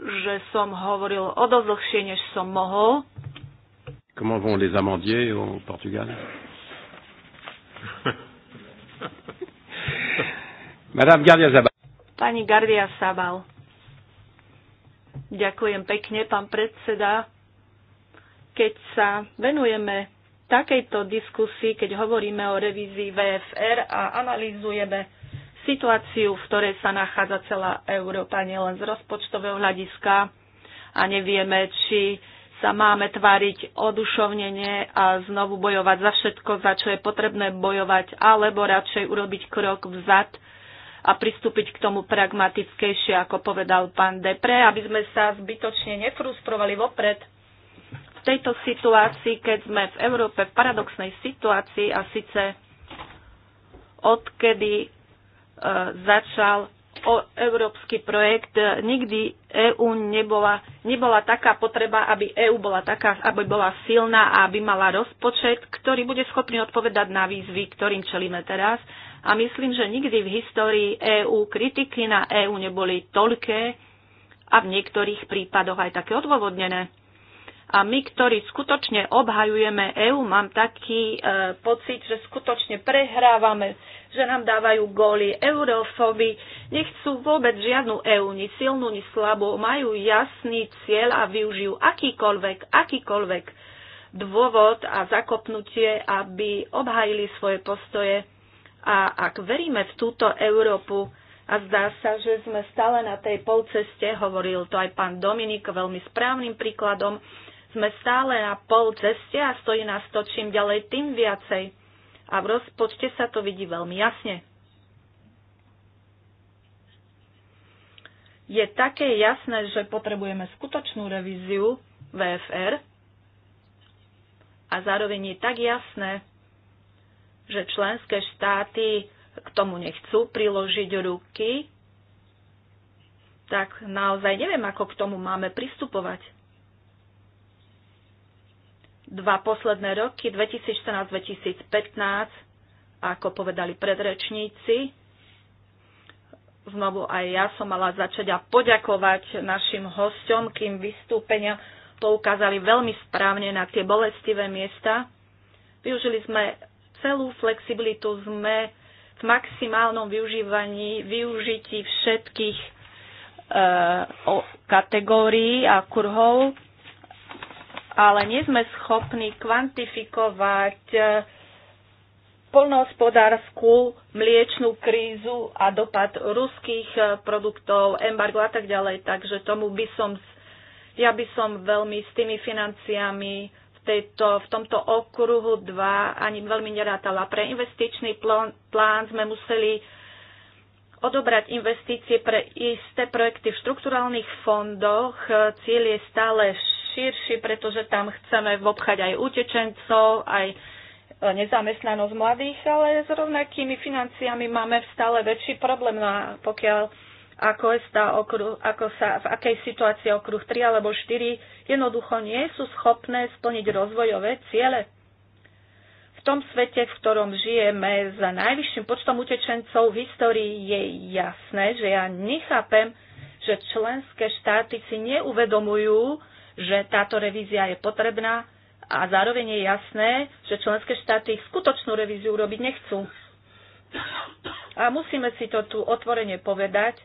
že som hovoril o dosť dlhšie, než som mohol. Comment vont les amandiers au Portugal [LAUGHS] Madame Gardia Zabal. Pani Gardia Sabal. Ďakujem pekne, pán predseda. Keď sa venujeme takejto diskusii, keď hovoríme o revízii VFR a analýzujeme situáciu, v ktorej sa nachádza celá Európa, nielen z rozpočtového hľadiska a nevieme, či sa máme tváriť odušovnenie a znovu bojovať za všetko, za čo je potrebné bojovať, alebo radšej urobiť krok vzad a pristúpiť k tomu pragmatickejšie, ako povedal pán Depre, aby sme sa zbytočne nefrustrovali vopred. V tejto situácii, keď sme v Európe v paradoxnej situácii a síce odkedy E, začal o európsky projekt. Nikdy EÚ nebola, nebola taká potreba, aby EÚ bola taká, aby bola silná a aby mala rozpočet, ktorý bude schopný odpovedať na výzvy, ktorým čelíme teraz. A myslím, že nikdy v histórii EÚ kritiky na EÚ neboli toľké a v niektorých prípadoch aj také odôvodnené. A my, ktorí skutočne obhajujeme EÚ, mám taký e, pocit, že skutočne prehrávame, že nám dávajú góly eurofoby nechcú vôbec žiadnu EÚ, ni silnú, ni slabú, majú jasný cieľ a využijú akýkoľvek, akýkoľvek dôvod a zakopnutie, aby obhajili svoje postoje. A ak veríme v túto Európu, a zdá sa, že sme stále na tej polceste, hovoril to aj pán Dominik veľmi správnym príkladom, sme stále na pol ceste a stojí nás to čím ďalej, tým viacej. A v rozpočte sa to vidí veľmi jasne. Je také jasné, že potrebujeme skutočnú revíziu VFR a zároveň je tak jasné, že členské štáty k tomu nechcú priložiť ruky, tak naozaj neviem, ako k tomu máme pristupovať dva posledné roky, 2014-2015, ako povedali predrečníci. Znovu aj ja som mala začať a poďakovať našim hosťom, kým vystúpenia poukázali veľmi správne na tie bolestivé miesta. Využili sme celú flexibilitu, sme v maximálnom využívaní, využití všetkých e, o, kategórií a kurhov ale nie sme schopní kvantifikovať e, polnohospodárskú mliečnú krízu a dopad ruských e, produktov, embargo a tak ďalej. Takže tomu by som, ja by som veľmi s tými financiami v, tejto, v tomto okruhu 2 ani veľmi nerátala. Pre investičný plán, plán sme museli odobrať investície pre isté projekty v štrukturálnych fondoch. E, cieľ je stále širší, pretože tam chceme vobchať aj utečencov, aj e, nezamestnanosť mladých, ale s rovnakými financiami máme stále väčší problém, no a pokiaľ ako, sa okruh, ako sa v akej situácii okruh 3 alebo 4 jednoducho nie sú schopné splniť rozvojové ciele. V tom svete, v ktorom žijeme, za najvyšším počtom utečencov v histórii je jasné, že ja nechápem, že členské štáty si neuvedomujú, že táto revízia je potrebná a zároveň je jasné, že členské štáty skutočnú revíziu robiť nechcú. A musíme si to tu otvorene povedať.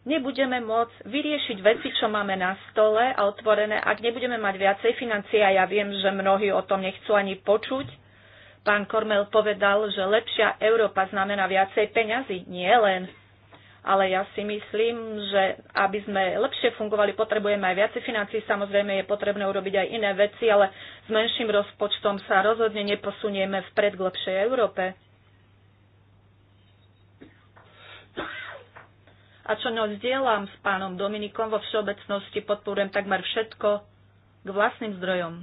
Nebudeme môcť vyriešiť veci, čo máme na stole a otvorené, ak nebudeme mať viacej financie. A ja viem, že mnohí o tom nechcú ani počuť. Pán Kormel povedal, že lepšia Európa znamená viacej peňazí. Nie len ale ja si myslím, že aby sme lepšie fungovali, potrebujeme aj viacej financí. Samozrejme je potrebné urobiť aj iné veci, ale s menším rozpočtom sa rozhodne neposunieme vpred k lepšej Európe. A čo no zdieľam s pánom Dominikom, vo všeobecnosti podporujem takmer všetko k vlastným zdrojom.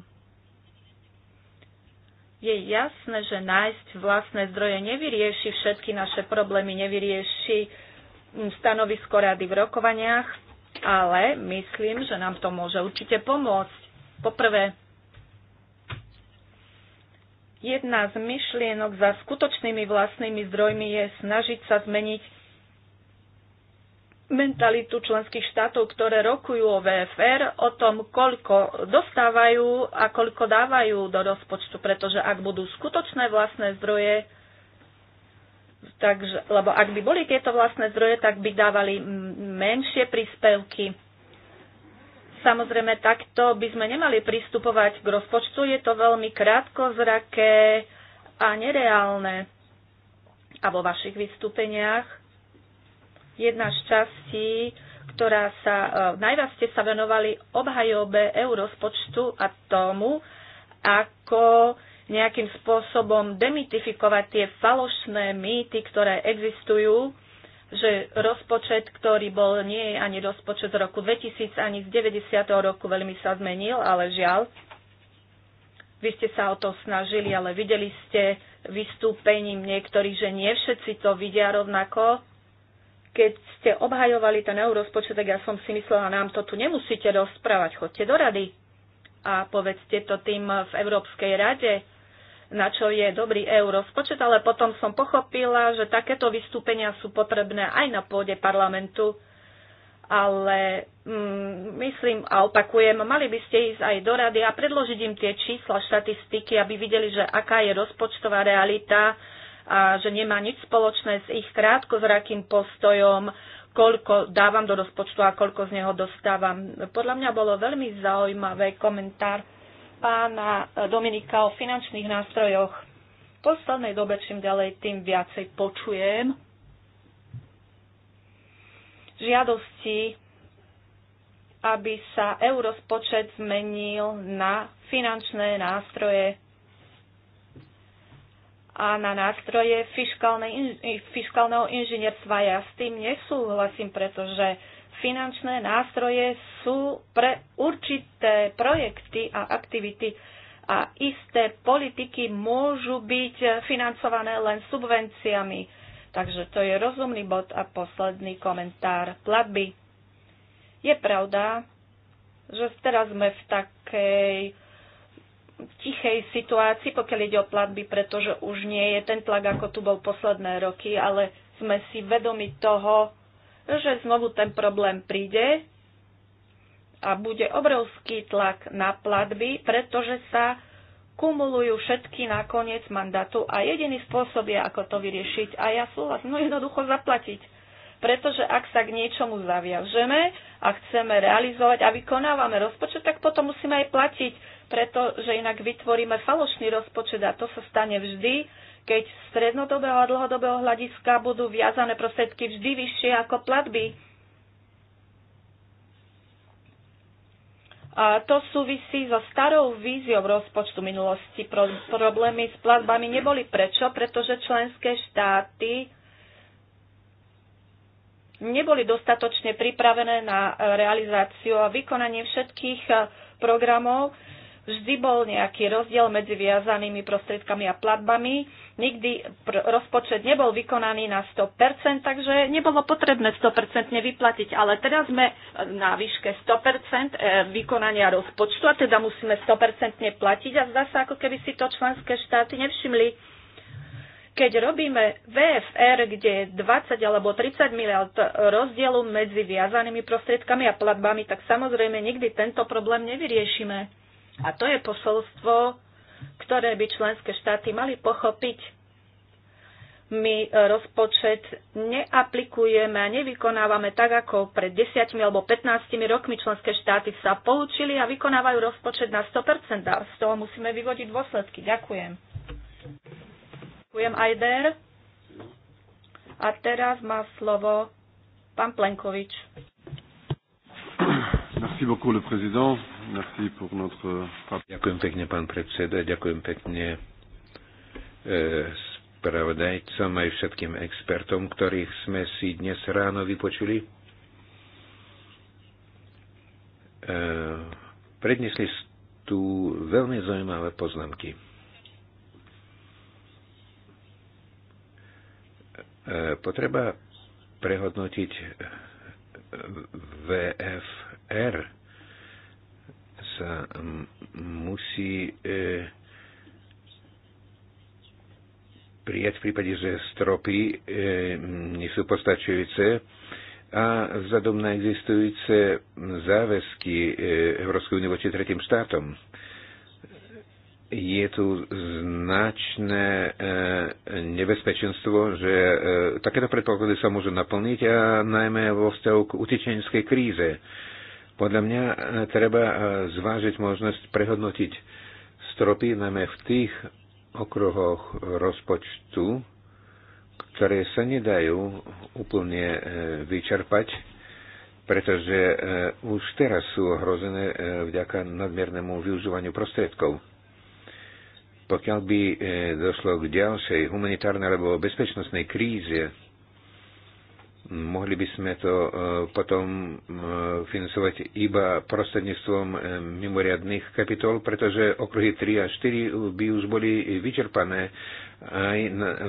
Je jasné, že nájsť vlastné zdroje nevyrieši všetky naše problémy, nevyrieši stanovisko rady v rokovaniach, ale myslím, že nám to môže určite pomôcť. Poprvé, jedna z myšlienok za skutočnými vlastnými zdrojmi je snažiť sa zmeniť mentalitu členských štátov, ktoré rokujú o VFR, o tom, koľko dostávajú a koľko dávajú do rozpočtu, pretože ak budú skutočné vlastné zdroje, Takže, lebo ak by boli tieto vlastné zdroje, tak by dávali menšie príspevky. Samozrejme, takto by sme nemali pristupovať k rozpočtu. Je to veľmi krátkozraké a nereálne. A vo vašich vystúpeniach jedna z častí, ktorá sa, e, najviac ste sa venovali obhajobe eurozpočtu a tomu, ako nejakým spôsobom demitifikovať tie falošné mýty, ktoré existujú, že rozpočet, ktorý bol, nie je ani rozpočet z roku 2000, ani z 90. roku veľmi sa zmenil, ale žiaľ. Vy ste sa o to snažili, ale videli ste vystúpením niektorých, že nie všetci to vidia rovnako. Keď ste obhajovali ten eurozpočet, tak ja som si myslela, nám to tu nemusíte rozprávať, chodte do rady a povedzte to tým v Európskej rade na čo je dobrý rozpočet, ale potom som pochopila, že takéto vystúpenia sú potrebné aj na pôde parlamentu. Ale mm, myslím a opakujem, mali by ste ísť aj do rady a predložiť im tie čísla, štatistiky, aby videli, že aká je rozpočtová realita a že nemá nič spoločné s ich krátkozrakým postojom, koľko dávam do rozpočtu a koľko z neho dostávam. Podľa mňa bolo veľmi zaujímavé komentár pána e, Dominika o finančných nástrojoch. V poslednej dobe čím ďalej, tým viacej počujem žiadosti, aby sa eurozpočet zmenil na finančné nástroje a na nástroje fiskálneho inžinierstva. Ja s tým nesúhlasím, pretože finančné nástroje sú pre určité projekty a aktivity a isté politiky môžu byť financované len subvenciami. Takže to je rozumný bod a posledný komentár platby. Je pravda, že teraz sme v takej tichej situácii, pokiaľ ide o platby, pretože už nie je ten tlak, ako tu bol posledné roky, ale sme si vedomi toho, že znovu ten problém príde a bude obrovský tlak na platby, pretože sa kumulujú všetky na koniec mandátu a jediný spôsob je, ako to vyriešiť. A ja súhlasím, no jednoducho zaplatiť pretože ak sa k niečomu zaviažeme a chceme realizovať a vykonávame rozpočet, tak potom musíme aj platiť, pretože inak vytvoríme falošný rozpočet a to sa stane vždy, keď z strednodobého a dlhodobého hľadiska budú viazané prostriedky vždy vyššie ako platby. A to súvisí so starou víziou rozpočtu minulosti. Pro, problémy s platbami neboli prečo, pretože členské štáty neboli dostatočne pripravené na realizáciu a vykonanie všetkých eh, programov vždy bol nejaký rozdiel medzi viazanými prostriedkami a platbami. Nikdy rozpočet nebol vykonaný na 100%, takže nebolo potrebné 100% vyplatiť. Ale teraz sme na výške 100% eh, vykonania rozpočtu a teda musíme 100% platiť a zdá sa, ako keby si to členské štáty nevšimli keď robíme VFR, kde je 20 alebo 30 miliard rozdielu medzi viazanými prostriedkami a platbami, tak samozrejme nikdy tento problém nevyriešime. A to je posolstvo, ktoré by členské štáty mali pochopiť. My rozpočet neaplikujeme a nevykonávame tak, ako pred 10 alebo 15 rokmi členské štáty sa poučili a vykonávajú rozpočet na 100%. A z toho musíme vyvodiť dôsledky. Ďakujem. Ďakujem, Ajder. A teraz má slovo pán Plenkovič. Merci beaucoup, le président. Ďakujem pekne, pán predseda, ďakujem pekne e, spravodajcom aj všetkým expertom, ktorých sme si dnes ráno vypočuli. E, prednesli tu veľmi zaujímavé poznámky. E, potreba prehodnotiť VFR sa musí e, prijať v prípade, že stropy e, nie sú postačujúce a vzhľadom na existujúce záväzky e, Európskej únie voči tretím štátom je tu značné e, nebezpečenstvo, že e, takéto predpoklady sa môžu naplniť a najmä vo vzťahu k utečenskej kríze. E, podľa mňa e, treba e, zvážiť možnosť prehodnotiť stropy najmä v tých okruhoch rozpočtu, ktoré sa nedajú úplne e, vyčerpať, pretože už teraz sú ohrozené vďaka nadmiernemu využívaniu prostriedkov. Pokiaľ by došlo k ďalšej humanitárnej alebo bezpečnostnej kríze, mohli by sme to e, potom e, financovať iba prostredníctvom e, mimoriadných kapitol, pretože okruhy 3 a 4 by už boli vyčerpané aj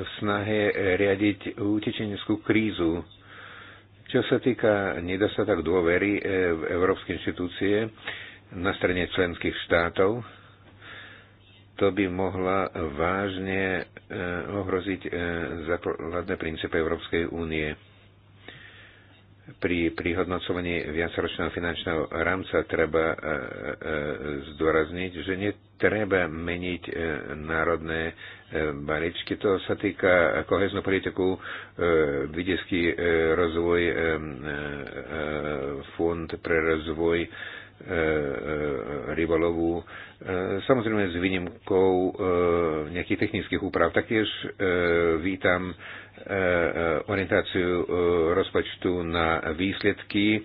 v snahe riadiť utečeneckú krízu. Čo sa týka nedostatok dôvery v európske inštitúcie na strane členských štátov, to by mohla vážne ohroziť základné princípy Európskej únie pri prihodnocovaní viacročného finančného rámca treba e, e, zdôrazniť, že netreba meniť e, národné baričky, To sa týka koheznú politiku, vidiecký rozvoj, fond pre rozvoj rybolovu, E, samozrejme s výnimkou e, nejakých technických úprav. Taktiež e, vítam orientáciu rozpočtu na výsledky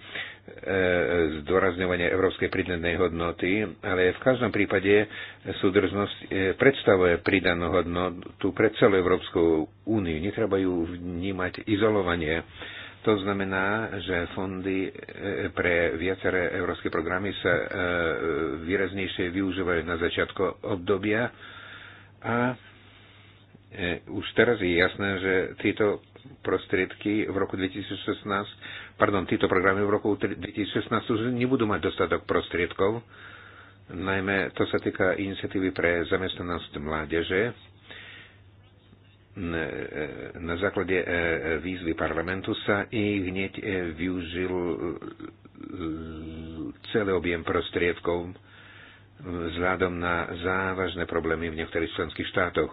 zdôrazňovania európskej pridanej hodnoty, ale v každom prípade súdržnosť predstavuje pridanú hodnotu pre celú Európsku úniu. Netreba ju vnímať izolovanie to znamená, že fondy e, pre viaceré európske programy sa e, výraznejšie využívajú na začiatku obdobia a e, už teraz je jasné, že tieto prostriedky v roku 2016, pardon, tieto programy v roku 2016 už nebudú mať dostatok prostriedkov, najmä to sa týka iniciatívy pre zamestnanosť mládeže, E, na základe e, výzvy parlamentu sa i hneď e, využil celý objem prostriedkov vzhľadom na závažné problémy v niektorých členských štátoch.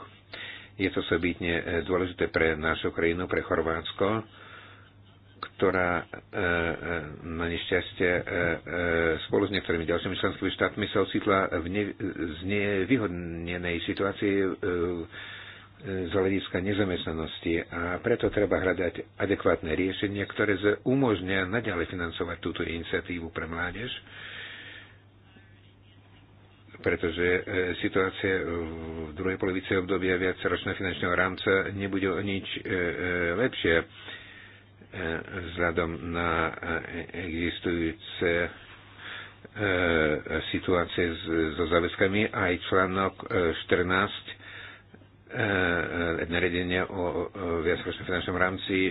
Je to sobitne dôležité pre našu krajinu, pre Chorvátsko, ktorá na nešťastie spolu s niektorými ďalšími členskými štátmi sa ocitla v nevyhodnenej situácii E, z hľadiska nezamestnanosti a preto treba hľadať adekvátne riešenie, ktoré umožnia naďalej financovať túto iniciatívu pre mládež, pretože e, situácia v druhej polovici obdobia viacročného finančného rámca nebude o nič e, lepšie vzhľadom na existujúce situácie so záväzkami aj článok 14 E, e, nariadenia o viacročnom finančnom rámci e,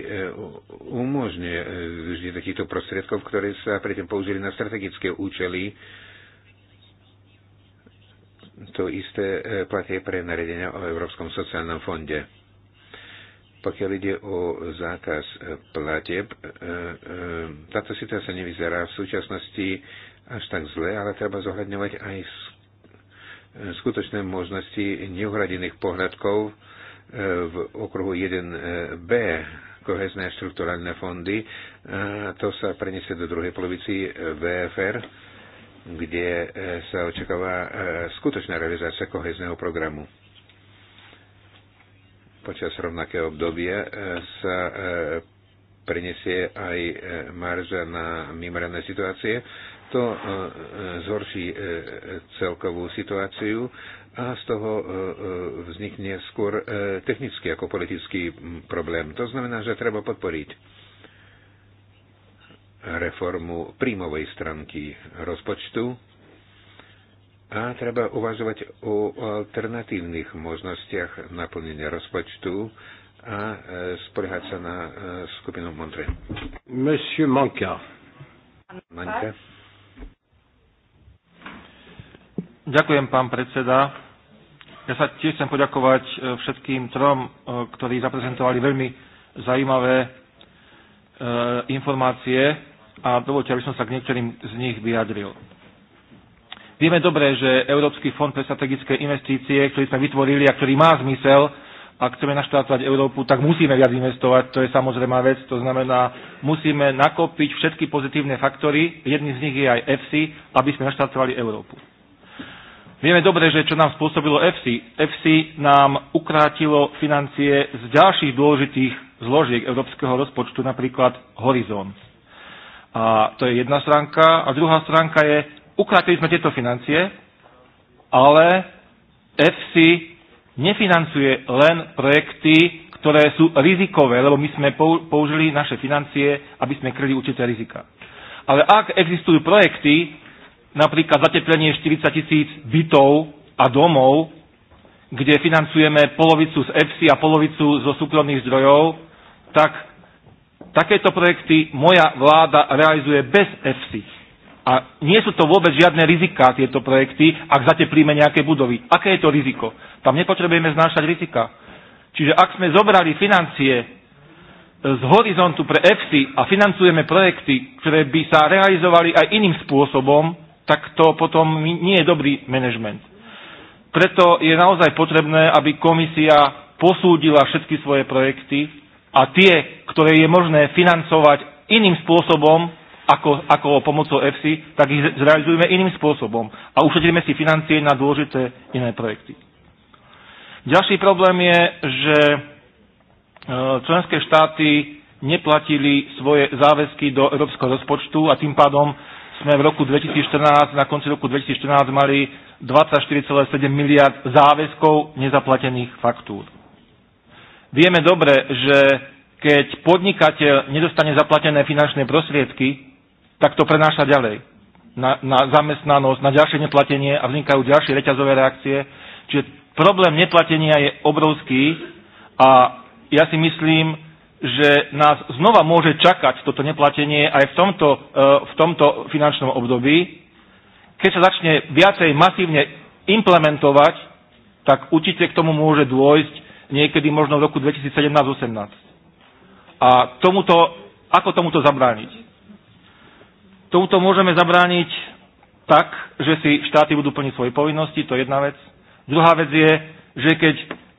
umožňuje využitie takýchto prostriedkov, ktoré sa predtým použili na strategické účely. To isté platí pre nariadenia o Európskom sociálnom fonde. Pokiaľ ide o zákaz platieb, táto situácia nevyzerá v súčasnosti až tak zle, ale treba zohľadňovať aj skutočné možnosti neuhradených pohľadkov e, v okruhu 1b e, kohezné štrukturálne fondy. E, to sa preniesie do druhej polovici VFR, kde sa očakáva skutočná realizácia kohezného programu. Počas rovnakého obdobia sa preniesie aj marža na mimoriadne situácie to e, e, zhorší e, celkovú situáciu a z toho vznikne skôr technický ako politický problém. To znamená, že treba podporiť reformu príjmovej stránky rozpočtu a treba uvažovať o alternatívnych možnostiach naplnenia rozpočtu a spoliehať sa na skupinu Montre. Monsieur Manka. Manka. Ďakujem, pán predseda. Ja sa tiež chcem poďakovať e, všetkým trom, e, ktorí zaprezentovali veľmi zaujímavé e, informácie a dovolte, aby som sa k niektorým z nich vyjadril. Vieme dobre, že Európsky fond pre strategické investície, ktorý sme vytvorili a ktorý má zmysel, ak chceme naštartovať Európu, tak musíme viac investovať, to je samozrejme vec, to znamená, musíme nakopiť všetky pozitívne faktory, jedným z nich je aj EFSI, aby sme naštartovali Európu. Vieme dobre, že čo nám spôsobilo FC, FC nám ukrátilo financie z ďalších dôležitých zložiek európskeho rozpočtu, napríklad Horizon. A to je jedna stránka. A druhá stránka je, ukrátili sme tieto financie, ale FC nefinancuje len projekty, ktoré sú rizikové, lebo my sme použili naše financie, aby sme kryli určité rizika. Ale ak existujú projekty, napríklad zateplenie 40 tisíc bytov a domov, kde financujeme polovicu z EPSI a polovicu zo súkromných zdrojov, tak takéto projekty moja vláda realizuje bez EPSI. A nie sú to vôbec žiadne riziká tieto projekty, ak zateplíme nejaké budovy. Aké je to riziko? Tam nepotrebujeme znášať rizika. Čiže ak sme zobrali financie e, z horizontu pre EFSI a financujeme projekty, ktoré by sa realizovali aj iným spôsobom, tak to potom nie je dobrý manažment. Preto je naozaj potrebné, aby komisia posúdila všetky svoje projekty a tie, ktoré je možné financovať iným spôsobom, ako, ako pomocou EFSI, tak ich zrealizujeme iným spôsobom a ušetríme si financie na dôležité iné projekty. Ďalší problém je, že e, členské štáty neplatili svoje záväzky do európskeho rozpočtu a tým pádom sme v roku 2014, na konci roku 2014 mali 24,7 miliard záväzkov nezaplatených faktúr. Vieme dobre, že keď podnikateľ nedostane zaplatené finančné prostriedky, tak to prenáša ďalej na, na zamestnanosť, na ďalšie neplatenie a vznikajú ďalšie reťazové reakcie. Čiže problém neplatenia je obrovský a ja si myslím, že nás znova môže čakať toto neplatenie aj v tomto, e, v tomto finančnom období. Keď sa začne viacej masívne implementovať, tak určite k tomu môže dôjsť niekedy možno v roku 2017-18. A tomuto, ako tomuto zabrániť? Tomuto môžeme zabrániť tak, že si štáty budú plniť svoje povinnosti, to je jedna vec. Druhá vec je, že keď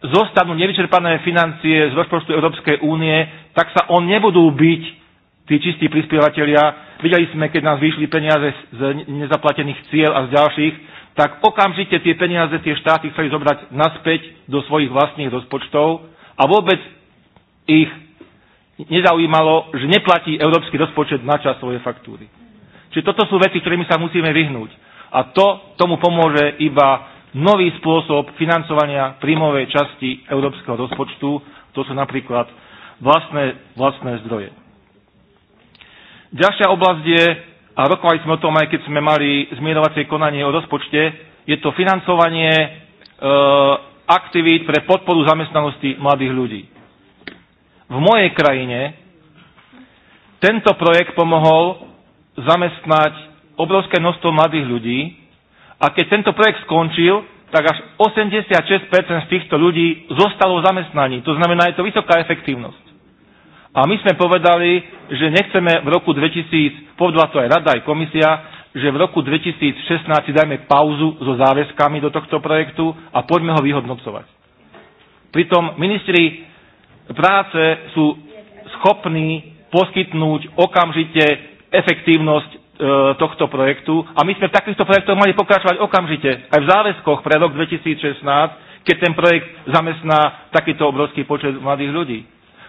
zostanú nevyčerpané financie z rozpočtu Európskej únie, tak sa on nebudú byť tí čistí prispievateľia. Videli sme, keď nás vyšli peniaze z nezaplatených cieľ a z ďalších, tak okamžite tie peniaze tie štáty chceli zobrať naspäť do svojich vlastných rozpočtov a vôbec ich nezaujímalo, že neplatí európsky rozpočet na čas svoje faktúry. Čiže toto sú veci, ktorými sa musíme vyhnúť. A to tomu pomôže iba nový spôsob financovania príjmovej časti európskeho rozpočtu, to sú napríklad vlastné, vlastné zdroje. Ďalšia oblasť je, a rokovali sme o tom aj keď sme mali zmierovacie konanie o rozpočte, je to financovanie e, aktivít pre podporu zamestnanosti mladých ľudí. V mojej krajine tento projekt pomohol zamestnať obrovské množstvo mladých ľudí, a keď tento projekt skončil, tak až 86% z týchto ľudí zostalo v zamestnaní. To znamená, je to vysoká efektívnosť. A my sme povedali, že nechceme v roku 2000, povedala to aj rada, aj komisia, že v roku 2016 si dajme pauzu so záväzkami do tohto projektu a poďme ho vyhodnocovať. Pritom ministri práce sú schopní poskytnúť okamžite efektívnosť E, tohto projektu a my sme v takýchto projektoch mali pokračovať okamžite, aj v záväzkoch pre rok 2016, keď ten projekt zamestná takýto obrovský počet mladých ľudí.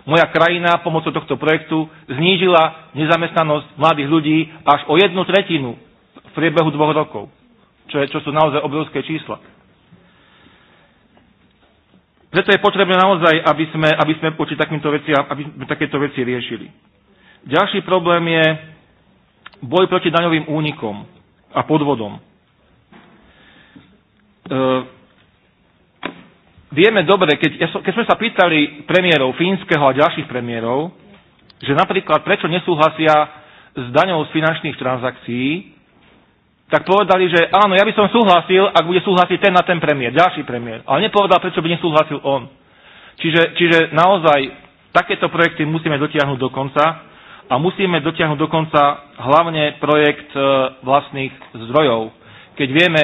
Moja krajina pomocou tohto projektu znížila nezamestnanosť mladých ľudí až o jednu tretinu v priebehu dvoch rokov, čo, je, čo sú naozaj obrovské čísla. Preto je potrebné naozaj, aby sme, aby sme takýmto veci, aby sme takéto veci riešili. Ďalší problém je boj proti daňovým únikom a podvodom. E, vieme dobre, keď, keď sme sa pýtali premiérov fínskeho a ďalších premiérov, že napríklad prečo nesúhlasia s daňou z finančných transakcií, tak povedali, že áno, ja by som súhlasil, ak bude súhlasiť ten na ten premiér, ďalší premiér. Ale nepovedal, prečo by nesúhlasil on. Čiže, čiže naozaj takéto projekty musíme dotiahnuť do konca a musíme dotiahnuť dokonca hlavne projekt e, vlastných zdrojov. Keď vieme,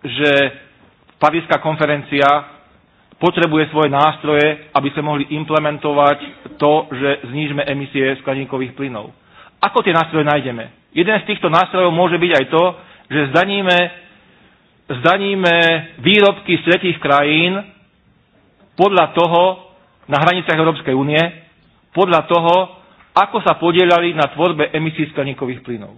že Parížská konferencia potrebuje svoje nástroje, aby sme mohli implementovať to, že znížme emisie skleníkových plynov. Ako tie nástroje nájdeme? Jeden z týchto nástrojov môže byť aj to, že zdaníme, zdaníme výrobky z tretích krajín podľa toho na hraniciach Európskej únie, podľa toho, ako sa podielali na tvorbe emisí skleníkových plynov.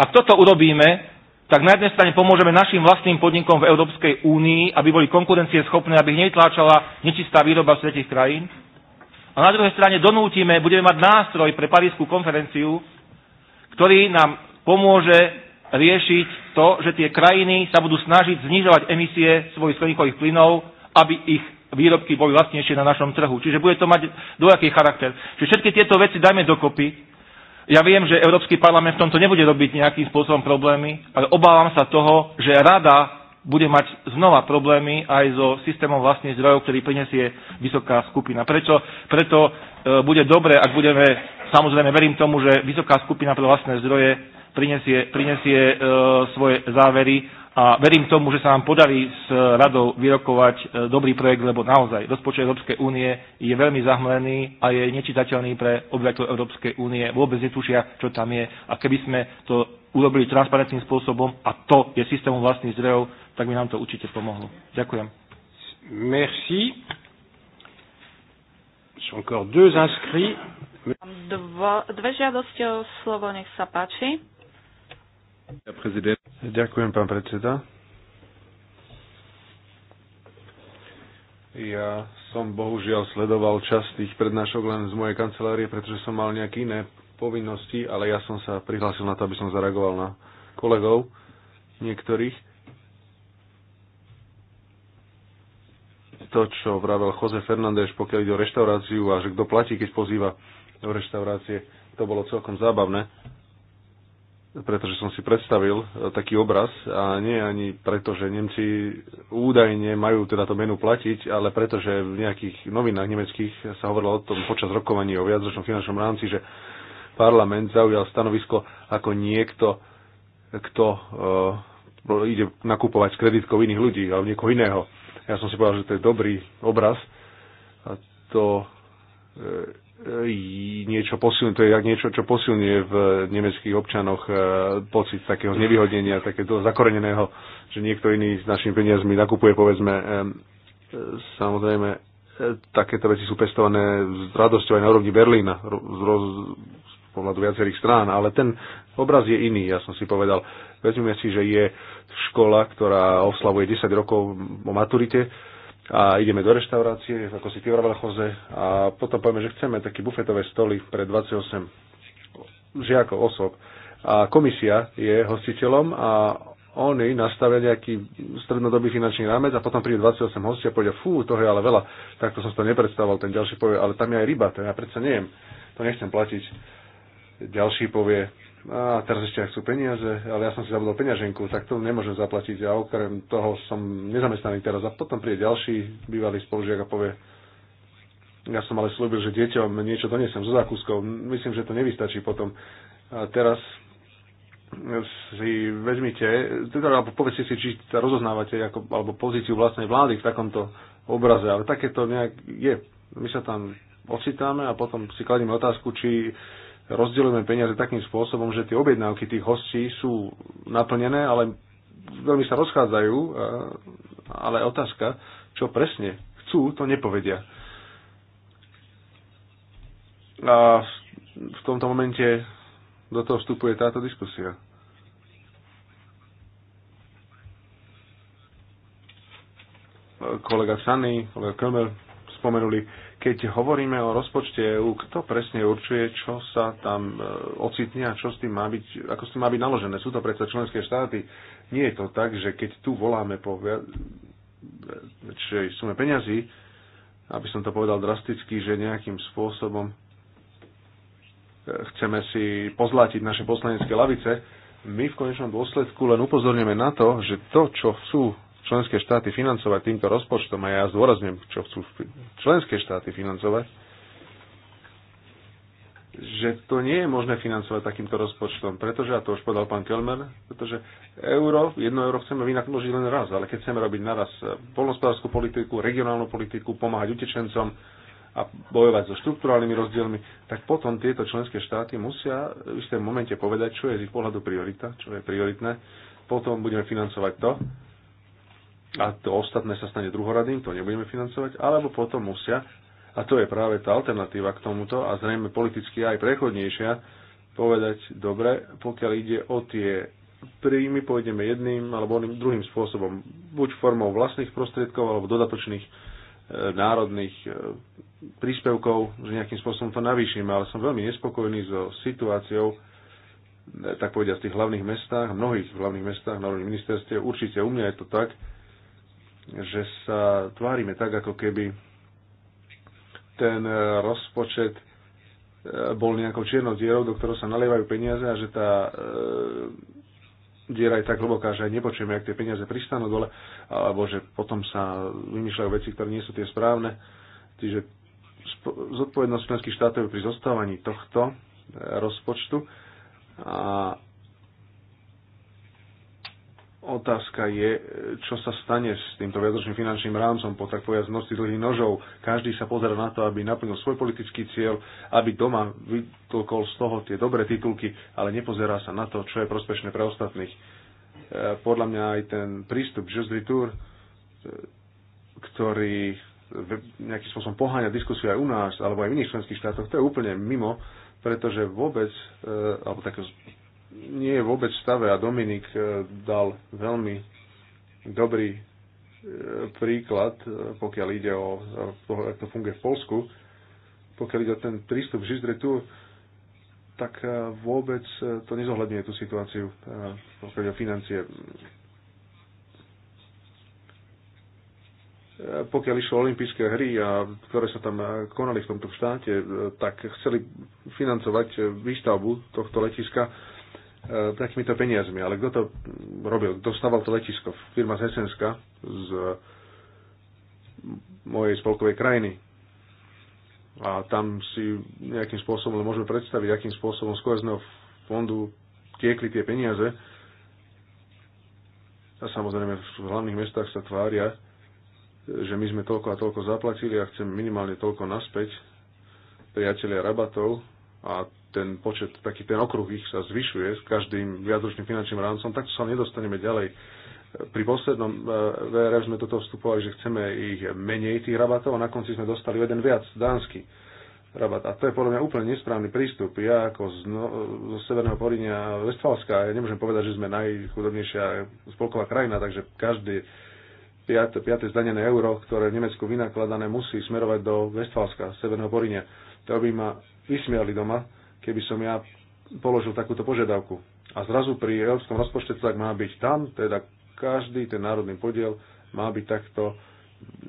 Ak toto urobíme, tak na jednej strane pomôžeme našim vlastným podnikom v Európskej únii, aby boli konkurencieschopné, aby ich netláčala nečistá výroba z tretich krajín. A na druhej strane donútime, budeme mať nástroj pre Parísku konferenciu, ktorý nám pomôže riešiť to, že tie krajiny sa budú snažiť znižovať emisie svojich skleníkových plynov, aby ich výrobky boli vlastnejšie na našom trhu. Čiže bude to mať dvojaký charakter. Čiže všetky tieto veci dajme dokopy. Ja viem, že Európsky parlament v tomto nebude robiť nejakým spôsobom problémy, ale obávam sa toho, že rada bude mať znova problémy aj so systémom vlastných zdrojov, ktorý prinesie vysoká skupina. Prečo? Preto e, bude dobre, ak budeme, samozrejme verím tomu, že vysoká skupina pre vlastné zdroje prinesie, prinesie e, svoje závery a verím tomu, že sa nám podarí s eh, radou vyrokovať eh, dobrý projekt, lebo naozaj rozpočet Európskej únie je veľmi zahmlený a je nečitateľný pre obyvateľov Európskej únie. Vôbec netušia, čo tam je. A keby sme to urobili transparentným spôsobom a to je systémom vlastných zdrojov, tak by nám to určite pomohlo. Ďakujem. Merci. Sú encore deux inscrits. Dva, dve žiadosti o slovo, nech sa páči. Ďakujem, pán predseda. Ja som bohužiaľ sledoval čas tých prednášok len z mojej kancelárie, pretože som mal nejaké iné povinnosti, ale ja som sa prihlásil na to, aby som zareagoval na kolegov niektorých. To, čo vravel Jose Fernández, pokiaľ ide o reštauráciu a že kto platí, keď pozýva do reštaurácie, to bolo celkom zábavné pretože som si predstavil e, taký obraz a nie ani preto, že Nemci údajne majú teda to menu platiť, ale preto, že v nejakých novinách nemeckých sa hovorilo o tom počas rokovaní o viacročnom finančnom rámci, že parlament zaujal stanovisko ako niekto, kto e, ide nakupovať kreditkov iných ľudí alebo niekoho iného. Ja som si povedal, že to je dobrý obraz a to e, E, niečo posilňuje, to je niečo, čo posilňuje v nemeckých občanoch e, pocit takého nevyhodnenia, takého zakoreneného, že niekto iný s našimi peniazmi nakupuje, povedzme, e, samozrejme, takéto veci sú pestované s radosťou aj na úrovni Berlína, z, roz, z pohľadu viacerých strán, ale ten obraz je iný, ja som si povedal. Vezmeme si, že je škola, ktorá oslavuje 10 rokov o maturite, a ideme do reštaurácie, ako si ty hovoril, Jose, a potom povieme, že chceme taký bufetové stoly pre 28 žiakov, osob. A komisia je hostiteľom a oni nastavia nejaký strednodobý finančný rámec a potom príde 28 hostia a povedia, fú, toho je ale veľa. Takto som si to nepredstavoval, ten ďalší povie, ale tam je aj ryba, to ja predsa neviem, to nechcem platiť. Ďalší povie, a teraz ešte ak sú peniaze, ale ja som si zabudol peňaženku, tak to nemôžem zaplatiť a okrem toho som nezamestnaný teraz. A potom príde ďalší bývalý spolužiak a povie, ja som ale slúbil, že deťom niečo donesem zo zákuskov. Myslím, že to nevystačí potom. A teraz si vezmite, teda, alebo povedzte si, či sa rozoznávate ako, alebo pozíciu vlastnej vlády v takomto obraze, ale takéto nejak je. My sa tam ocitáme a potom si kladíme otázku, či rozdeľujeme peniaze takým spôsobom, že tie objednávky tých hostí sú naplnené, ale veľmi sa rozchádzajú, e, ale otázka, čo presne chcú, to nepovedia. A v tomto momente do toho vstupuje táto diskusia. Kolega Sany, kolega Kömer spomenuli keď hovoríme o rozpočte EÚ, kto presne určuje, čo sa tam e, ocitne a čo s tým má byť, ako s tým má byť naložené. Sú to predsa členské štáty. Nie je to tak, že keď tu voláme po väčšej sume peňazí, aby som to povedal drasticky, že nejakým spôsobom e, chceme si pozlatiť naše poslanecké lavice, my v konečnom dôsledku len upozorníme na to, že to, čo sú členské štáty financovať týmto rozpočtom, a ja zdôrazňujem, čo chcú členské štáty financovať, že to nie je možné financovať takýmto rozpočtom, pretože, a to už povedal pán Kelmer, pretože euro, jedno euro chceme vynakložiť len raz, ale keď chceme robiť naraz polnospodárskú politiku, regionálnu politiku, pomáhať utečencom a bojovať so štruktúrálnymi rozdielmi, tak potom tieto členské štáty musia v istom momente povedať, čo je z ich pohľadu priorita, čo je prioritné, potom budeme financovať to a to ostatné sa stane druhoradným, to nebudeme financovať, alebo potom musia, a to je práve tá alternatíva k tomuto a zrejme politicky aj prechodnejšia, povedať, dobre, pokiaľ ide o tie príjmy, pôjdeme jedným alebo oným druhým spôsobom, buď formou vlastných prostriedkov alebo dodatočných e, národných e, príspevkov, že nejakým spôsobom to navýšime, ale som veľmi nespokojný so situáciou, e, tak povediať, v tých hlavných mestách, mnohých hlavných mestách, národných ministerstiev, určite u mňa je to tak, že sa tvárime tak, ako keby ten rozpočet e, bol nejakou čiernou dierou, do ktorého sa nalievajú peniaze a že tá e, diera je tak hlboká, že aj nepočujeme, ak tie peniaze pristanú dole, alebo že potom sa vymýšľajú veci, ktoré nie sú tie správne. Čiže zodpovednosť členských štátov pri zostávaní tohto e, rozpočtu a Otázka je, čo sa stane s týmto viacročným finančným rámcom po tak povedať nosi dlhých nožov. Každý sa pozera na to, aby naplnil svoj politický cieľ, aby doma vytlkol z toho tie dobré titulky, ale nepozerá sa na to, čo je prospešné pre ostatných. E, podľa mňa aj ten prístup Just Retour, e, ktorý nejakým spôsobom poháňa diskusiu aj u nás alebo aj v iných členských štátoch, to je úplne mimo, pretože vôbec, e, alebo také nie je vôbec v stave a Dominik e, dal veľmi dobrý e, príklad, e, pokiaľ ide o to, ako to funguje v Polsku, pokiaľ ide o ten prístup tu, tak vôbec to nezohľadňuje tú situáciu, pokiaľ ide o financie. Pokiaľ išlo o olympijské hry, a ktoré sa tam konali v tomto štáte, tak chceli financovať výstavbu tohto letiska E, takýmito peniazmi. Ale kto to robil? Dostával to letisko. Firma z Hesenska, z mojej spolkovej krajiny. A tam si nejakým spôsobom, ale môžeme predstaviť, akým spôsobom z kohezného fondu tiekli tie peniaze. A samozrejme v hlavných mestách sa tvária, že my sme toľko a toľko zaplatili a chcem minimálne toľko naspäť priatelia rabatov a ten počet, taký ten okruh ich sa zvyšuje s každým viacročným finančným rámcom, takto sa nedostaneme ďalej. Pri poslednom eh, VRF sme toto vstupovali, že chceme ich menej tých rabatov a na konci sme dostali jeden viac, dánsky rabat. A to je podľa mňa úplne nesprávny prístup. Ja ako z, no, zo Severného Porinia Vestfalska, ja nemôžem povedať, že sme najchudobnejšia spolková krajina, takže každý piate, piate zdanené euro, ktoré v Nemecku vynakladané, musí smerovať do Vestfalska, Severného Porinia. To by ma vysmiali doma keby som ja položil takúto požiadavku. A zrazu pri európskom rozpočte to tak má byť tam, teda každý ten národný podiel má byť takto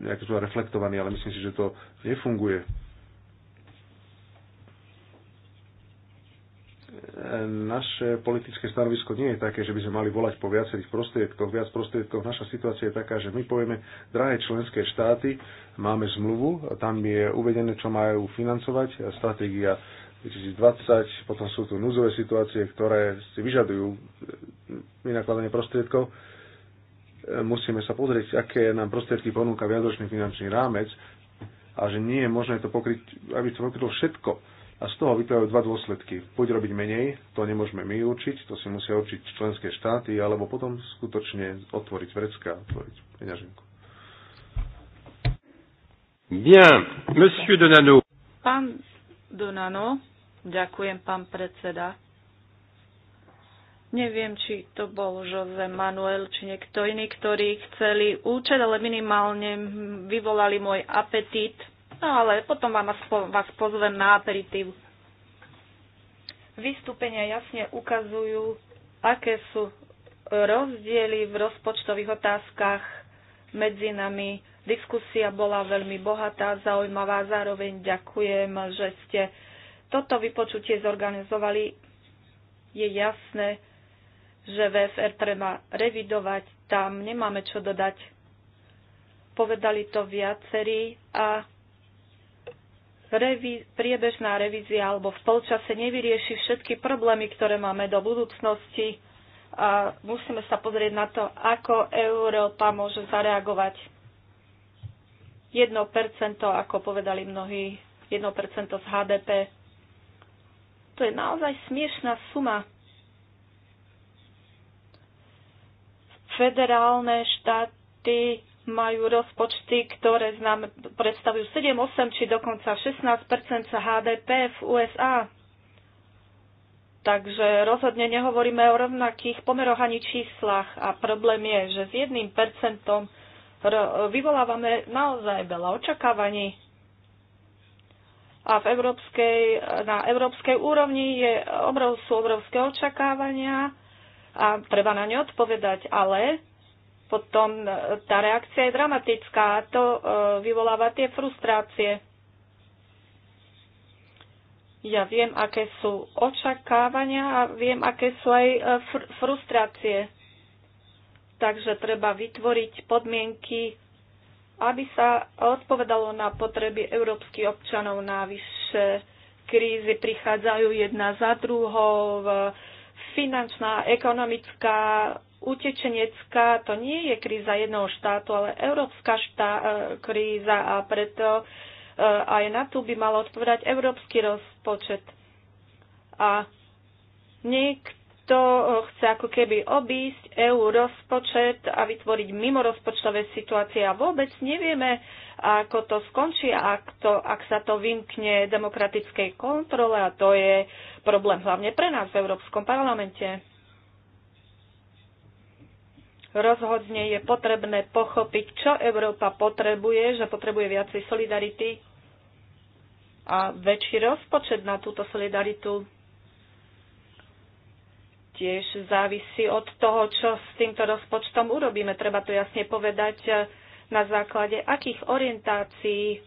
nejaký to reflektovaný, ale myslím si, že to nefunguje. Naše politické stanovisko nie je také, že by sme mali volať po viacerých prostriedkoch, viac prostriedkoch. Naša situácia je taká, že my povieme, drahé členské štáty, máme zmluvu, tam je uvedené, čo majú financovať, stratégia 2020, potom sú tu núzové situácie, ktoré si vyžadujú vynakladanie prostriedkov. E, musíme sa pozrieť, aké nám prostriedky ponúka viadočný finančný rámec a že nie je možné to pokryť, aby to pokrylo všetko. A z toho vyplývajú dva dôsledky. Buď robiť menej, to nemôžeme my určiť, to si musia určiť členské štáty, alebo potom skutočne otvoriť vrecka, otvoriť peňaženku. Bien, monsieur Donano. Pán Donano, Ďakujem, pán predseda. Neviem, či to bol Jose Manuel, či niekto iný, ktorí chceli účet, ale minimálne vyvolali môj apetít. No ale potom vám vás pozvem na aperitív. Vystúpenia jasne ukazujú, aké sú rozdiely v rozpočtových otázkach medzi nami. Diskusia bola veľmi bohatá, zaujímavá. Zároveň ďakujem, že ste toto vypočutie zorganizovali, je jasné, že VFR treba revidovať, tam nemáme čo dodať. Povedali to viacerí a revi- priebežná revízia alebo v polčase nevyrieši všetky problémy, ktoré máme do budúcnosti a musíme sa pozrieť na to, ako Európa môže zareagovať. 1% ako povedali mnohí, 1% z HDP to je naozaj smiešná suma. Federálne štáty majú rozpočty, ktoré znam, predstavujú 7, 8 či dokonca 16 HDP v USA. Takže rozhodne nehovoríme o rovnakých pomeroch ani číslach a problém je, že s jedným percentom vyvolávame naozaj veľa očakávaní a v európskej, na európskej úrovni je obrov, sú obrovské očakávania a treba na ne odpovedať, ale potom tá reakcia je dramatická a to e, vyvoláva tie frustrácie. Ja viem, aké sú očakávania a viem, aké sú aj e, fr- frustrácie. Takže treba vytvoriť podmienky aby sa odpovedalo na potreby európskych občanov na vyššie krízy prichádzajú jedna za druhou, finančná, ekonomická, utečenecká, to nie je kríza jednoho štátu, ale európska štá, e, kríza a preto e, aj na tú by mal odpovedať európsky rozpočet. A niekto to e, chce ako keby obísť EU rozpočet a vytvoriť mimorozpočtové situácie a vôbec nevieme, ako to skončí, ak, to, ak sa to vymkne demokratickej kontrole a to je problém hlavne pre nás v Európskom parlamente. Rozhodne je potrebné pochopiť, čo Európa potrebuje, že potrebuje viacej solidarity a väčší rozpočet na túto solidaritu tiež závisí od toho, čo s týmto rozpočtom urobíme. Treba to jasne povedať e, na základe akých orientácií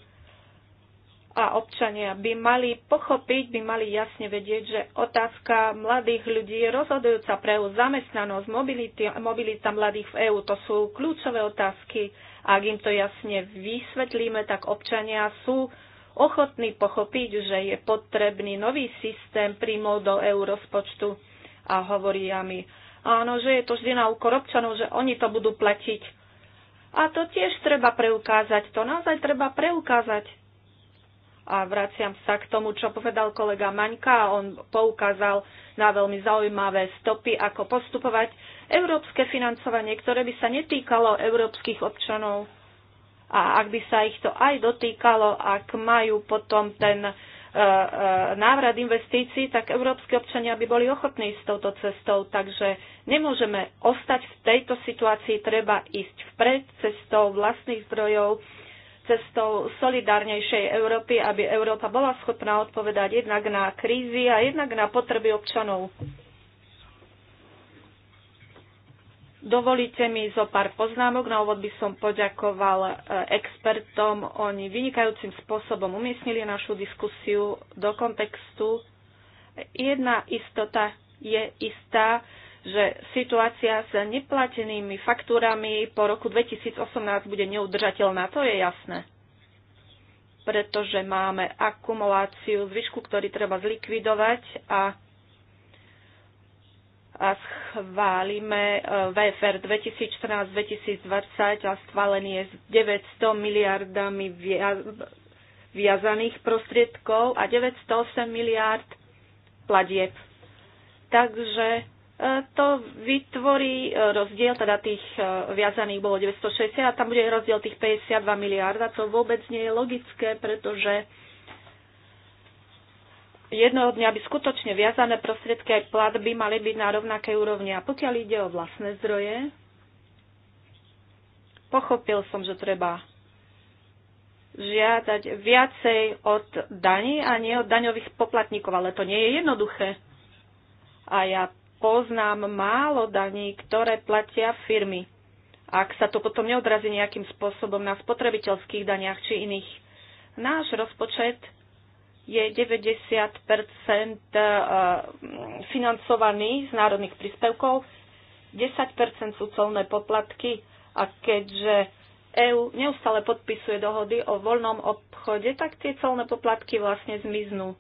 a občania by mali pochopiť, by mali jasne vedieť, že otázka mladých ľudí je rozhodujúca pre EU zamestnanosť, mobility, mobilita mladých v EÚ. To sú kľúčové otázky. Ak im to jasne vysvetlíme, tak občania sú ochotní pochopiť, že je potrebný nový systém príjmov do EU rozpočtu a hovoria mi, áno, že je to vždy na úkor občanov, že oni to budú platiť. A to tiež treba preukázať, to naozaj treba preukázať. A vraciam sa k tomu, čo povedal kolega Maňka, on poukázal na veľmi zaujímavé stopy, ako postupovať. Európske financovanie, ktoré by sa netýkalo európskych občanov a ak by sa ich to aj dotýkalo, ak majú potom ten E, e, návrat investícií, tak európsky občania by boli ochotní s touto cestou. Takže nemôžeme ostať v tejto situácii, treba ísť vpred cestou vlastných zdrojov, cestou solidárnejšej Európy, aby Európa bola schopná odpovedať jednak na krízy a jednak na potreby občanov. Dovolíte mi zo pár poznámok. Na úvod by som poďakoval e, expertom. Oni vynikajúcim spôsobom umiestnili našu diskusiu do kontextu. Jedna istota je istá, že situácia s neplatenými faktúrami po roku 2018 bude neudržateľná. To je jasné. Pretože máme akumuláciu zvyšku, ktorý treba zlikvidovať a a schválime e, VFR 2014-2020 a schválený je s 900 miliardami viazaných prostriedkov a 908 miliard platieb. Takže e, to vytvorí e, rozdiel, teda tých viazaných bolo 960 a tam bude rozdiel tých 52 miliard a to vôbec nie je logické, pretože jednoho dňa by skutočne viazané prostriedky aj platby mali byť na rovnakej úrovni. A pokiaľ ide o vlastné zdroje, pochopil som, že treba žiadať viacej od daní a nie od daňových poplatníkov, ale to nie je jednoduché. A ja poznám málo daní, ktoré platia firmy. Ak sa to potom neodrazí nejakým spôsobom na spotrebiteľských daniach či iných, náš rozpočet – je 90 e, financovaný z národných príspevkov, 10 sú colné poplatky a keďže EÚ neustále podpisuje dohody o voľnom obchode, tak tie colné poplatky vlastne zmiznú.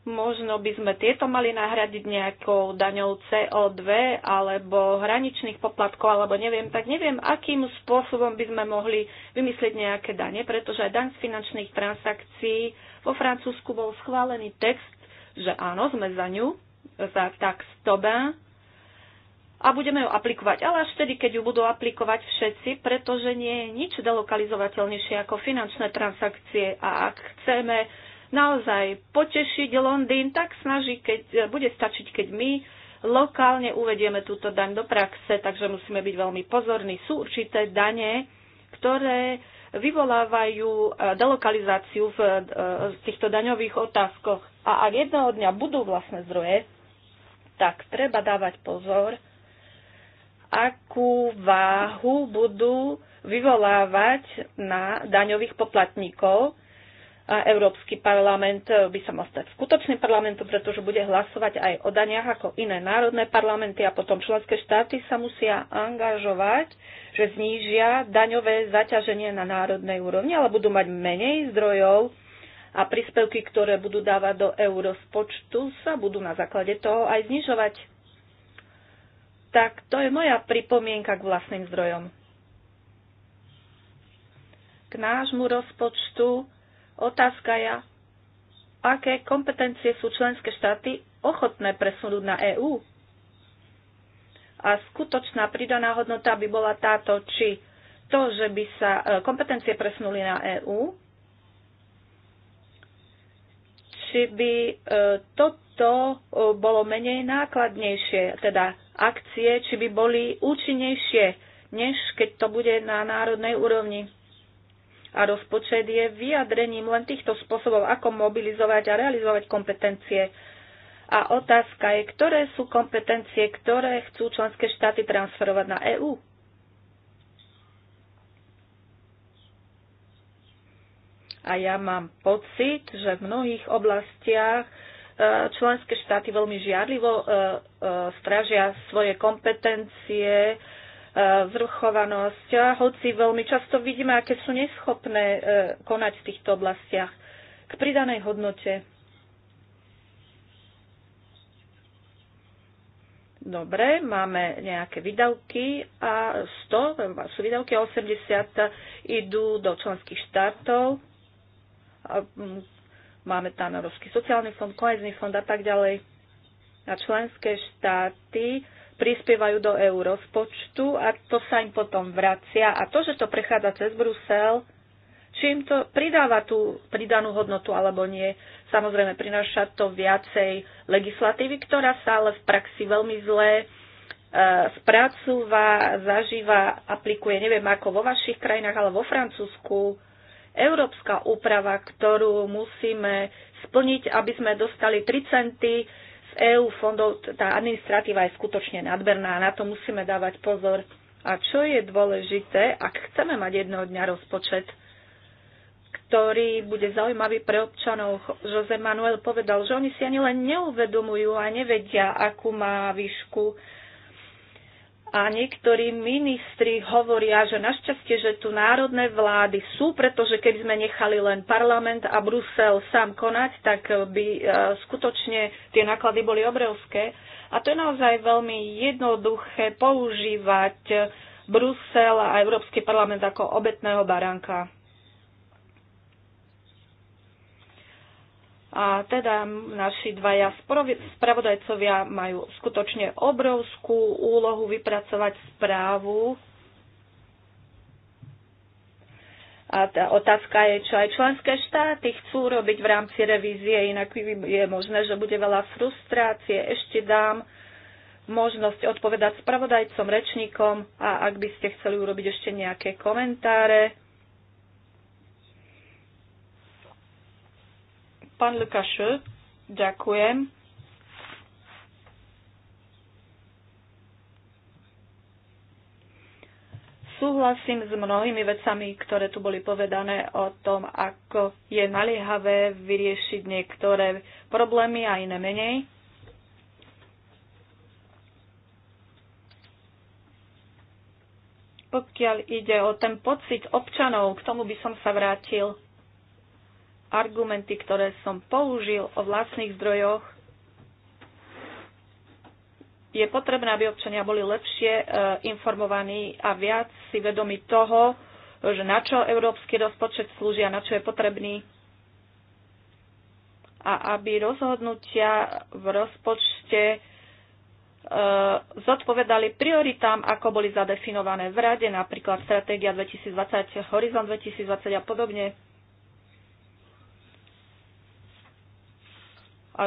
Možno by sme tieto mali nahradiť nejakou daňou CO2 alebo hraničných poplatkov, alebo neviem, tak neviem, akým spôsobom by sme mohli vymyslieť nejaké dane, pretože aj daň z finančných transakcií vo Francúzsku bol schválený text, že áno, sme za ňu, za tax Tobin a budeme ju aplikovať, ale až vtedy, keď ju budú aplikovať všetci, pretože nie je nič delokalizovateľnejšie ako finančné transakcie a ak chceme naozaj potešiť Londýn, tak snaží, keď, e, bude stačiť, keď my lokálne uvedieme túto daň do praxe, takže musíme byť veľmi pozorní. Sú určité dane, ktoré vyvolávajú e, delokalizáciu e, v, týchto daňových otázkoch. A ak jedného dňa budú vlastné zdroje, tak treba dávať pozor, akú váhu budú vyvolávať na daňových poplatníkov, a Európsky parlament e, by sa mal stať skutočným parlamentom, pretože bude hlasovať aj o daniach ako iné národné parlamenty a potom členské štáty sa musia angažovať, že znížia daňové zaťaženie na národnej úrovni, ale budú mať menej zdrojov a príspevky, ktoré budú dávať do eurospočtu, sa budú na základe toho aj znižovať. Tak to je moja pripomienka k vlastným zdrojom. K nášmu rozpočtu Otázka je, aké kompetencie sú členské štáty ochotné presunúť na EÚ. A skutočná pridaná hodnota by bola táto, či to, že by sa e, kompetencie presunuli na EÚ, či by e, toto e, bolo menej nákladnejšie, teda akcie, či by boli účinnejšie, než keď to bude na národnej úrovni a rozpočet je vyjadrením len týchto spôsobov, ako mobilizovať a realizovať kompetencie. A otázka je, ktoré sú kompetencie, ktoré chcú členské štáty transferovať na EÚ. A ja mám pocit, že v mnohých oblastiach e, členské štáty veľmi žiadlivo e, e, strážia svoje kompetencie, zvrchovanosť, a hoci veľmi často vidíme, aké sú neschopné e, konať v týchto oblastiach. K pridanej hodnote. Dobre, máme nejaké výdavky a 100 sú výdavky a 80 idú do členských štátov. Mm, máme tam Európsky sociálny fond, kohezný fond a tak ďalej. A členské štáty prispievajú do eurozpočtu a to sa im potom vracia. A to, že to prechádza cez Brusel, či im to pridáva tú pridanú hodnotu alebo nie. Samozrejme, prináša to viacej legislatívy, ktorá sa ale v praxi veľmi zle e, spracúva, zažíva, aplikuje, neviem ako vo vašich krajinách, ale vo Francúzsku, európska úprava, ktorú musíme splniť, aby sme dostali 3 centy EU fondov, tá administratíva je skutočne nadberná a na to musíme dávať pozor. A čo je dôležité, ak chceme mať jednoho dňa rozpočet, ktorý bude zaujímavý pre občanov. Jose Manuel povedal, že oni si ani len neuvedomujú a nevedia, akú má výšku a niektorí ministri hovoria, že našťastie, že tu národné vlády sú, pretože keby sme nechali len parlament a Brusel sám konať, tak by e, skutočne tie náklady boli obrovské. A to je naozaj veľmi jednoduché používať Brusel a Európsky parlament ako obetného baránka. A teda naši dvaja spravodajcovia majú skutočne obrovskú úlohu vypracovať správu. A tá otázka je, čo aj členské štáty chcú robiť v rámci revízie, inak je možné, že bude veľa frustrácie. Ešte dám možnosť odpovedať spravodajcom, rečníkom a ak by ste chceli urobiť ešte nejaké komentáre. Pán Lukáš, ďakujem. Súhlasím s mnohými vecami, ktoré tu boli povedané o tom, ako je naliehavé vyriešiť niektoré problémy a iné menej. pokiaľ ide o ten pocit občanov, k tomu by som sa vrátil argumenty, ktoré som použil o vlastných zdrojoch, je potrebné, aby občania boli lepšie e, informovaní a viac si vedomi toho, že na čo európsky rozpočet slúži a na čo je potrebný. A aby rozhodnutia v rozpočte e, zodpovedali prioritám, ako boli zadefinované v Rade, napríklad Stratégia 2020, Horizont 2020 a podobne.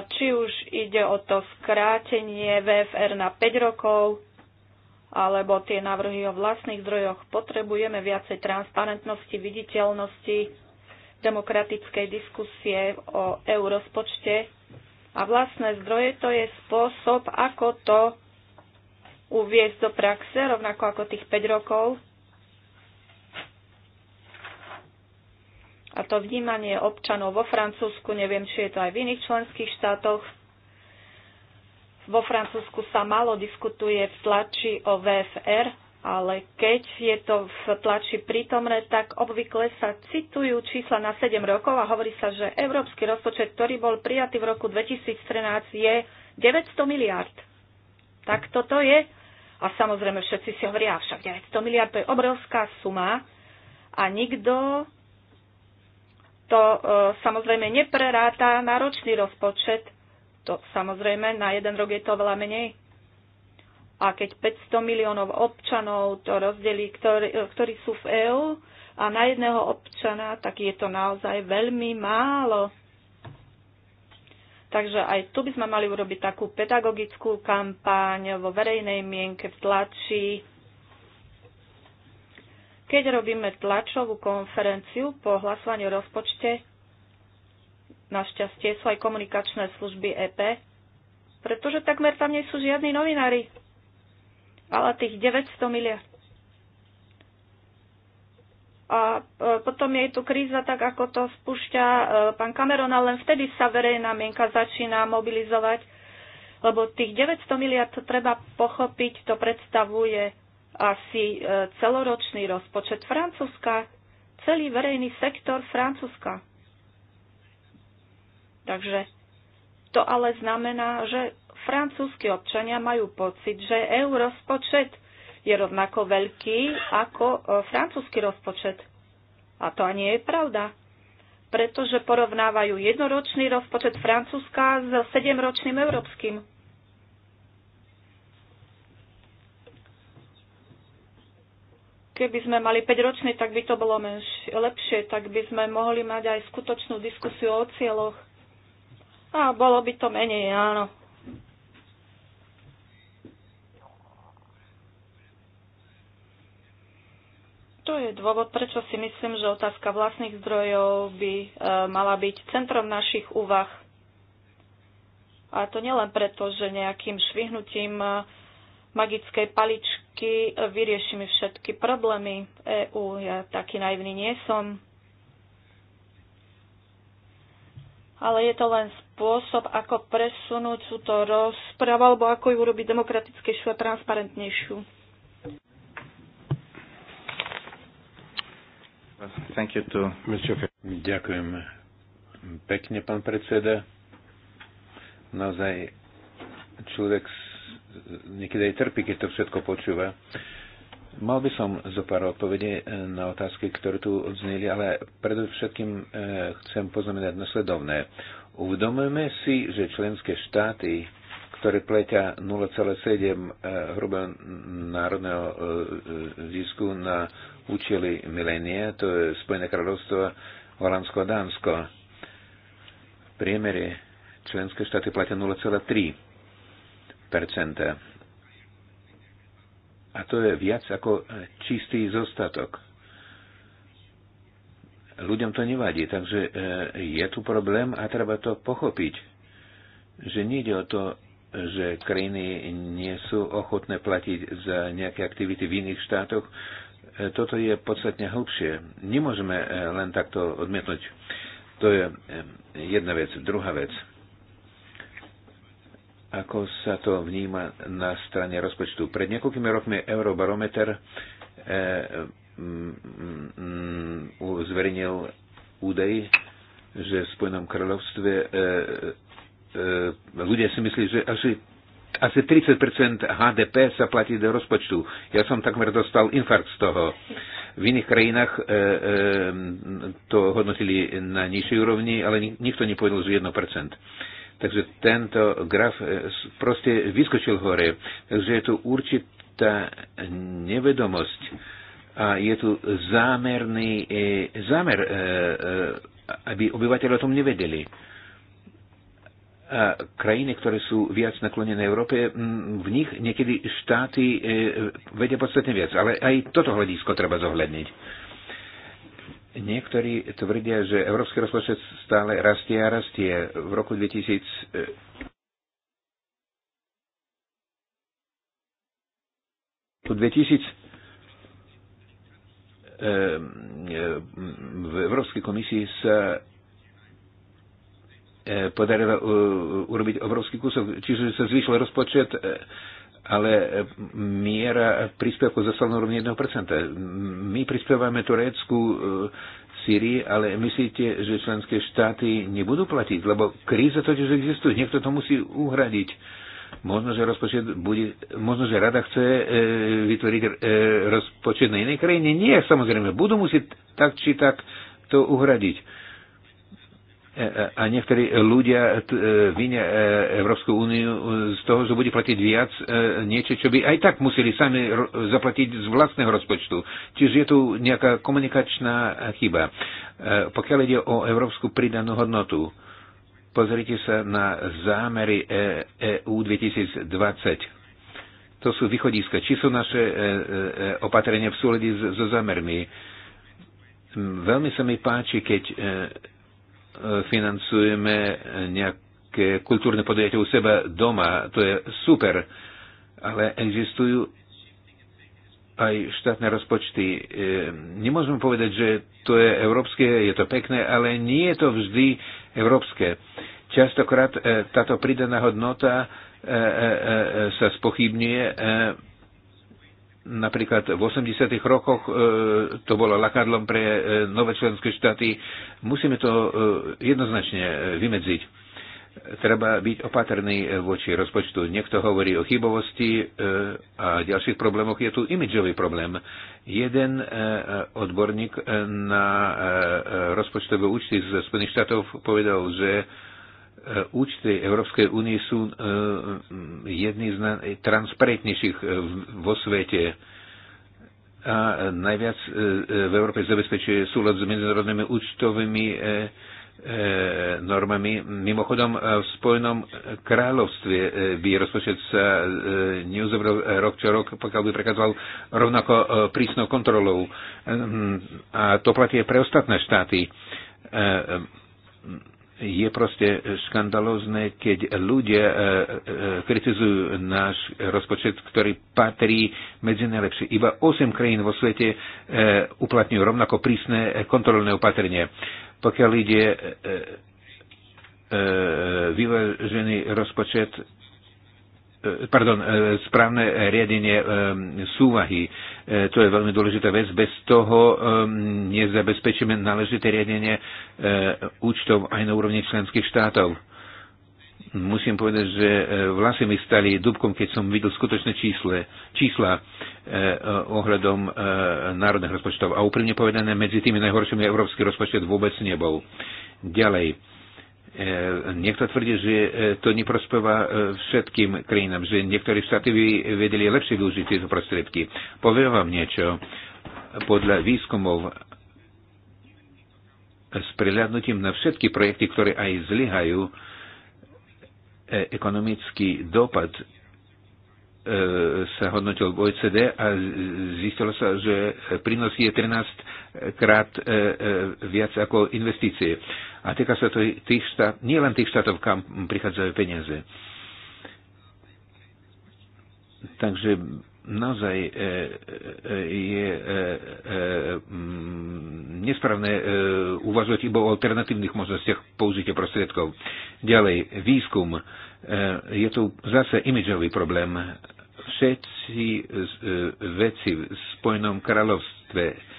či už ide o to skrátenie VFR na 5 rokov, alebo tie návrhy o vlastných zdrojoch, potrebujeme viacej transparentnosti, viditeľnosti, demokratickej diskusie o EU rozpočte. A vlastné zdroje to je spôsob, ako to uviezť do praxe, rovnako ako tých 5 rokov. a to vnímanie občanov vo Francúzsku, neviem, či je to aj v iných členských štátoch. Vo Francúzsku sa malo diskutuje v tlači o VFR, ale keď je to v tlači prítomné, tak obvykle sa citujú čísla na 7 rokov a hovorí sa, že európsky rozpočet, ktorý bol prijatý v roku 2013, je 900 miliard. Tak toto je. A samozrejme všetci si hovoria, však 900 miliard to je obrovská suma a nikto to e, samozrejme nepreráta na ročný rozpočet. To samozrejme na jeden rok je to veľa menej. A keď 500 miliónov občanov to rozdelí, ktorí, e, ktorí sú v EÚ a na jedného občana, tak je to naozaj veľmi málo. Takže aj tu by sme mali urobiť takú pedagogickú kampáň vo verejnej mienke, v tlači, keď robíme tlačovú konferenciu po hlasovaní o rozpočte, našťastie sú aj komunikačné služby EP, pretože takmer tam nie sú žiadni novinári. Ale tých 900 miliard. A e, potom je tu kríza, tak ako to spúšťa e, pán Cameron, ale len vtedy sa verejná mienka začína mobilizovať, lebo tých 900 miliard, treba pochopiť, to predstavuje asi e, celoročný rozpočet Francúzska, celý verejný sektor Francúzska. Takže to ale znamená, že francúzski občania majú pocit, že EU rozpočet je rovnako veľký ako e, francúzsky rozpočet. A to ani je pravda, pretože porovnávajú jednoročný rozpočet Francúzska s sedemročným európskym. Keby sme mali 5 ročný, tak by to bolo menš- lepšie, tak by sme mohli mať aj skutočnú diskusiu o cieľoch. A bolo by to menej, áno. To je dôvod, prečo si myslím, že otázka vlastných zdrojov by e, mala byť centrom našich úvah. A to nielen preto, že nejakým švihnutím e, magickej paličky vyriešime všetky problémy EÚ. Ja taký naivný nie som. Ale je to len spôsob, ako presunúť túto rozprávu alebo ako ju urobiť demokratickejšiu a transparentnejšiu. Thank you to Mr. Ďakujem pekne, pán predseda. Naozaj človek niekedy aj trpí, keď to všetko počúva. Mal by som zo pár odpovede eh, na otázky, ktoré tu odzneli, ale predovšetkým eh, chcem poznamenať nasledovné. Uvedomujeme si, že členské štáty, ktoré pleťa 0,7 eh, hrubého národného zisku na účely milénia, to je Spojené kráľovstvo, Holandsko a Dánsko. V priemere členské štáty platia 0,3. A to je viac ako čistý zostatok. Ľuďom to nevadí, takže e, je tu problém a treba to pochopiť, že nejde o to, že krajiny nie sú ochotné platiť za nejaké aktivity v iných štátoch. E, toto je podstatne hlbšie. Nemôžeme e, len takto odmietnúť. To je jedna vec. Druhá vec – ako sa to vníma na strane rozpočtu. Pred niekoľkými rokmi Eurobarometer e, mm, mm, zverejnil údaj, že v Spojenom kráľovstve e, e, ľudia si myslí, že asi asi 30% HDP sa platí do rozpočtu. Ja som takmer dostal infarkt z toho. V iných krajinách e, e, to hodnotili na nižšej úrovni, ale nikto nepovedal, že Takže tento graf e, proste vyskočil hore. Takže je tu určitá nevedomosť a je tu zámerný e, zámer, e, aby obyvateľe o tom nevedeli. A krajiny, ktoré sú viac naklonené Európe, v nich niekedy štáty vedia podstatne viac. Ale aj toto hľadisko treba zohľadniť. Niektorí tvrdia, že európsky rozpočet stále rastie a rastie. V roku 2000 roku 2000 v Európskej komisii sa eh, podarilo eh, urobiť obrovský kúsok, čiže sa zvýšil rozpočet eh, ale miera príspevku zostala na úrovni 1%. My prispievame Turecku, e, Syrii, ale myslíte, že členské štáty nebudú platiť? Lebo kríza totiž existuje, niekto to musí uhradiť. Možno, že rozpočet bude, možno, že rada chce e, vytvoriť e, rozpočet na inej krajine. Nie, samozrejme, budú musieť tak či tak to uhradiť E, e, a niektorí ľudia e, vinia Európsku úniu z toho, že bude platiť viac niečo, čo by aj tak museli sami zaplatiť z vlastného rozpočtu. Čiže je tu nejaká komunikačná chyba. Pokiaľ ide o európsku pridanú hodnotu, pozrite sa na zámery EU 2020. To sú východiska. Či sú naše opatrenia v súlade so zámermi? Veľmi sa mi páči, keď financujeme nejaké kultúrne podujatie u seba doma. To je super, ale existujú aj štátne rozpočty. E, nemôžeme povedať, že to je európske, je to pekné, ale nie je to vždy európske. Častokrát e, táto pridaná hodnota e, sa spochybňuje Napríklad v 80. rokoch e, to bolo lakadlom pre e, nové členské štáty. Musíme to e, jednoznačne vymedziť. Treba byť opatrný voči rozpočtu. Niekto hovorí o chybovosti a ďalších problémoch. Je tu imidžový problém. Jeden odborník na rozpočtové účty z Spojených štátov povedal, že E, účty Európskej únie sú e, jedný z najtransparentnejších e, vo svete a najviac v Európe zabezpečuje súlad s medzinárodnými účtovými normami. Mimochodom, v Spojenom kráľovstve by rozpočet sa neuzobral rok čo rok, pokiaľ by prekazoval rovnako prísnou kontrolou. A to platí aj pre ostatné štáty je proste škandalozne, keď ľudia e, e, e, kritizujú náš rozpočet, ktorý patrí medzi najlepšie. Iba 8 krajín vo svete uplatňujú rovnako prísne kontrolné opatrenie. Pokiaľ ide vyvážený rozpočet, E, pardon, e, správne riadenie e, súvahy. To je veľmi dôležitá vec. Bez toho nezabezpečíme náležité riadenie účtov aj na úrovni členských štátov. Musím povedať, že vlasy mi stali dubkom, keď som videl skutočné čísle, čísla ohľadom národných rozpočtov. A úprimne povedané, medzi tými najhoršími európsky rozpočet vôbec nebol. Ďalej E, niekto tvrdí, že e, to neprospeva e, všetkým krajinám, že niektorí štáty by vedeli lepšie využiť tieto prostriedky. Poviem vám niečo. Podľa výskumov s prihľadnutím na všetky projekty, ktoré aj zlyhajú, ekonomický dopad sa hodnotil v OECD a zistilo sa, že prínos je 13 krát viac ako investície a týka sa to tých štát, nie len tých štátov, kam prichádzajú peniaze. Takže naozaj e, e, je e, mm, nesprávne uvažovať iba o alternatívnych možnostiach použitia prostriedkov. Ďalej, výskum. Je tu zase imidžový problém. Všetci veci v Spojenom kráľovstve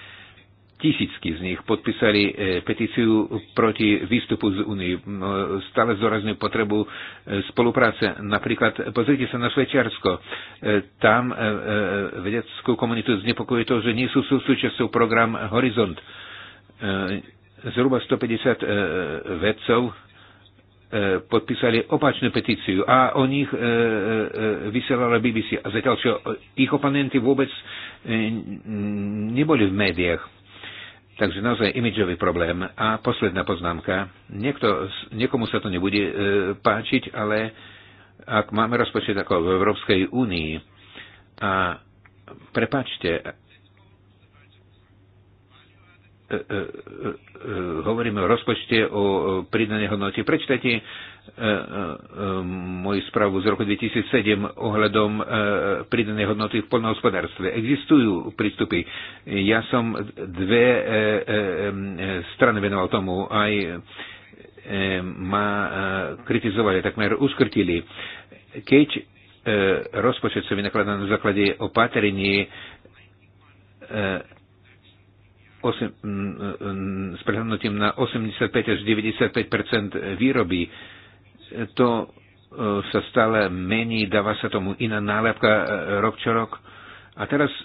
tisícky z nich podpísali e, petíciu proti výstupu z Unii. E, stále zdôrazňujú potrebu e, spolupráce. Napríklad, pozrite sa na Švečiarsko. Tam vedeckú komunitu znepokojuje to, že nie sú súčasťou program Horizont. Zhruba 150 vedcov podpísali opačnú petíciu a o nich vysielala BBC. A zatiaľ, čo ich oponenti vôbec neboli v médiách Takže naozaj imidžový problém. A posledná poznámka. Niekto, niekomu sa to nebude e, páčiť, ale ak máme rozpočet ako v Európskej únii a prepačte, E, e, e, hovoríme o rozpočte, o pridanej hodnote. Prečtajte moju správu z roku 2007 ohľadom pridanej hodnoty v polnohospodárstve. Existujú prístupy. Ja som dve strany venoval tomu. Aj ma kritizovali, takmer uskrtili. Keď rozpočet sa vynakladá na základe opatrení s prehľadnutím na 85 až 95 výroby. To e, sa stále mení, dáva sa tomu iná nálepka e, rok čo rok. A teraz e,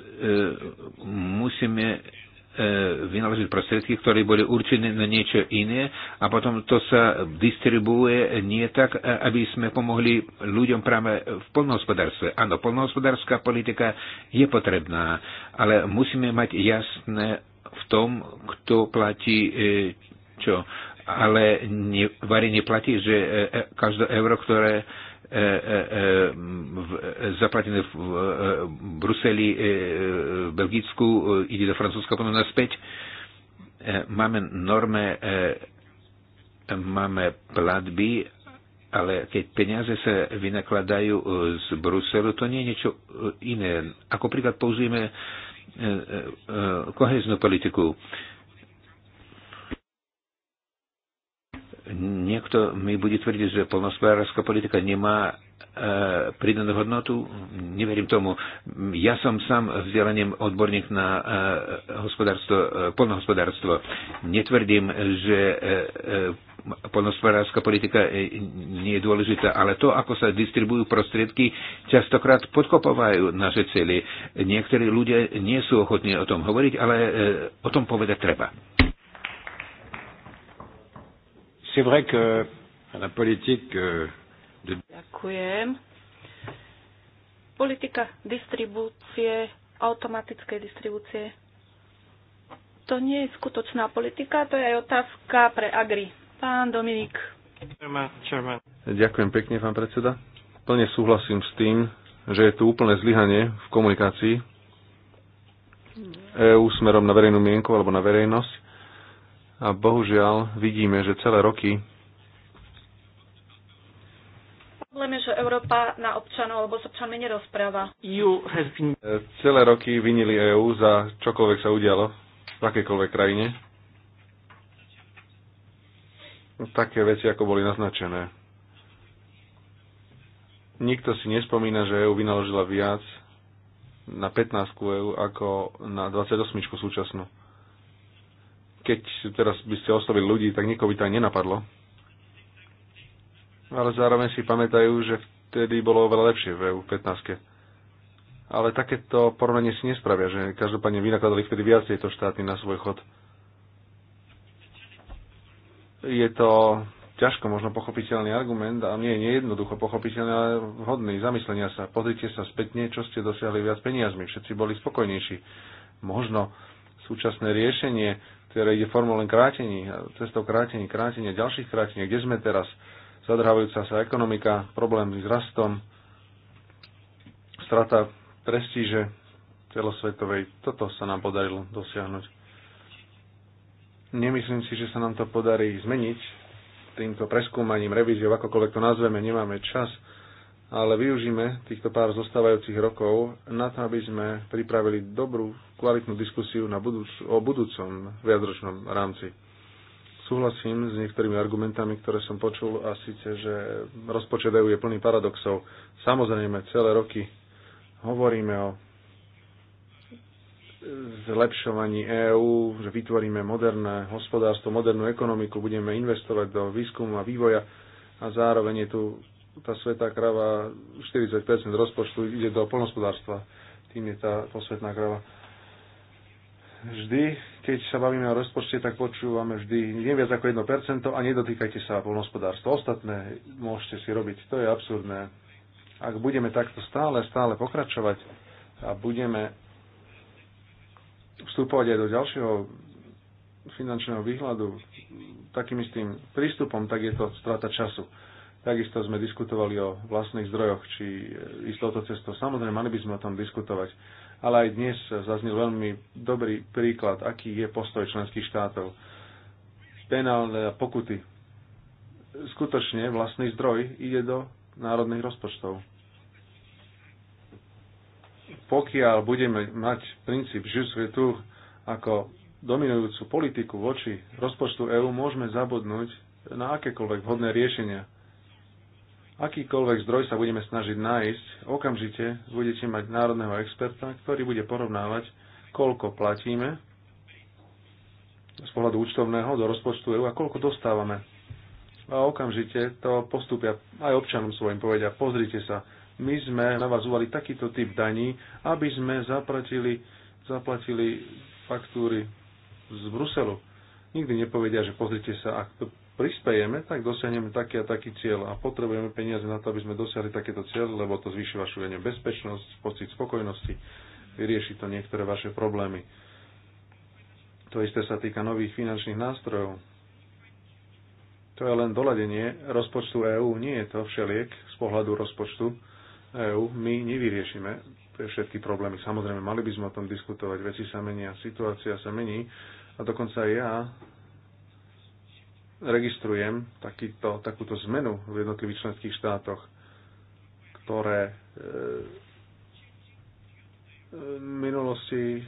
musíme e, vynaložiť prostriedky, ktoré boli určené na niečo iné a potom to sa distribuuje nie tak, e, aby sme pomohli ľuďom práve v polnohospodárstve. Áno, polnohospodárska politika je potrebná, ale musíme mať jasné v tom, kto platí e, čo. Ale ne, Vary neplatí, že e, e, každé euro, ktoré zaplatené v Bruseli, v Belgicku, ide do Francúzska, potom naspäť. Máme norme, máme platby, ale keď peniaze sa vynakladajú z Bruselu, to nie je niečo iné. Ako príklad použijeme E, e, e, koheznú politiku. Niekto mi bude tvrdiť, že polnospodárska politika nemá E, pridanú hodnotu? Neverím tomu. Ja som sám vzdelaním odborník na e, hospodárstvo, e, polnohospodárstvo. Netvrdím, že polnohospodárska politika nie je dôležitá, ale to, ako sa distribujú prostriedky, častokrát podkopovajú naše cely. Niektorí ľudia nie sú ochotní o tom hovoriť, ale o tom povedať treba. C'est vrai que la politique euh, Ďakujem. Politika distribúcie, automatickej distribúcie, to nie je skutočná politika, to je aj otázka pre Agri. Pán Dominik. Ďakujem pekne, pán predseda. Plne súhlasím s tým, že je tu úplné zlyhanie v komunikácii EÚ smerom na verejnú mienku alebo na verejnosť. A bohužiaľ vidíme, že celé roky je, že Európa na občanov alebo s občanmi nerozpráva. E been... E, celé roky vinili EÚ za čokoľvek sa udialo v akékoľvek krajine. Také veci, ako boli naznačené. Nikto si nespomína, že EÚ vynaložila viac na 15 EÚ ako na 28 súčasnú. Keď teraz by ste oslovili ľudí, tak nikoho by to aj nenapadlo ale zároveň si pamätajú, že vtedy bolo oveľa lepšie v EU 15. Ale takéto porovnanie si nespravia, že každopádne vynakladali vtedy viac tieto štáty na svoj chod. Je to ťažko možno pochopiteľný argument, a nie, nie jednoducho pochopiteľný, ale hodný zamyslenia sa. Pozrite sa spätne, čo ste dosiahli viac peniazmi. Všetci boli spokojnejší. Možno súčasné riešenie, ktoré ide formou len krátení, cestou krátení, krátenia, ďalších krátení, kde sme teraz, zadrhávajúca sa ekonomika, problémy s rastom, strata prestíže celosvetovej. Toto sa nám podarilo dosiahnuť. Nemyslím si, že sa nám to podarí zmeniť týmto preskúmaním, revíziou, akokoľvek to nazveme, nemáme čas, ale využíme týchto pár zostávajúcich rokov na to, aby sme pripravili dobrú, kvalitnú diskusiu na budúc- o budúcom viacročnom rámci. Súhlasím s niektorými argumentami, ktoré som počul a síce, že rozpočet EU je plný paradoxov. Samozrejme, celé roky hovoríme o zlepšovaní EÚ, že vytvoríme moderné hospodárstvo, modernú ekonomiku, budeme investovať do výskumu a vývoja a zároveň je tu tá svetá krava, 40% rozpočtu ide do polnospodárstva, tým je tá posvetná krava vždy, keď sa bavíme o rozpočte, tak počúvame vždy nie viac ako 1% a nedotýkajte sa polnospodárstva. Ostatné môžete si robiť. To je absurdné. Ak budeme takto stále, stále pokračovať a budeme vstupovať aj do ďalšieho finančného výhľadu takým istým prístupom, tak je to strata času. Takisto sme diskutovali o vlastných zdrojoch, či istoto cestou. Samozrejme, mali by sme o tom diskutovať ale aj dnes zaznel veľmi dobrý príklad, aký je postoj členských štátov. Penálne pokuty. Skutočne vlastný zdroj ide do národných rozpočtov. Pokiaľ budeme mať princíp žusvetu ako dominujúcu politiku voči rozpočtu EÚ, môžeme zabudnúť na akékoľvek vhodné riešenia Akýkoľvek zdroj sa budeme snažiť nájsť, okamžite budete mať národného experta, ktorý bude porovnávať, koľko platíme z pohľadu účtovného do rozpočtu EU a koľko dostávame. A okamžite to postupia aj občanom svojim, povedia, pozrite sa, my sme na vás uvali takýto typ daní, aby sme zaplatili, zaplatili faktúry z Bruselu. Nikdy nepovedia, že pozrite sa, ak to prispejeme, tak dosiahneme taký a taký cieľ a potrebujeme peniaze na to, aby sme dosiahli takéto cieľ, lebo to zvýši vašu ja bezpečnosť, pocit spokojnosti, vyrieši to niektoré vaše problémy. To isté sa týka nových finančných nástrojov. To je len doladenie rozpočtu EÚ. Nie je to všeliek z pohľadu rozpočtu EÚ. My nevyriešime všetky problémy. Samozrejme, mali by sme o tom diskutovať. Veci sa menia, situácia sa mení. A dokonca aj ja registrujem takýto, takúto zmenu v jednotlivých členských štátoch, ktoré e, v minulosti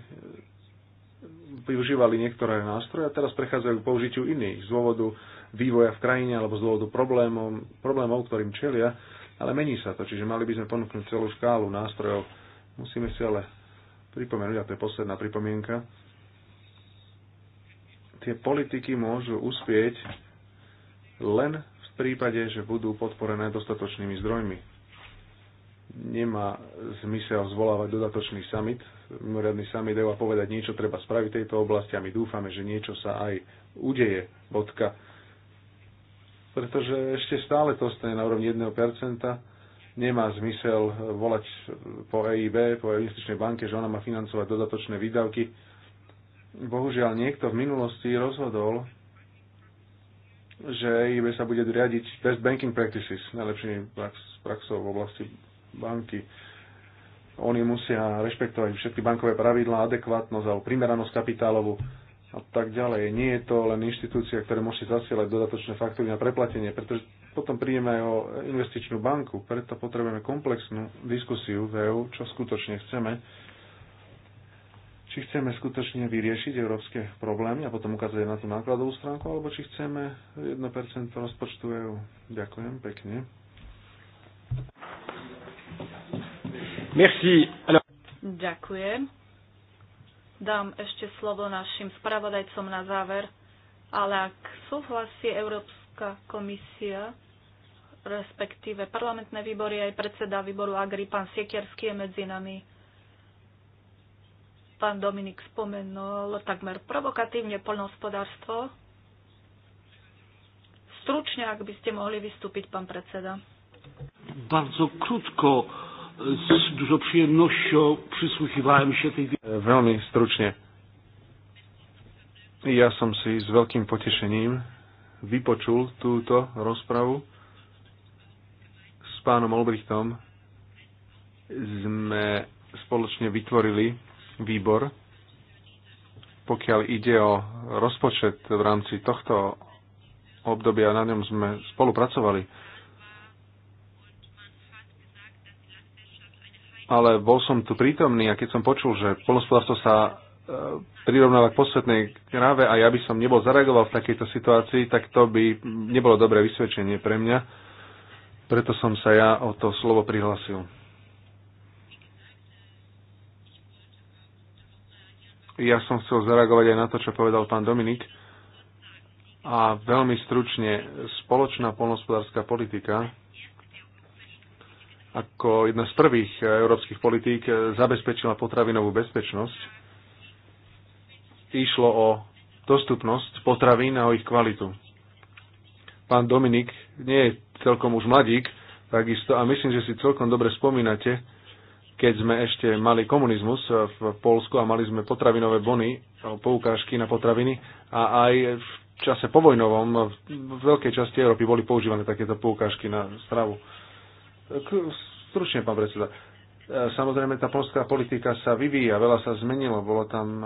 využívali niektoré nástroje a teraz prechádzajú k použitiu iných z dôvodu vývoja v krajine alebo z dôvodu problémov, problémov ktorým čelia, ale mení sa to, čiže mali by sme ponúknuť celú škálu nástrojov. Musíme si ale pripomenúť, a to je posledná pripomienka, tie politiky môžu uspieť len v prípade, že budú podporené dostatočnými zdrojmi. Nemá zmysel zvolávať dodatočný summit, mimoriadný summit EU a povedať niečo treba spraviť v tejto oblasti a my dúfame, že niečo sa aj udeje. Bodka. Pretože ešte stále to stane na úrovni 1%. Nemá zmysel volať po EIB, po investičnej banke, že ona má financovať dodatočné výdavky bohužiaľ niekto v minulosti rozhodol, že IB sa bude riadiť best banking practices, najlepšími prax, praxou v oblasti banky. Oni musia rešpektovať všetky bankové pravidlá, adekvátnosť alebo primeranosť kapitálovú a tak ďalej. Nie je to len inštitúcia, ktoré môže zasielať dodatočné faktúry na preplatenie, pretože potom príjeme aj o investičnú banku, preto potrebujeme komplexnú diskusiu v EU, čo skutočne chceme či chceme skutočne vyriešiť európske problémy a potom ukazuje na tú nákladovú stránku, alebo či chceme 1% rozpočtu EU. Ďakujem pekne. Merci. Ďakujem. Dám ešte slovo našim spravodajcom na záver, ale ak súhlasí Európska komisia, respektíve parlamentné výbory, aj predseda výboru Agri, pán Siekierský je medzi nami pán Dominik spomenul takmer provokatívne poľnohospodárstvo. Stručne, ak by ste mohli vystúpiť, pán predseda. Bardzo krótko, s dużą przyjemnością przysłuchiwałem się tej... E, Veľmi stručne. Ja som si s veľkým potešením vypočul túto rozpravu s pánom Olbrichtom. Sme spoločne vytvorili výbor, pokiaľ ide o rozpočet v rámci tohto obdobia, na ňom sme spolupracovali. Ale bol som tu prítomný a keď som počul, že polnospodárstvo sa e, prirovnáva k posvetnej kráve a ja by som nebol zareagoval v takejto situácii, tak to by nebolo dobré vysvedčenie pre mňa. Preto som sa ja o to slovo prihlasil. Ja som chcel zareagovať aj na to, čo povedal pán Dominik. A veľmi stručne, spoločná polnospodárska politika ako jedna z prvých európskych politík zabezpečila potravinovú bezpečnosť. Išlo o dostupnosť potravín a o ich kvalitu. Pán Dominik nie je celkom už mladík, takisto, a myslím, že si celkom dobre spomínate, keď sme ešte mali komunizmus eh, v Polsku a mali sme potravinové bony, eh, poukážky na potraviny a aj v čase povojnovom eh, v veľkej časti Európy boli používané takéto poukážky na stravu. Stručne, pán predseda. Samozrejme, tá polská politika sa vyvíja, veľa sa zmenilo, bolo tam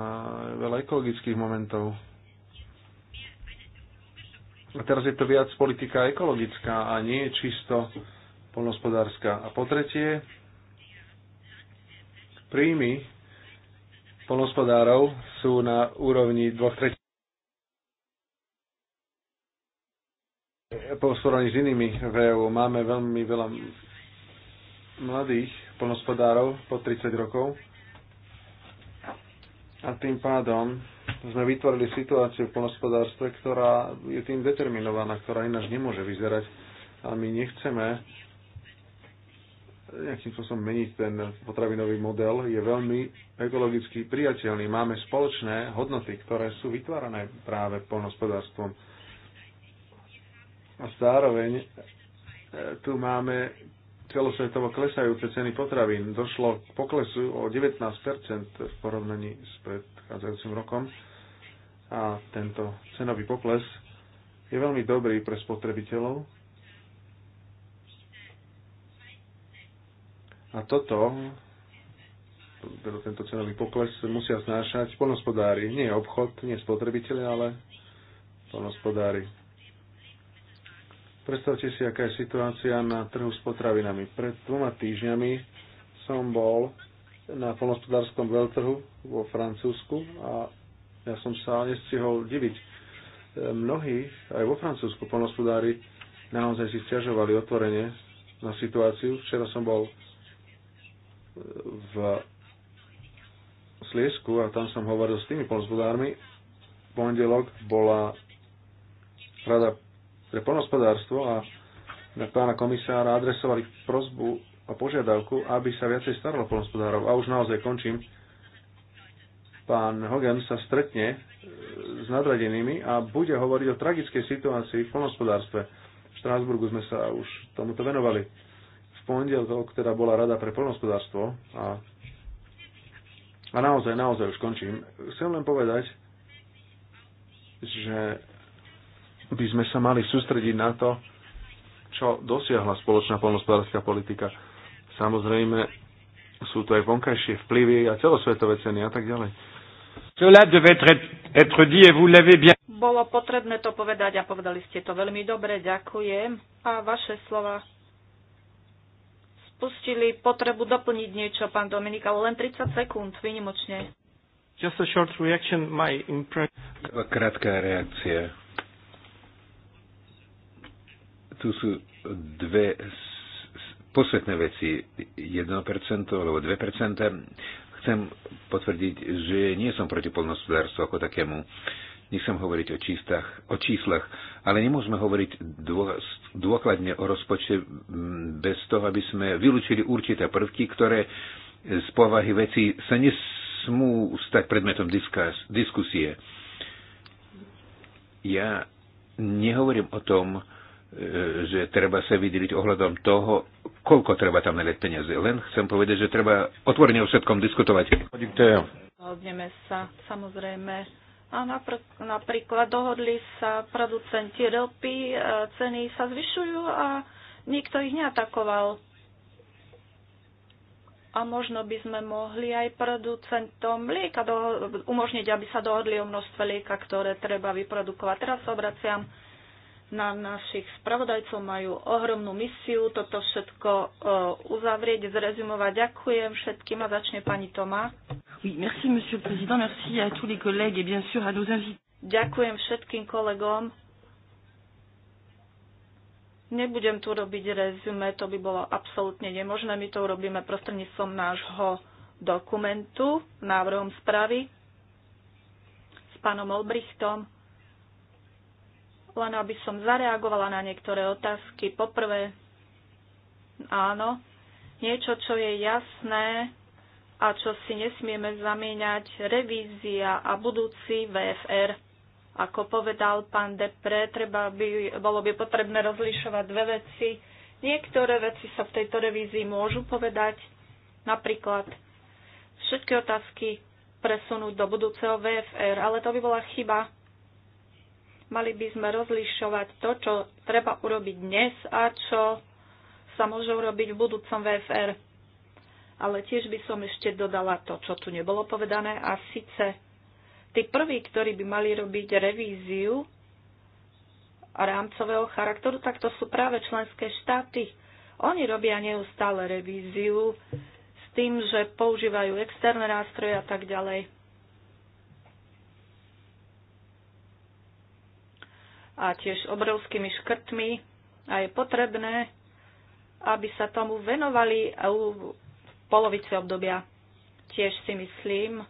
veľa ekologických momentov. A teraz je to viac politika ekologická a nie čisto polnospodárska. A po tretie, Príjmy polnospodárov sú na úrovni dvoch tretí po porovnaní s inými v EU. Máme veľmi veľa mladých polnospodárov po 30 rokov a tým pádom sme vytvorili situáciu v polnospodárstve, ktorá je tým determinovaná, ktorá ináč nemôže vyzerať. A my nechceme nejakým spôsobom meniť ten potravinový model, je veľmi ekologicky priateľný. Máme spoločné hodnoty, ktoré sú vytvárané práve polnospodárstvom. A zároveň e, tu máme celosvetovo klesajúce ceny potravín. Došlo k poklesu o 19% v porovnaní s predchádzajúcim rokom a tento cenový pokles je veľmi dobrý pre spotrebiteľov, A toto, tento cenový pokles, musia znášať polnospodári. Nie obchod, nie spotrebiteľ, ale polnospodári. Predstavte si, aká je situácia na trhu s potravinami. Pred dvoma týždňami som bol na polnospodárskom veľtrhu vo Francúzsku a ja som sa nestihol diviť. Mnohí, aj vo Francúzsku, polnospodári naozaj si stiažovali otvorene na situáciu. Včera som bol v Sliesku a tam som hovoril s tými polnospodármi. V pondelok bola rada pre polnospodárstvo a na pána komisára adresovali prozbu a požiadavku, aby sa viacej staralo polnospodárov. A už naozaj končím. Pán Hogan sa stretne e, s nadradenými a bude hovoriť o tragickej situácii v polnospodárstve. V Štrásburgu sme sa už tomuto venovali pondelok teda bola rada pre plnohospodárstvo a, a naozaj, naozaj už končím. Chcem len povedať, že by sme sa mali sústrediť na to, čo dosiahla spoločná polnospodárska politika. Samozrejme, sú to aj vonkajšie vplyvy a celosvetové ceny a tak ďalej. Bolo potrebné to povedať a povedali ste to veľmi dobre, ďakujem. A vaše slova pustili potrebu doplniť niečo, pán Dominik, ale len 30 sekúnd, vynimočne. Just a short reaction, my impression. Krátka reakcia. Tu sú dve posvetné veci. 1% alebo 2%. Chcem potvrdiť, že nie som proti polnospodárstvu ako takému. Uh, Nechcem hovoriť o, čistách, o číslach, ale nemôžeme hovoriť dôkladne o rozpočte bez toho, aby sme vylúčili určité prvky, ktoré z povahy veci sa nesmú stať predmetom diskus, diskusie. Ja nehovorím o tom, e, že treba sa vydeliť ohľadom toho, koľko treba tam naliať peniaze. Len chcem povedať, že treba otvorene o všetkom diskutovať. Hodíme sa samozrejme a napr- napríklad dohodli sa producenti ropy, e, ceny sa zvyšujú a nikto ich neatakoval. A možno by sme mohli aj producentom mlieka umožniť, aby sa dohodli o množstve lieka, ktoré treba vyprodukovať. Teraz sa obraciam na našich spravodajcov, majú ohromnú misiu toto všetko e, uzavrieť, zrezumovať. Ďakujem všetkým a začne pani Toma. merci, monsieur le président, merci à tous les collègues et bien sûr à nos invités. Ďakujem všetkým kolegom. Nebudem tu robiť rezume, to by bolo absolútne nemožné. My to urobíme prostredníctvom nášho dokumentu, návrhom správy s pánom Olbrichtom len aby som zareagovala na niektoré otázky. Poprvé, áno, niečo, čo je jasné a čo si nesmieme zamieňať, revízia a budúci VFR. Ako povedal pán Depre, treba by, bolo by potrebné rozlišovať dve veci. Niektoré veci sa v tejto revízii môžu povedať, napríklad všetky otázky presunúť do budúceho VFR, ale to by bola chyba, Mali by sme rozlišovať to, čo treba urobiť dnes a čo sa môže urobiť v budúcom VFR. Ale tiež by som ešte dodala to, čo tu nebolo povedané, a síce tí prví, ktorí by mali robiť revíziu rámcového charakteru, tak to sú práve členské štáty. Oni robia neustále revíziu s tým, že používajú externé nástroje a tak ďalej. a tiež obrovskými škrtmi a je potrebné, aby sa tomu venovali v polovici obdobia. Tiež si myslím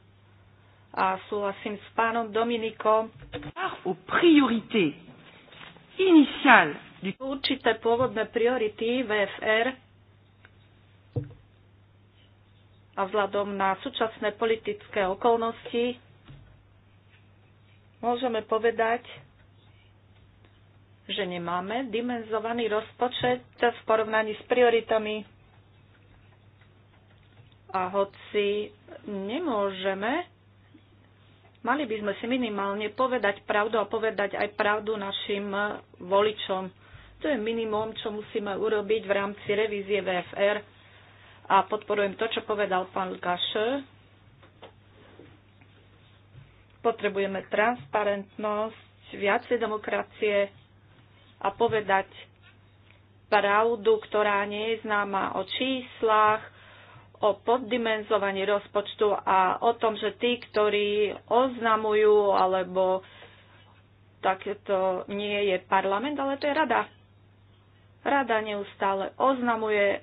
a súhlasím s pánom Dominikom. Určité pôvodné priority VFR a vzhľadom na súčasné politické okolnosti môžeme povedať, že nemáme dimenzovaný rozpočet v porovnaní s prioritami. A hoci nemôžeme, mali by sme si minimálne povedať pravdu a povedať aj pravdu našim voličom. To je minimum, čo musíme urobiť v rámci revízie VFR a podporujem to, čo povedal pán Lukáš. Potrebujeme transparentnosť, viacej demokracie, a povedať pravdu, ktorá nie je známa o číslach, o poddimenzovaní rozpočtu a o tom, že tí, ktorí oznamujú alebo tak to nie je parlament, ale to je rada. Rada neustále oznamuje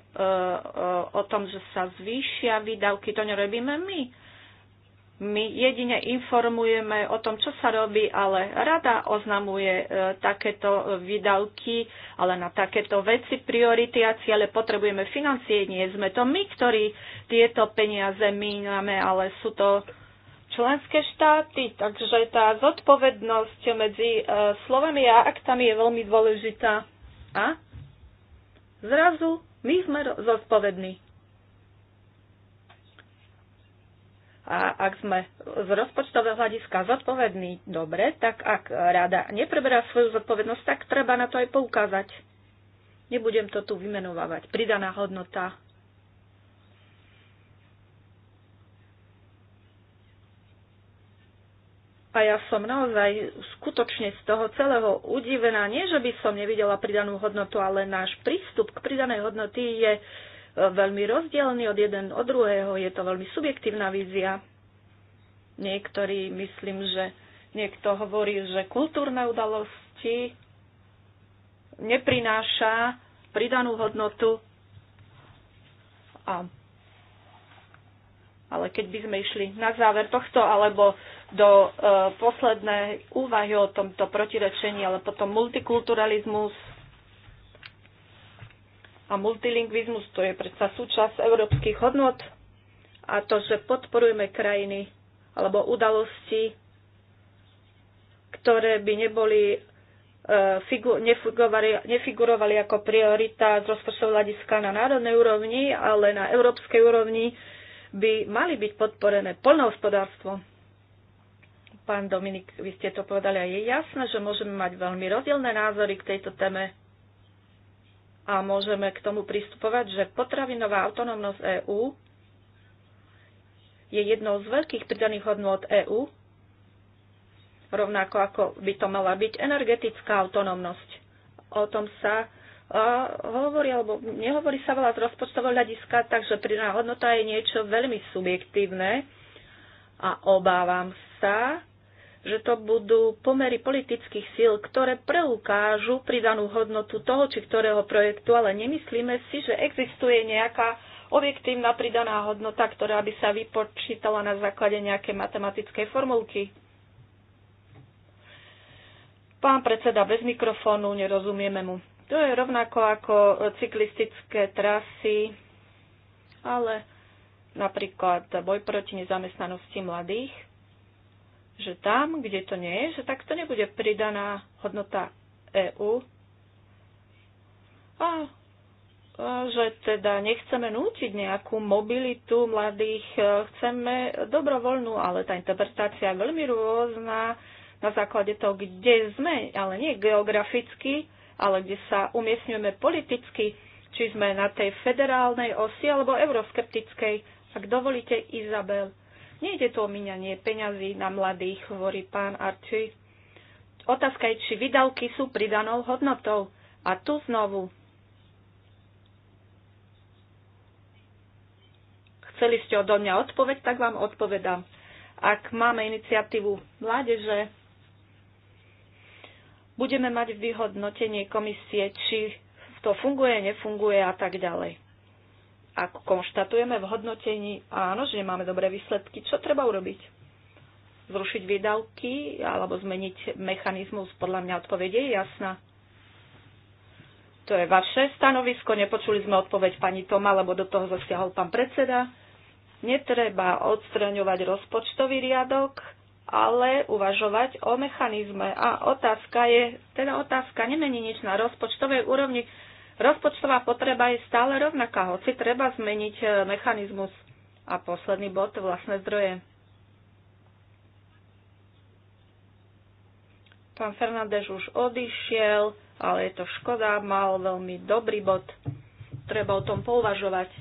uh, uh, o tom, že sa zvýšia výdavky. To nerobíme my my jedine informujeme o tom, čo sa robí, ale rada oznamuje e, takéto výdavky, ale na takéto veci, priority a ciele potrebujeme financie. Nie sme to my, ktorí tieto peniaze míňame, ale sú to členské štáty. Takže tá zodpovednosť medzi e, slovami a aktami je veľmi dôležitá. A zrazu my sme zodpovední. A ak sme z rozpočtového hľadiska zodpovední dobre, tak ak rada nepreberá svoju zodpovednosť, tak treba na to aj poukázať. Nebudem to tu vymenovávať. Pridaná hodnota. A ja som naozaj skutočne z toho celého udivená. Nie, že by som nevidela pridanú hodnotu, ale náš prístup k pridanej hodnoty je uh, veľmi rozdielný od jeden od druhého. Je to veľmi subjektívna vízia. Niektorí, myslím, že niekto hovorí, že kultúrne udalosti neprináša pridanú hodnotu. A, ale keď by sme išli na záver tohto alebo do e, poslednej úvahy o tomto protirečení, ale potom multikulturalizmus, a multilingvizmus to je predsa súčasť európskych hodnot a to, že podporujeme krajiny alebo udalosti, ktoré by neboli e, figu, nefigurovali, nefigurovali ako priorita z rozpočtov hľadiska na národnej úrovni, ale na európskej úrovni by mali byť podporené polnohospodárstvo. Pán Dominik, vy ste to povedali a je jasné, že môžeme mať veľmi rozdielne názory k tejto téme a môžeme k tomu pristupovať, že potravinová autonómnosť EÚ je jednou z veľkých pridaných hodnôt EÚ, rovnako ako by to mala byť energetická autonómnosť. O tom sa hovorí, alebo nehovorí sa veľa z rozpočtového hľadiska, takže pridaná hodnota je niečo veľmi subjektívne a obávam sa, že to budú pomery politických síl, ktoré preukážu pridanú hodnotu toho či ktorého projektu, ale nemyslíme si, že existuje nejaká objektívna pridaná hodnota, ktorá by sa vypočítala na základe nejakej matematickej formulky. Pán predseda, bez mikrofónu, nerozumieme mu. To je rovnako ako cyklistické trasy, ale napríklad boj proti nezamestnanosti mladých že tam, kde to nie je, že tak to nebude pridaná hodnota EÚ. A, a že teda nechceme nútiť nejakú mobilitu mladých, e, chceme dobrovoľnú, ale tá interpretácia je veľmi rôzna na základe toho, kde sme, ale nie geograficky, ale kde sa umiestňujeme politicky, či sme na tej federálnej osi alebo euroskeptickej. Ak dovolíte, Izabel Nejde to o minanie peňazí na mladých, hovorí pán Arčuj. Otázka je, či vydavky sú pridanou hodnotou. A tu znovu. Chceli ste odo mňa odpoveď, tak vám odpovedám. Ak máme iniciatívu mládeže, budeme mať vyhodnotenie komisie, či to funguje, nefunguje a tak ďalej. Ako konštatujeme v hodnotení, áno, že nemáme dobré výsledky, čo treba urobiť? Zrušiť výdavky alebo zmeniť mechanizmus? Podľa mňa odpovede je jasná. To je vaše stanovisko, nepočuli sme odpoveď pani Toma, lebo do toho zasiahol pán predseda. Netreba odstraňovať rozpočtový riadok, ale uvažovať o mechanizme. A otázka je, teda otázka nemení nič na rozpočtovej úrovni. Rozpočtová potreba je stále rovnaká, hoci treba zmeniť e, mechanizmus. A posledný bod, vlastné zdroje. Pán Fernández už odišiel, ale je to škoda, mal veľmi dobrý bod. Treba o tom pouvažovať.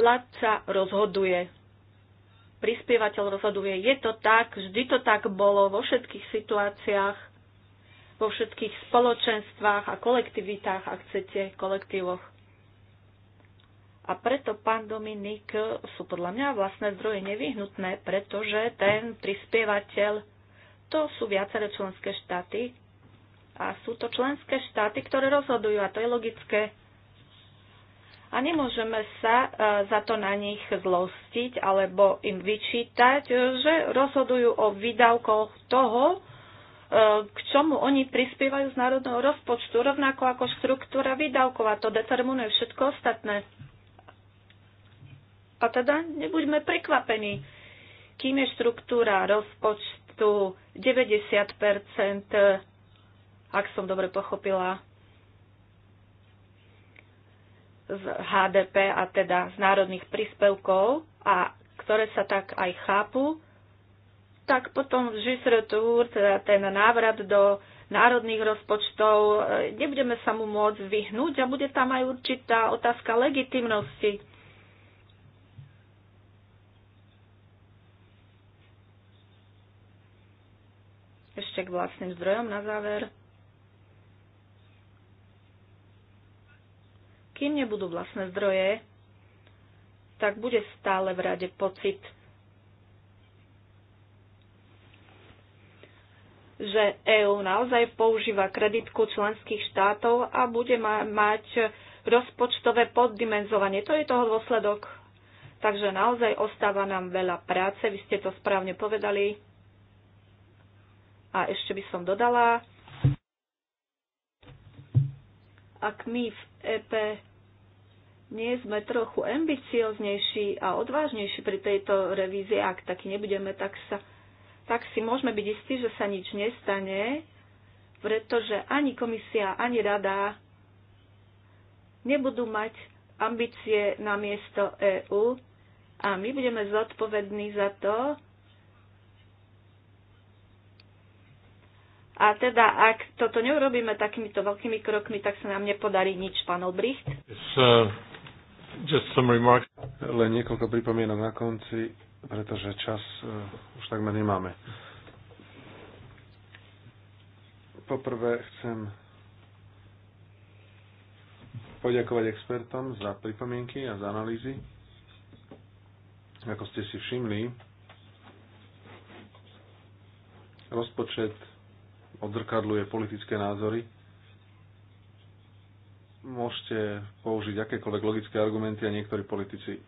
Platca rozhoduje. Prispievateľ rozhoduje. Je to tak, vždy to tak bolo vo všetkých situáciách vo všetkých spoločenstvách a kolektivitách, ak chcete, kolektívoch. A preto, pán Dominik, sú podľa mňa vlastné zdroje nevyhnutné, pretože ten prispievateľ, to sú viaceré členské štáty a sú to členské štáty, ktoré rozhodujú a to je logické. A nemôžeme sa e, za to na nich zlostiť alebo im vyčítať, že rozhodujú o výdavkoch toho, E, k čomu oni prispievajú z národného rozpočtu, rovnako ako štruktúra výdavkov a to determinuje všetko ostatné. A teda nebuďme prekvapení, kým je štruktúra rozpočtu 90 ak som dobre pochopila, z HDP a teda z národných príspevkov, a ktoré sa tak aj chápu, tak potom žisr Žisretúr, teda ten návrat do národných rozpočtov, e, nebudeme sa mu môcť vyhnúť a bude tam aj určitá otázka legitimnosti. Ešte k vlastným zdrojom na záver. Kým nebudú vlastné zdroje, tak bude stále v rade pocit že EÚ naozaj používa kreditku členských štátov a bude mať rozpočtové poddimenzovanie. To je toho dôsledok. Takže naozaj ostáva nám veľa práce, vy ste to správne povedali. A ešte by som dodala, ak my v EP nie sme trochu ambicioznejší a odvážnejší pri tejto revízii, ak taky nebudeme, tak sa tak si môžeme byť istí, že sa nič nestane, pretože ani komisia, ani rada nebudú mať ambície na miesto EÚ a my budeme zodpovední za to. A teda, ak toto neurobíme takýmito veľkými krokmi, tak sa nám nepodarí nič, pán Obricht. Uh, Len niekoľko pripomienok na konci pretože čas e, už takmer nemáme. Poprvé chcem poďakovať expertom za pripomienky a za analýzy. Ako ste si všimli, rozpočet odzrkadluje politické názory. Môžete použiť akékoľvek logické argumenty a niektorí politici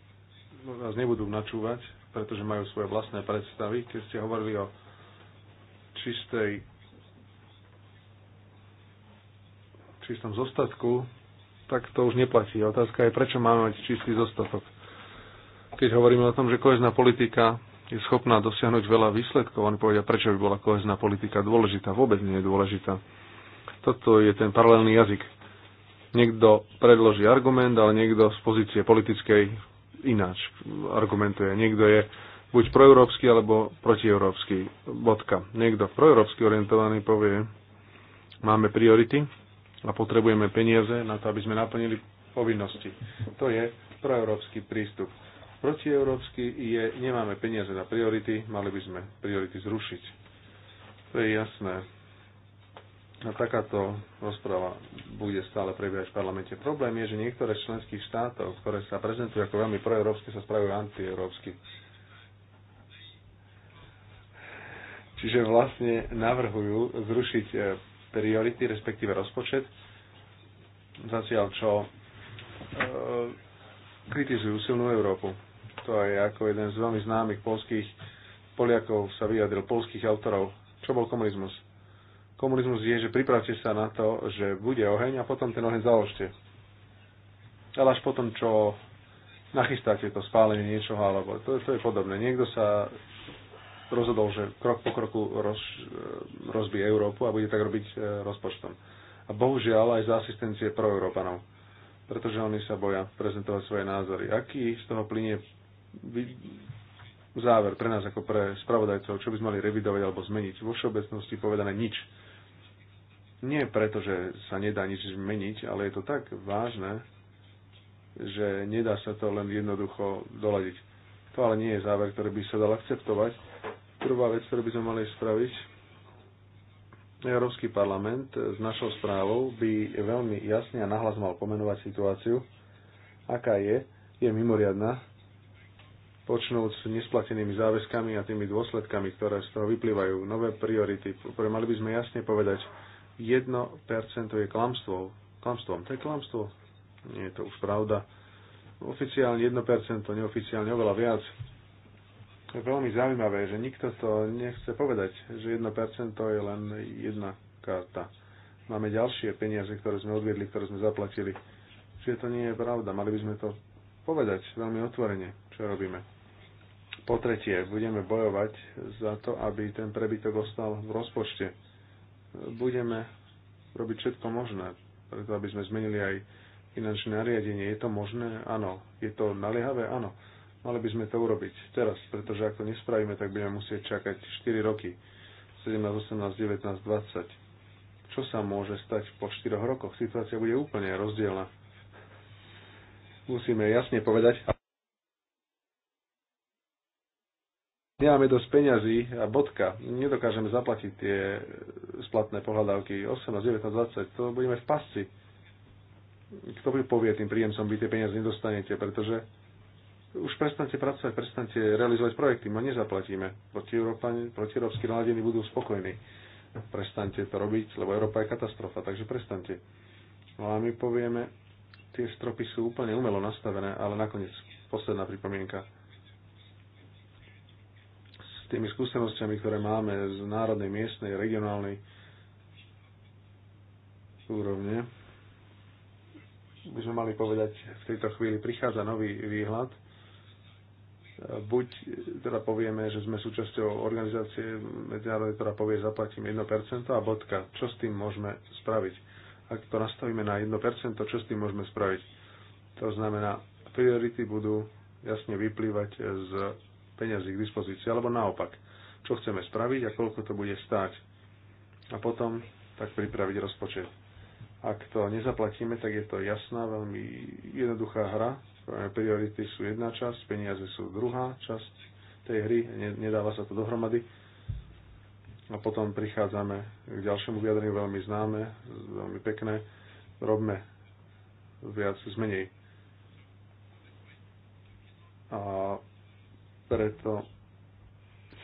vás no, nebudú načúvať, pretože majú svoje vlastné predstavy. Keď ste hovorili o čistej čistom zostatku, tak to už neplatí. Otázka je, prečo máme mať čistý zostatok. Keď hovoríme o tom, že kohezná politika je schopná dosiahnuť veľa výsledkov, oni povedia, prečo by bola kohezná politika dôležitá. Vôbec nie je dôležitá. Toto je ten paralelný jazyk. Niekto predloží argument, ale niekto z pozície politickej ináč argumentuje. Niekto je buď proeurópsky alebo protieurópsky. Bodka. Niekto proeurópsky orientovaný povie, máme priority a potrebujeme peniaze na to, aby sme naplnili povinnosti. To je proeurópsky prístup. Protieurópsky je, nemáme peniaze na priority, mali by sme priority zrušiť. To je jasné a no, takáto rozpráva bude stále prebiehať v parlamente. Problém je, že niektoré z členských štátov, ktoré sa prezentujú ako veľmi proeurópske, sa spravujú antieurópsky. Čiže vlastne navrhujú zrušiť e, priority, respektíve rozpočet, zatiaľ čo e, kritizujú silnú Európu. To je ako jeden z veľmi známych polských Poliakov sa vyjadril, polských autorov. Čo bol komunizmus? Komunizmus je, že pripravte sa na to, že bude oheň a potom ten oheň založte. Ale až potom, čo nachystáte to spálenie niečoho, alebo to, to je podobné. Niekto sa rozhodol, že krok po kroku roz, rozbije Európu a bude tak robiť e, rozpočtom. A bohužiaľ aj za asistencie pro Európanov, pretože oni sa boja prezentovať svoje názory. Aký z toho plinie záver pre nás ako pre spravodajcov, čo by sme mali revidovať alebo zmeniť? Vo všeobecnosti povedané nič. Nie preto, že sa nedá nič zmeniť, ale je to tak vážne, že nedá sa to len jednoducho doladiť. To ale nie je záver, ktorý by sa dal akceptovať. Prvá vec, ktorú by sme mali spraviť, Európsky parlament s našou správou by veľmi jasne a nahlas mal pomenovať situáciu, aká je, je mimoriadná, počnúť s nesplatenými záväzkami a tými dôsledkami, ktoré z toho vyplývajú, nové priority, ktoré mali by sme jasne povedať, 1% je klamstvo, klamstvom. To je klamstvo. Nie je to už pravda. Oficiálne 1%, neoficiálne oveľa viac. To je veľmi zaujímavé, že nikto to nechce povedať, že 1% je len jedna karta. Máme ďalšie peniaze, ktoré sme odviedli, ktoré sme zaplatili. Čiže to nie je pravda. Mali by sme to povedať veľmi otvorene, čo robíme. Po tretie, budeme bojovať za to, aby ten prebytok ostal v rozpočte budeme robiť všetko možné, preto aby sme zmenili aj finančné nariadenie. Je to možné? Áno. Je to naliehavé? Áno. Mali by sme to urobiť teraz, pretože ak to nespravíme, tak budeme musieť čakať 4 roky. 17, 18, 19, 20. Čo sa môže stať po 4 rokoch? Situácia bude úplne rozdielna. Musíme jasne povedať. nemáme dosť peňazí a bodka, nedokážeme zaplatiť tie splatné pohľadávky 18, 19, 20, to budeme v pasci. Kto by povie tým príjemcom, vy tie peniaze nedostanete, pretože už prestante pracovať, prestante realizovať projekty, my nezaplatíme. Proti, Európani, proti európsky naladení budú spokojní. Prestante to robiť, lebo Európa je katastrofa, takže prestante. No a my povieme, tie stropy sú úplne umelo nastavené, ale nakoniec posledná pripomienka tými skúsenostiami, ktoré máme z národnej, miestnej, regionálnej úrovne, by sme mali povedať, v tejto chvíli prichádza nový výhľad. Buď teda povieme, že sme súčasťou organizácie medzinárodnej, ktorá povie zaplatím 1% a bodka. Čo s tým môžeme spraviť? Ak to nastavíme na 1%, čo s tým môžeme spraviť? To znamená, priority budú jasne vyplývať z peňazí k dispozícii, alebo naopak, čo chceme spraviť a koľko to bude stáť. A potom tak pripraviť rozpočet. Ak to nezaplatíme, tak je to jasná, veľmi jednoduchá hra. Priority sú jedna časť, peniaze sú druhá časť tej hry, nedáva sa to dohromady. A potom prichádzame k ďalšiemu vyjadreniu, veľmi známe, veľmi pekné. Robme viac z menej. A preto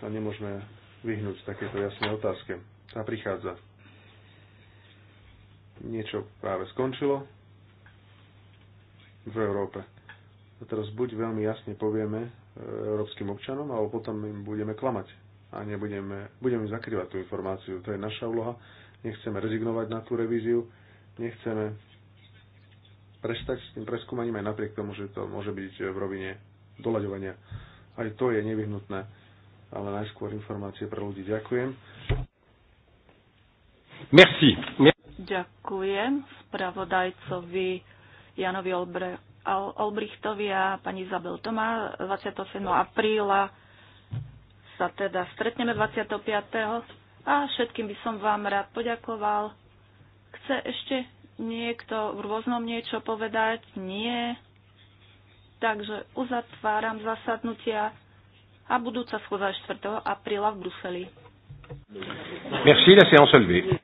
sa nemôžeme vyhnúť takéto jasnej otázke. A prichádza. Niečo práve skončilo v Európe. A teraz buď veľmi jasne povieme e, európskym občanom, alebo potom im budeme klamať a nebudeme, budeme zakrývať tú informáciu. To je naša úloha. Nechceme rezignovať na tú revíziu, nechceme prestať s tým preskúmaním aj napriek tomu, že to môže byť v rovine doľaďovania aj to je nevyhnutné, ale najskôr informácie pre ľudí. Ďakujem. Merci. Ďakujem spravodajcovi Janovi Olbre, Olbrichtovi a pani Izabel Tomá 27. apríla sa teda stretneme 25. a všetkým by som vám rád poďakoval. Chce ešte niekto v rôznom niečo povedať? Nie. Takže uzatváram zasadnutia a budúca schôdza 4. apríla v Bruseli. Merci, la séance levée.